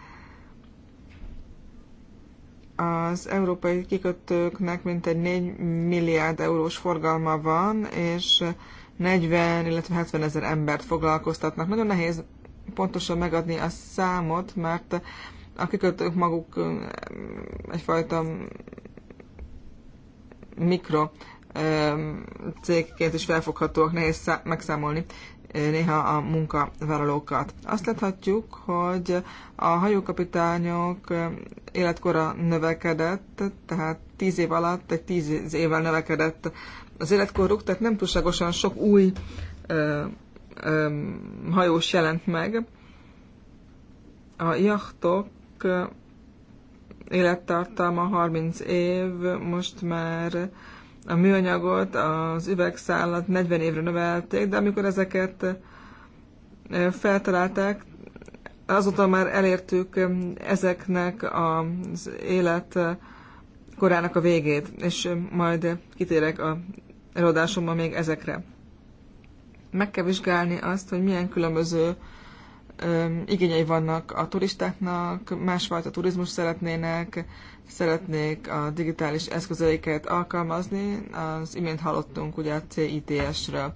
Speaker 3: Az európai kikötőknek mintegy 4 milliárd eurós forgalma van, és 40, illetve 70 ezer embert foglalkoztatnak. Nagyon nehéz pontosan megadni a számot, mert a kikötők maguk egyfajta mikro cégként is felfoghatóak, nehéz megszámolni néha a munkavállalókat. Azt láthatjuk, hogy a hajókapitányok életkora növekedett, tehát tíz év alatt, egy tíz évvel növekedett az életkoruk, tehát nem túlságosan sok új ö, ö, hajós jelent meg. A jachtok élettartalma 30 év, most már a műanyagot, az üvegszálat 40 évre növelték, de amikor ezeket feltalálták, azóta már elértük ezeknek az élet korának a végét, és majd kitérek a előadásomban még ezekre. Meg kell vizsgálni azt, hogy milyen különböző igényei vannak a turistáknak, másfajta turizmus szeretnének, szeretnék a digitális eszközeiket alkalmazni. Az imént hallottunk ugye a CITS-ről,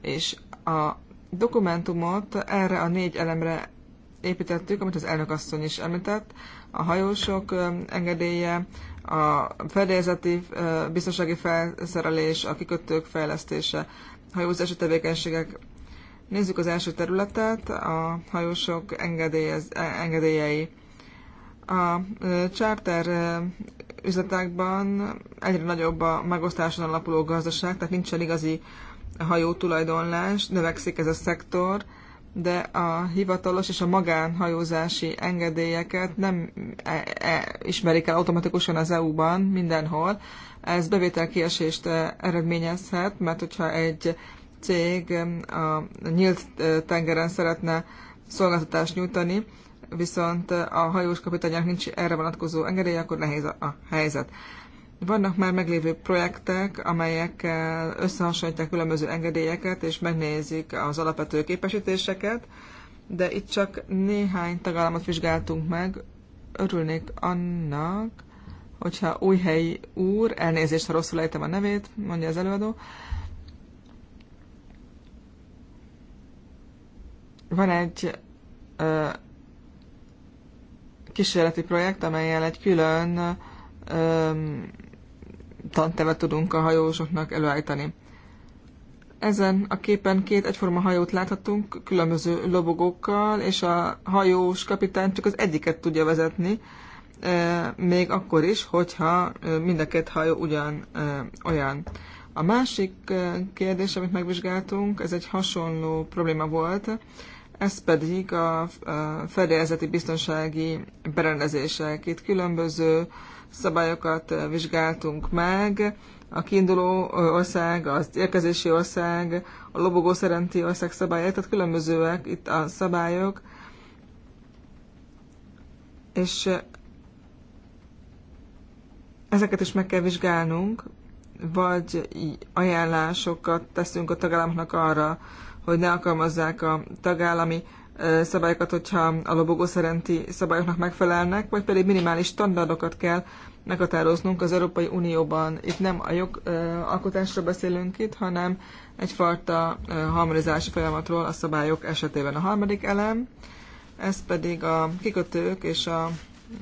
Speaker 3: és a dokumentumot erre a négy elemre építettük, amit az elnök asszony is említett, a hajósok engedélye, a fedélzeti biztonsági felszerelés, a kikötők fejlesztése, hajózási tevékenységek Nézzük az első területet, a hajósok engedélyez, engedélyei. A charter üzletekben egyre nagyobb a megosztáson alapuló gazdaság, tehát nincsen igazi hajó tulajdonlás, növekszik ez a szektor, de a hivatalos és a magánhajózási engedélyeket nem e, e, ismerik el automatikusan az EU-ban mindenhol. Ez bevételkiesést eredményezhet, mert hogyha egy cég a nyílt tengeren szeretne szolgáltatást nyújtani, viszont a hajós kapitányának nincs erre vonatkozó engedély, akkor nehéz a helyzet. Vannak már meglévő projektek, amelyekkel összehasonlítják különböző engedélyeket, és megnézik az alapvető képesítéseket, de itt csak néhány tagállamot vizsgáltunk meg. Örülnék annak, hogyha új helyi úr, elnézést, ha rosszul ejtem a nevét, mondja az előadó, Van egy ö, kísérleti projekt, amelyel egy külön ö, tantevet tudunk a hajósoknak előállítani. Ezen a képen két egyforma hajót láthatunk, különböző lobogókkal, és a hajós kapitány csak az egyiket tudja vezetni, még akkor is, hogyha mind a két hajó ugyan olyan. A másik kérdés, amit megvizsgáltunk, ez egy hasonló probléma volt, ez pedig a fedélzeti biztonsági berendezések. Itt különböző szabályokat vizsgáltunk meg, a kiinduló ország, az érkezési ország, a lobogó szerinti ország szabályai, tehát különbözőek itt a szabályok, és ezeket is meg kell vizsgálnunk, vagy ajánlásokat teszünk a tagállamoknak arra, hogy ne alkalmazzák a tagállami szabályokat, hogyha a lobogó szerinti szabályoknak megfelelnek, vagy pedig minimális standardokat kell meghatároznunk az Európai Unióban. Itt nem a jogalkotásról beszélünk itt, hanem egyfajta harmonizási folyamatról a szabályok esetében. A harmadik elem, ez pedig a kikötők és a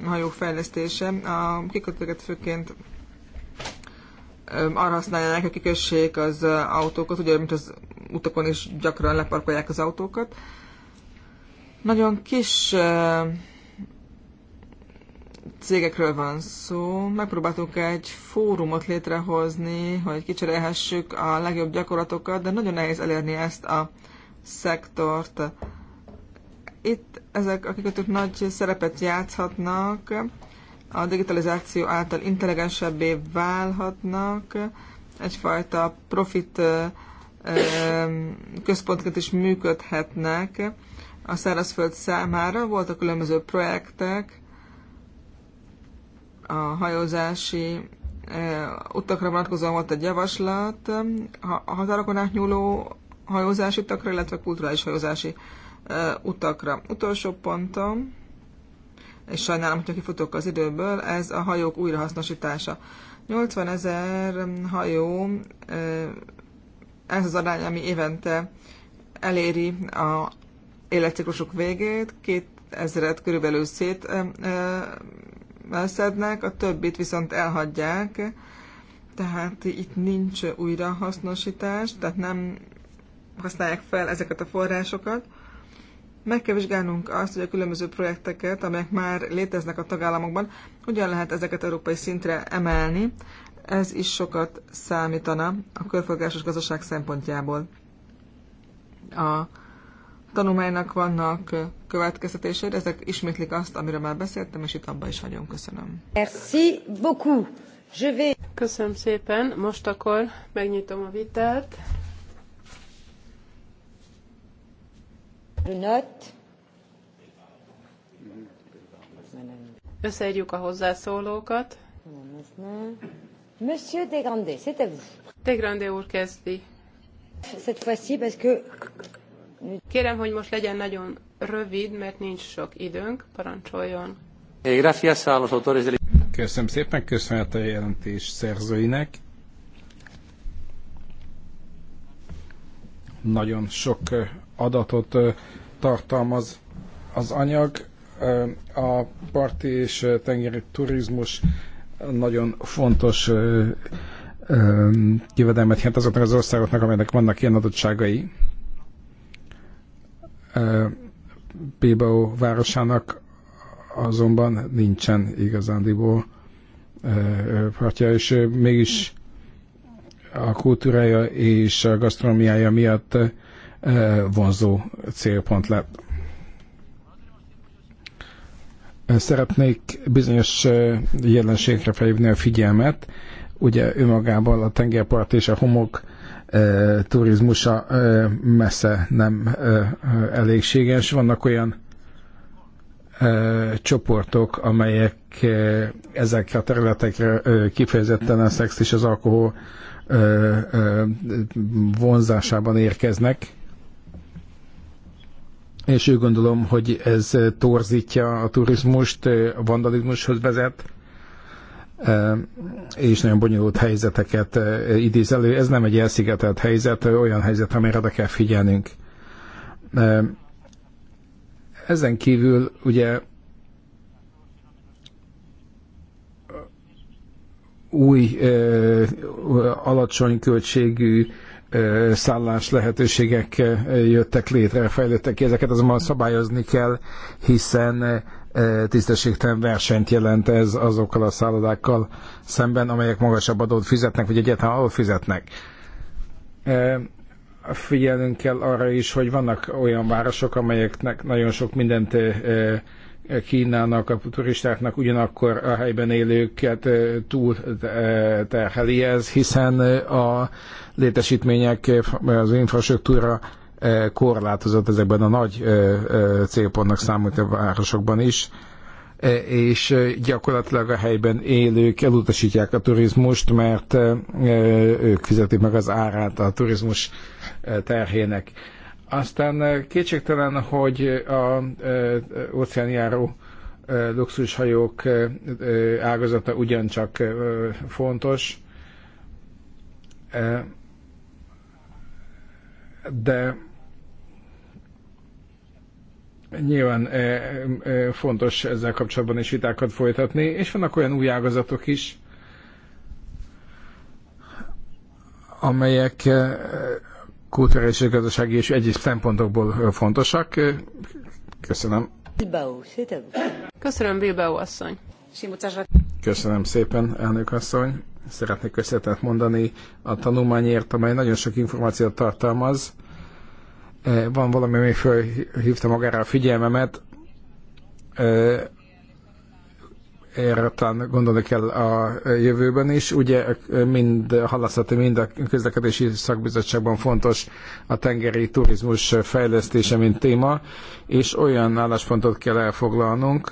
Speaker 3: hajók fejlesztése. A kikötőket főként arra használják, a kikösség az autókat, ugye, mint az utakon is gyakran leparkolják az autókat. Nagyon kis cégekről van szó. Megpróbáltunk egy fórumot létrehozni, hogy kicserélhessük a legjobb gyakorlatokat, de nagyon nehéz elérni ezt a szektort. Itt ezek, akik nagy szerepet játszhatnak, a digitalizáció által intelligensebbé válhatnak, egyfajta profit központként is működhetnek a szárazföld számára. Voltak különböző projektek, a hajózási utakra vonatkozóan volt egy javaslat, a határokon átnyúló hajózási utakra, illetve kulturális hajózási utakra. Utolsó pontom, és sajnálom, hogy kifutok az időből, ez a hajók újrahasznosítása. 80 ezer hajó, ez az arány, ami évente eléri a életciklusuk végét, 2000-et körülbelül szét szednek, a többit viszont elhagyják, tehát itt nincs újrahasznosítás, tehát nem használják fel ezeket a forrásokat. Meg kell vizsgálnunk azt, hogy a különböző projekteket, amelyek már léteznek a tagállamokban, hogyan lehet ezeket európai szintre emelni. Ez is sokat számítana a körforgásos gazdaság szempontjából. A tanulmánynak vannak következtetései, ezek ismétlik azt, amiről már beszéltem, és itt abban is vagyunk. Köszönöm.
Speaker 1: Merci beaucoup. Je vais... Köszönöm szépen. Most akkor megnyitom a vitát. Brunött. Összeírjuk a hozzászólókat. Monsieur de Grande, c'est à vous. De Grande úr kezdi. Cette fois-ci, parce que... Kérem, hogy most legyen nagyon rövid, mert nincs sok időnk. Parancsoljon.
Speaker 4: Eh, Köszönöm szépen, köszönhet a jelentés szerzőinek. Nagyon sok eh, adatot tartalmaz az anyag. A parti és tengeri turizmus nagyon fontos jövedelmet jelent azoknak az országoknak, amelynek vannak ilyen adottságai. Bilbao városának azonban nincsen igazándiból partja, és mégis a kultúrája és a gasztronómiája miatt vonzó célpont lett. Szeretnék bizonyos jelenségre felhívni a figyelmet. Ugye önmagában a tengerpart és a homok turizmusa messze nem elégséges. Vannak olyan csoportok, amelyek ezekre a területekre kifejezetten a szex és az alkohol vonzásában érkeznek és úgy gondolom, hogy ez torzítja a turizmust, a vandalizmushoz vezet, e, és nagyon bonyolult helyzeteket e, idéz elő. Ez nem egy elszigetelt helyzet, olyan helyzet, amire oda kell figyelnünk. E, ezen kívül ugye új, alacsony költségű szállás lehetőségek jöttek létre, fejlődtek ki, ezeket azonban szabályozni kell, hiszen tisztességtelen versenyt jelent ez azokkal a szállodákkal szemben, amelyek magasabb adót fizetnek, vagy egyáltalán adót fizetnek. Figyelnünk kell arra is, hogy vannak olyan városok, amelyeknek nagyon sok mindent Kínának, a turistáknak, ugyanakkor a helyben élőket túl terheli ez, hiszen a létesítmények, az infrastruktúra korlátozott ezekben a nagy célpontnak számít a városokban is, és gyakorlatilag a helyben élők elutasítják a turizmust, mert ők fizetik meg az árát a turizmus terhének aztán eh, kétségtelen, hogy a eh, eh, óceánjáró luxushajók ágazata ugyancsak fontos, de nyilván fontos ezzel kapcsolatban is vitákat folytatni, és vannak olyan új ágazatok is, amelyek kulturális és gazdasági és egyéb szempontokból fontosak. Köszönöm.
Speaker 3: Bilbao,
Speaker 1: Köszönöm, Bilbao asszony.
Speaker 4: Köszönöm szépen, elnök asszony. Szeretnék köszönetet mondani a tanulmányért, amely nagyon sok információt tartalmaz. Van valami, ami felhívta magára a figyelmemet erre talán gondolni kell a jövőben is. Ugye mind a halászati, mind a közlekedési szakbizottságban fontos a tengeri turizmus fejlesztése, mint téma, és olyan álláspontot kell elfoglalnunk,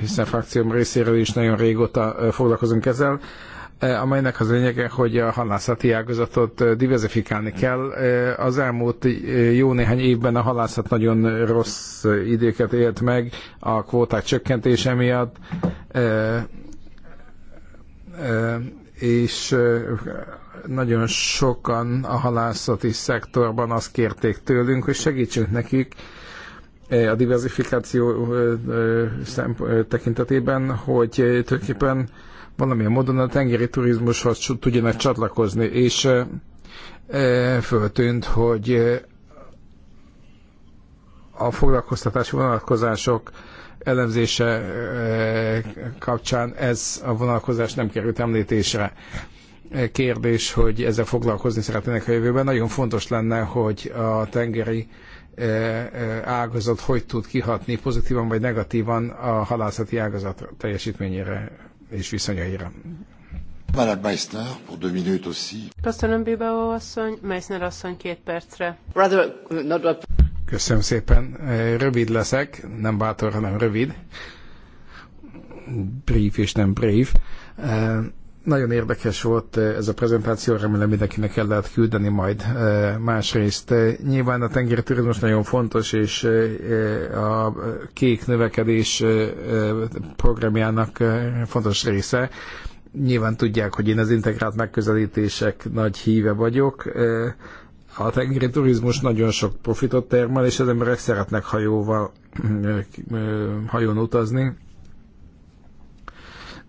Speaker 4: hiszen frakcióm részéről is nagyon régóta foglalkozunk ezzel, E, amelynek az lényege, hogy a halászati ágazatot e, diversifikálni kell. E, az elmúlt jó néhány évben a halászat nagyon rossz időket élt meg, a kvóták csökkentése miatt, és nagyon sokan a halászati szektorban azt kérték tőlünk, hogy segítsünk nekik, a diversifikáció tekintetében, hogy tulajdonképpen valamilyen módon a tengeri turizmushoz tudjanak csatlakozni, és föltűnt, hogy a foglalkoztatási vonatkozások elemzése kapcsán ez a vonalkozás nem került említésre. Kérdés, hogy ezzel foglalkozni szeretnének a jövőben. Nagyon fontos lenne, hogy a tengeri ágazat hogy tud kihatni pozitívan vagy negatívan a halászati ágazat teljesítményére és viszonyaira.
Speaker 1: Köszönöm, Bilbao asszony. Meissner asszony két percre. Uh,
Speaker 4: Köszönöm szépen. Eh, rövid leszek, nem bátor, hanem rövid. Brief és nem brief. Eh, nagyon érdekes volt eh, ez a prezentáció, remélem mindenkinek el lehet küldeni majd eh, másrészt. Eh, nyilván a tengeri turizmus nagyon fontos, és a kék növekedés programjának fontos része. Nyilván tudják, hogy én az integrált megközelítések nagy híve vagyok. A tengeri turizmus nagyon sok profitot termel, és az emberek szeretnek hajóval, hajón utazni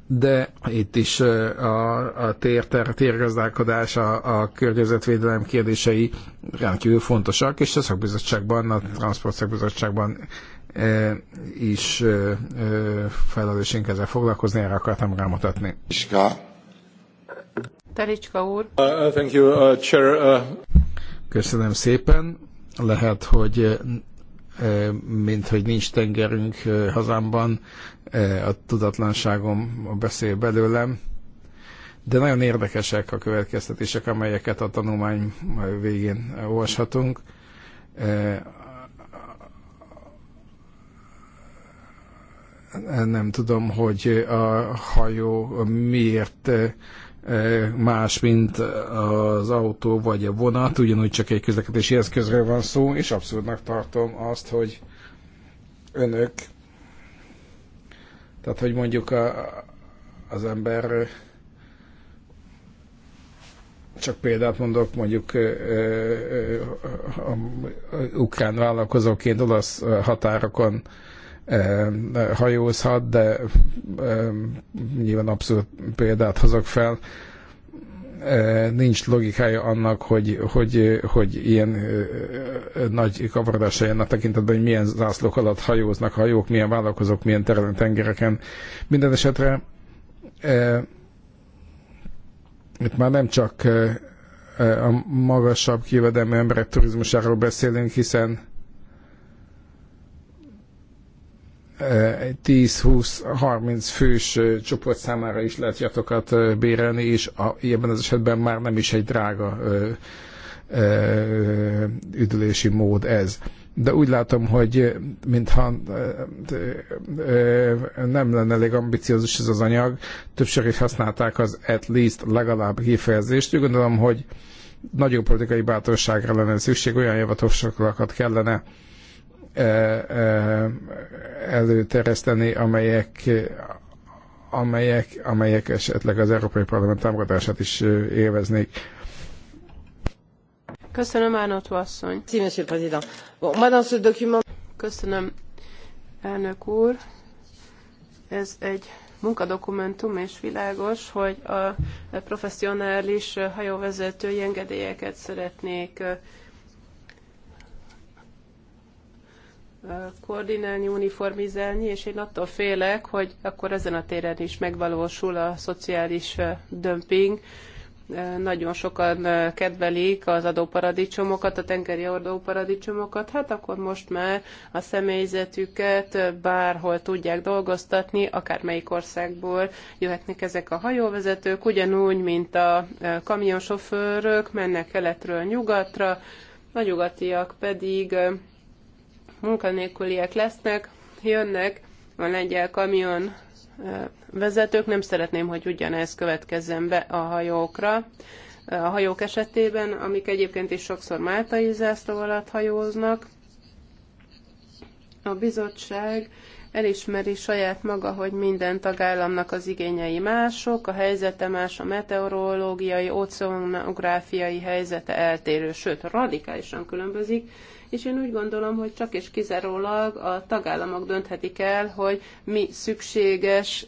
Speaker 4: de itt is a, a tér, ter, térgazdálkodás, a, a környezetvédelem kérdései rendkívül fontosak, és a szakbizottságban, a transport szakbizottságban e, is e, felelősünk ezzel foglalkozni, erre akartam rámutatni. Iska.
Speaker 1: Telicska úr. Uh, thank you, uh, chair, uh...
Speaker 4: Köszönöm szépen. Lehet, hogy mint hogy nincs tengerünk hazámban, E, a tudatlanságom beszél belőlem, de nagyon érdekesek a következtetések, amelyeket a tanulmány végén olvashatunk. E, nem tudom, hogy a hajó miért e, más, mint az autó vagy a vonat, ugyanúgy csak egy közlekedési eszközről van szó, és abszurdnak tartom azt, hogy önök tehát, hogy mondjuk a, az ember, csak példát mondok, mondjuk a ukrán vállalkozóként olasz határokon hajózhat, de nyilván abszolút példát hozok fel, nincs logikája annak, hogy, hogy, hogy ilyen nagy kavarodás legyen a tekintetben, hogy milyen zászlók alatt hajóznak hajók, milyen vállalkozók, milyen terület tengereken. Minden esetre itt már nem csak a magasabb kivedelmű emberek turizmusáról beszélünk, hiszen 10-20-30 fős csoport számára is lehet jatokat bérelni, és a, ebben az esetben már nem is egy drága ö, ö, üdülési mód ez. De úgy látom, hogy mintha nem lenne elég ambiciózus ez az anyag, többször is használták az at least legalább kifejezést. Úgy gondolom, hogy nagyobb politikai bátorságra lenne szükség, olyan javaslatokat kellene előtereszteni, amelyek, amelyek, amelyek esetleg az Európai Parlament támogatását is élveznék.
Speaker 1: Köszönöm, Ánott asszony. monsieur le président. Köszönöm, elnök úr. Ez egy munkadokumentum, és világos, hogy a professzionális hajóvezetői engedélyeket szeretnék koordinálni, uniformizálni, és én attól félek, hogy akkor ezen a téren is megvalósul a szociális dömping. Nagyon sokan kedvelik az adóparadicsomokat, a tengeri adóparadicsomokat, hát akkor most már a személyzetüket bárhol tudják dolgoztatni, akár melyik országból jöhetnek ezek a hajóvezetők, ugyanúgy, mint a kamionsofőrök, mennek keletről nyugatra, a nyugatiak pedig munkanélküliek lesznek, jönnek a lengyel kamion vezetők, nem szeretném, hogy ugyanez következzen be a hajókra. A hajók esetében, amik egyébként is sokszor máltai zászló alatt hajóznak, a bizottság elismeri saját maga, hogy minden tagállamnak az igényei mások, a helyzete más, a meteorológiai, oceanográfiai helyzete eltérő, sőt, radikálisan különbözik, és én úgy gondolom, hogy csak és kizárólag a tagállamok dönthetik el, hogy mi szükséges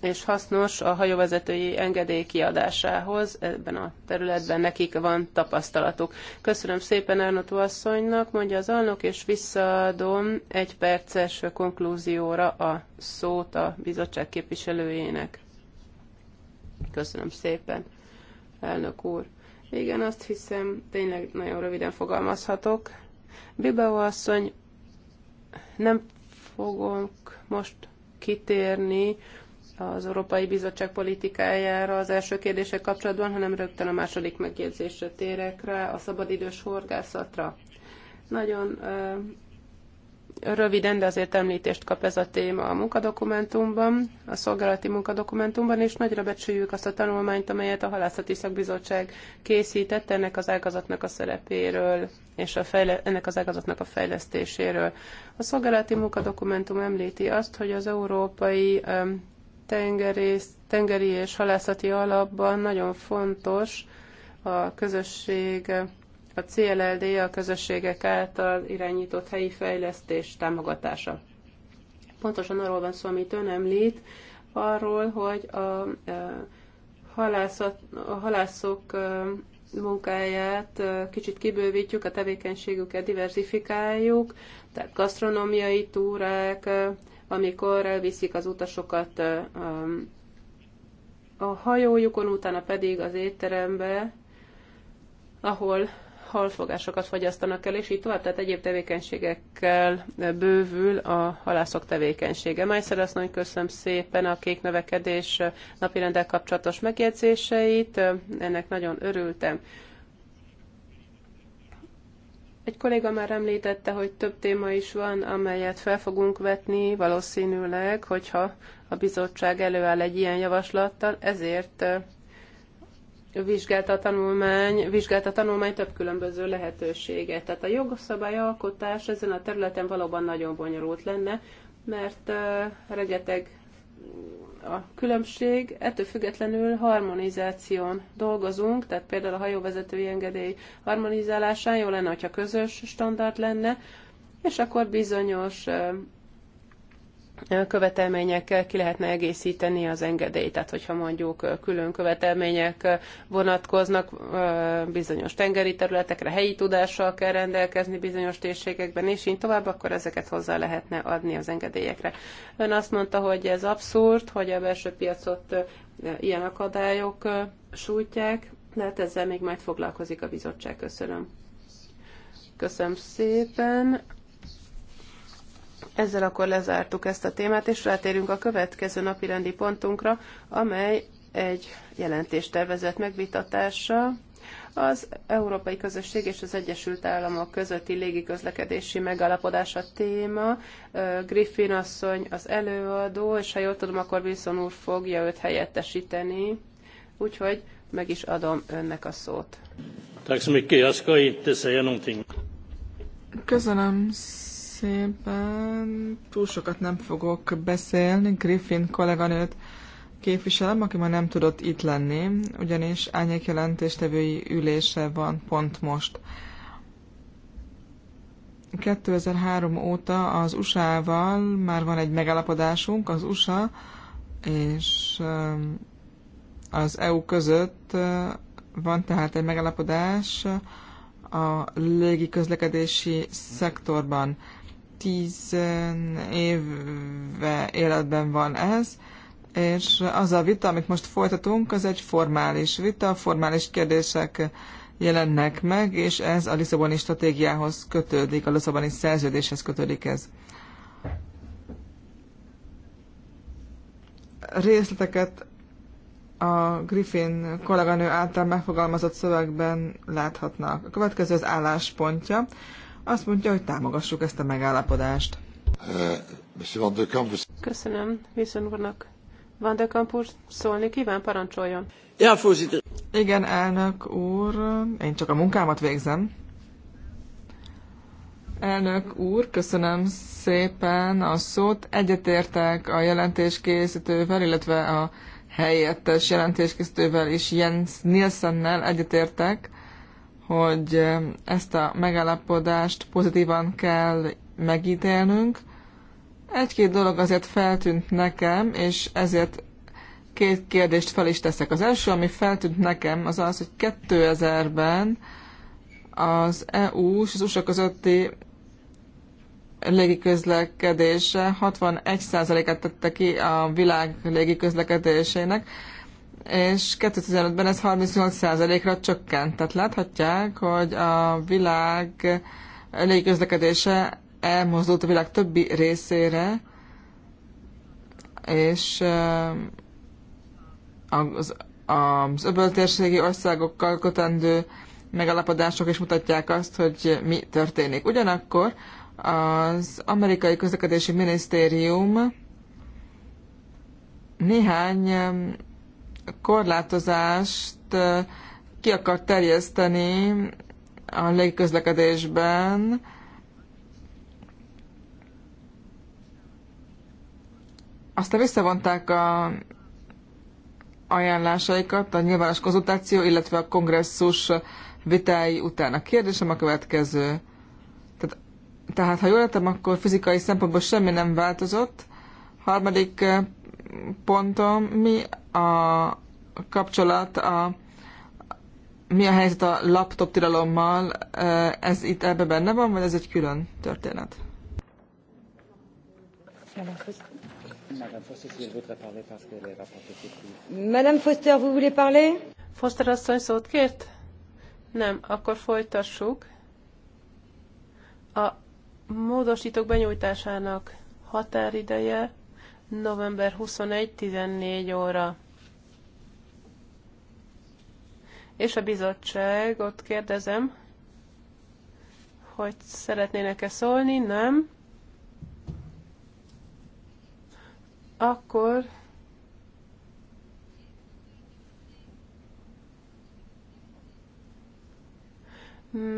Speaker 1: és hasznos a hajóvezetői engedély kiadásához. Ebben a területben nekik van tapasztalatuk. Köszönöm szépen Árnotó asszonynak, mondja az alnok, és visszaadom egy perces konklúzióra a szót a bizottság képviselőjének. Köszönöm szépen, elnök úr. Igen, azt hiszem, tényleg nagyon röviden fogalmazhatok. Bibeó asszony, nem fogok most kitérni az Európai Bizottság politikájára az első kérdése kapcsolatban, hanem rögtön a második megjegyzésre térek rá, a szabadidős horgászatra. Nagyon röviden, de azért említést kap ez a téma a munkadokumentumban, a szolgálati munkadokumentumban, és nagyra becsüljük azt a tanulmányt, amelyet a Halászati Szakbizottság készített ennek az ágazatnak a szerepéről és a fejle- ennek az ágazatnak a fejlesztéséről. A szolgálati munkadokumentum említi azt, hogy az európai um, tengerész, tengeri és halászati alapban nagyon fontos a közösség, a CLLD, a közösségek által irányított helyi fejlesztés támogatása. Pontosan arról van szó, amit ön említ, arról, hogy a, e, halászat, a halászok e, munkáját e, kicsit kibővítjük, a tevékenységüket diversifikáljuk, tehát gasztronómiai túrák, amikor elviszik az utasokat a hajójukon, utána pedig az étterembe, ahol halfogásokat fogyasztanak el, és így tovább, tehát egyéb tevékenységekkel bővül a halászok tevékenysége. Májszer asszony, köszönöm szépen a kék növekedés napirendel kapcsolatos megjegyzéseit, ennek nagyon örültem. Egy kolléga már említette, hogy több téma is van, amelyet fel fogunk vetni valószínűleg, hogyha a bizottság előáll egy ilyen javaslattal, ezért vizsgált a tanulmány, vizsgált a tanulmány több különböző lehetőséget. Tehát a jogszabályalkotás ezen a területen valóban nagyon bonyolult lenne, mert rengeteg a különbség. Ettől függetlenül harmonizáción dolgozunk, tehát például a hajóvezetői engedély harmonizálásán jó lenne, hogyha közös standard lenne, és akkor bizonyos követelményekkel ki lehetne egészíteni az engedélyt. Tehát, hogyha mondjuk külön követelmények vonatkoznak bizonyos tengeri területekre, helyi tudással kell rendelkezni bizonyos térségekben, és így tovább, akkor ezeket hozzá lehetne adni az engedélyekre. Ön azt mondta, hogy ez abszurd, hogy a belső piacot ilyen akadályok sújtják, de hát ezzel még majd foglalkozik a bizottság. Köszönöm. Köszönöm szépen. Ezzel akkor lezártuk ezt a témát, és rátérünk a következő napi rendi pontunkra, amely egy jelentéstervezet megvitatása az Európai Közösség és az Egyesült Államok közötti légiközlekedési megállapodása téma. Griffin asszony az előadó, és ha jól tudom, akkor Wilson úr fogja őt helyettesíteni, úgyhogy meg is adom önnek a szót.
Speaker 3: Köszönöm szépen. Túl sokat nem fogok beszélni. Griffin kolléganőt képviselem, aki ma nem tudott itt lenni, ugyanis Ányék jelentéstevői ülése van pont most. 2003 óta az USA-val már van egy megállapodásunk, az USA és um, az EU között uh, van tehát egy megállapodás a légi közlekedési szektorban tíz éve életben van ez, és az a vita, amit most folytatunk, az egy formális vita, formális kérdések jelennek meg, és ez a Lisszaboni stratégiához kötődik, a Lisszaboni szerződéshez kötődik ez. Részleteket a Griffin kolléganő által megfogalmazott szövegben láthatnak. A következő az álláspontja azt mondja, hogy támogassuk ezt a megállapodást.
Speaker 1: Köszönöm, viszont vannak. Van de Kampus, szólni kíván,
Speaker 3: parancsoljon. Ja, Igen, elnök úr, én csak a munkámat végzem. Elnök úr, köszönöm szépen a szót. Egyetértek a jelentéskészítővel, illetve a helyettes jelentéskészítővel is Jens Nielsennel egyetértek hogy eh, ezt a megállapodást pozitívan kell megítélnünk. Egy-két dolog azért feltűnt nekem, és ezért két kérdést fel is teszek. Az első, ami feltűnt nekem, az az, hogy 2000-ben az EU és az USA közötti légiközlekedése 61%-át tette ki a világ légiközlekedésének, és 2015-ben ez 38%-ra csökkent. Tehát láthatják, hogy a világ közlekedése elmozdult a világ többi részére, és az, az öböltérségi országokkal kötendő megalapodások is mutatják azt, hogy mi történik. Ugyanakkor az amerikai közlekedési minisztérium néhány korlátozást ki akar terjeszteni a légközlekedésben, aztán visszavonták a ajánlásaikat a nyilvános konzultáció, illetve a kongresszus vitái után. A kérdésem a következő. Tehát, tehát ha jól értem, akkor fizikai szempontból semmi nem változott. Harmadik pontom, mi a kapcsolat, a, mi a helyzet a laptop tilalommal, ez itt ebbe benne van, vagy ez egy külön történet? Madame
Speaker 1: Foster, vous voulez parler? Foster asszony szót kért? Nem, akkor folytassuk. A módosítók benyújtásának határideje november 21, 14 óra. És a bizottság, ott kérdezem, hogy szeretnének-e szólni, nem? Akkor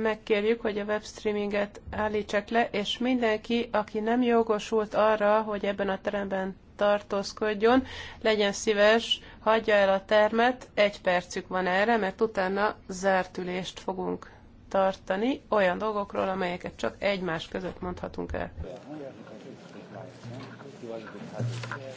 Speaker 1: megkérjük, hogy a webstreaminget állítsák le, és mindenki, aki nem jogosult arra, hogy ebben a teremben tartózkodjon. Legyen szíves, hagyja el a termet, egy percük van erre, mert utána zárt ülést fogunk tartani olyan dolgokról, amelyeket csak egymás között mondhatunk el.
Speaker 2: Yeah.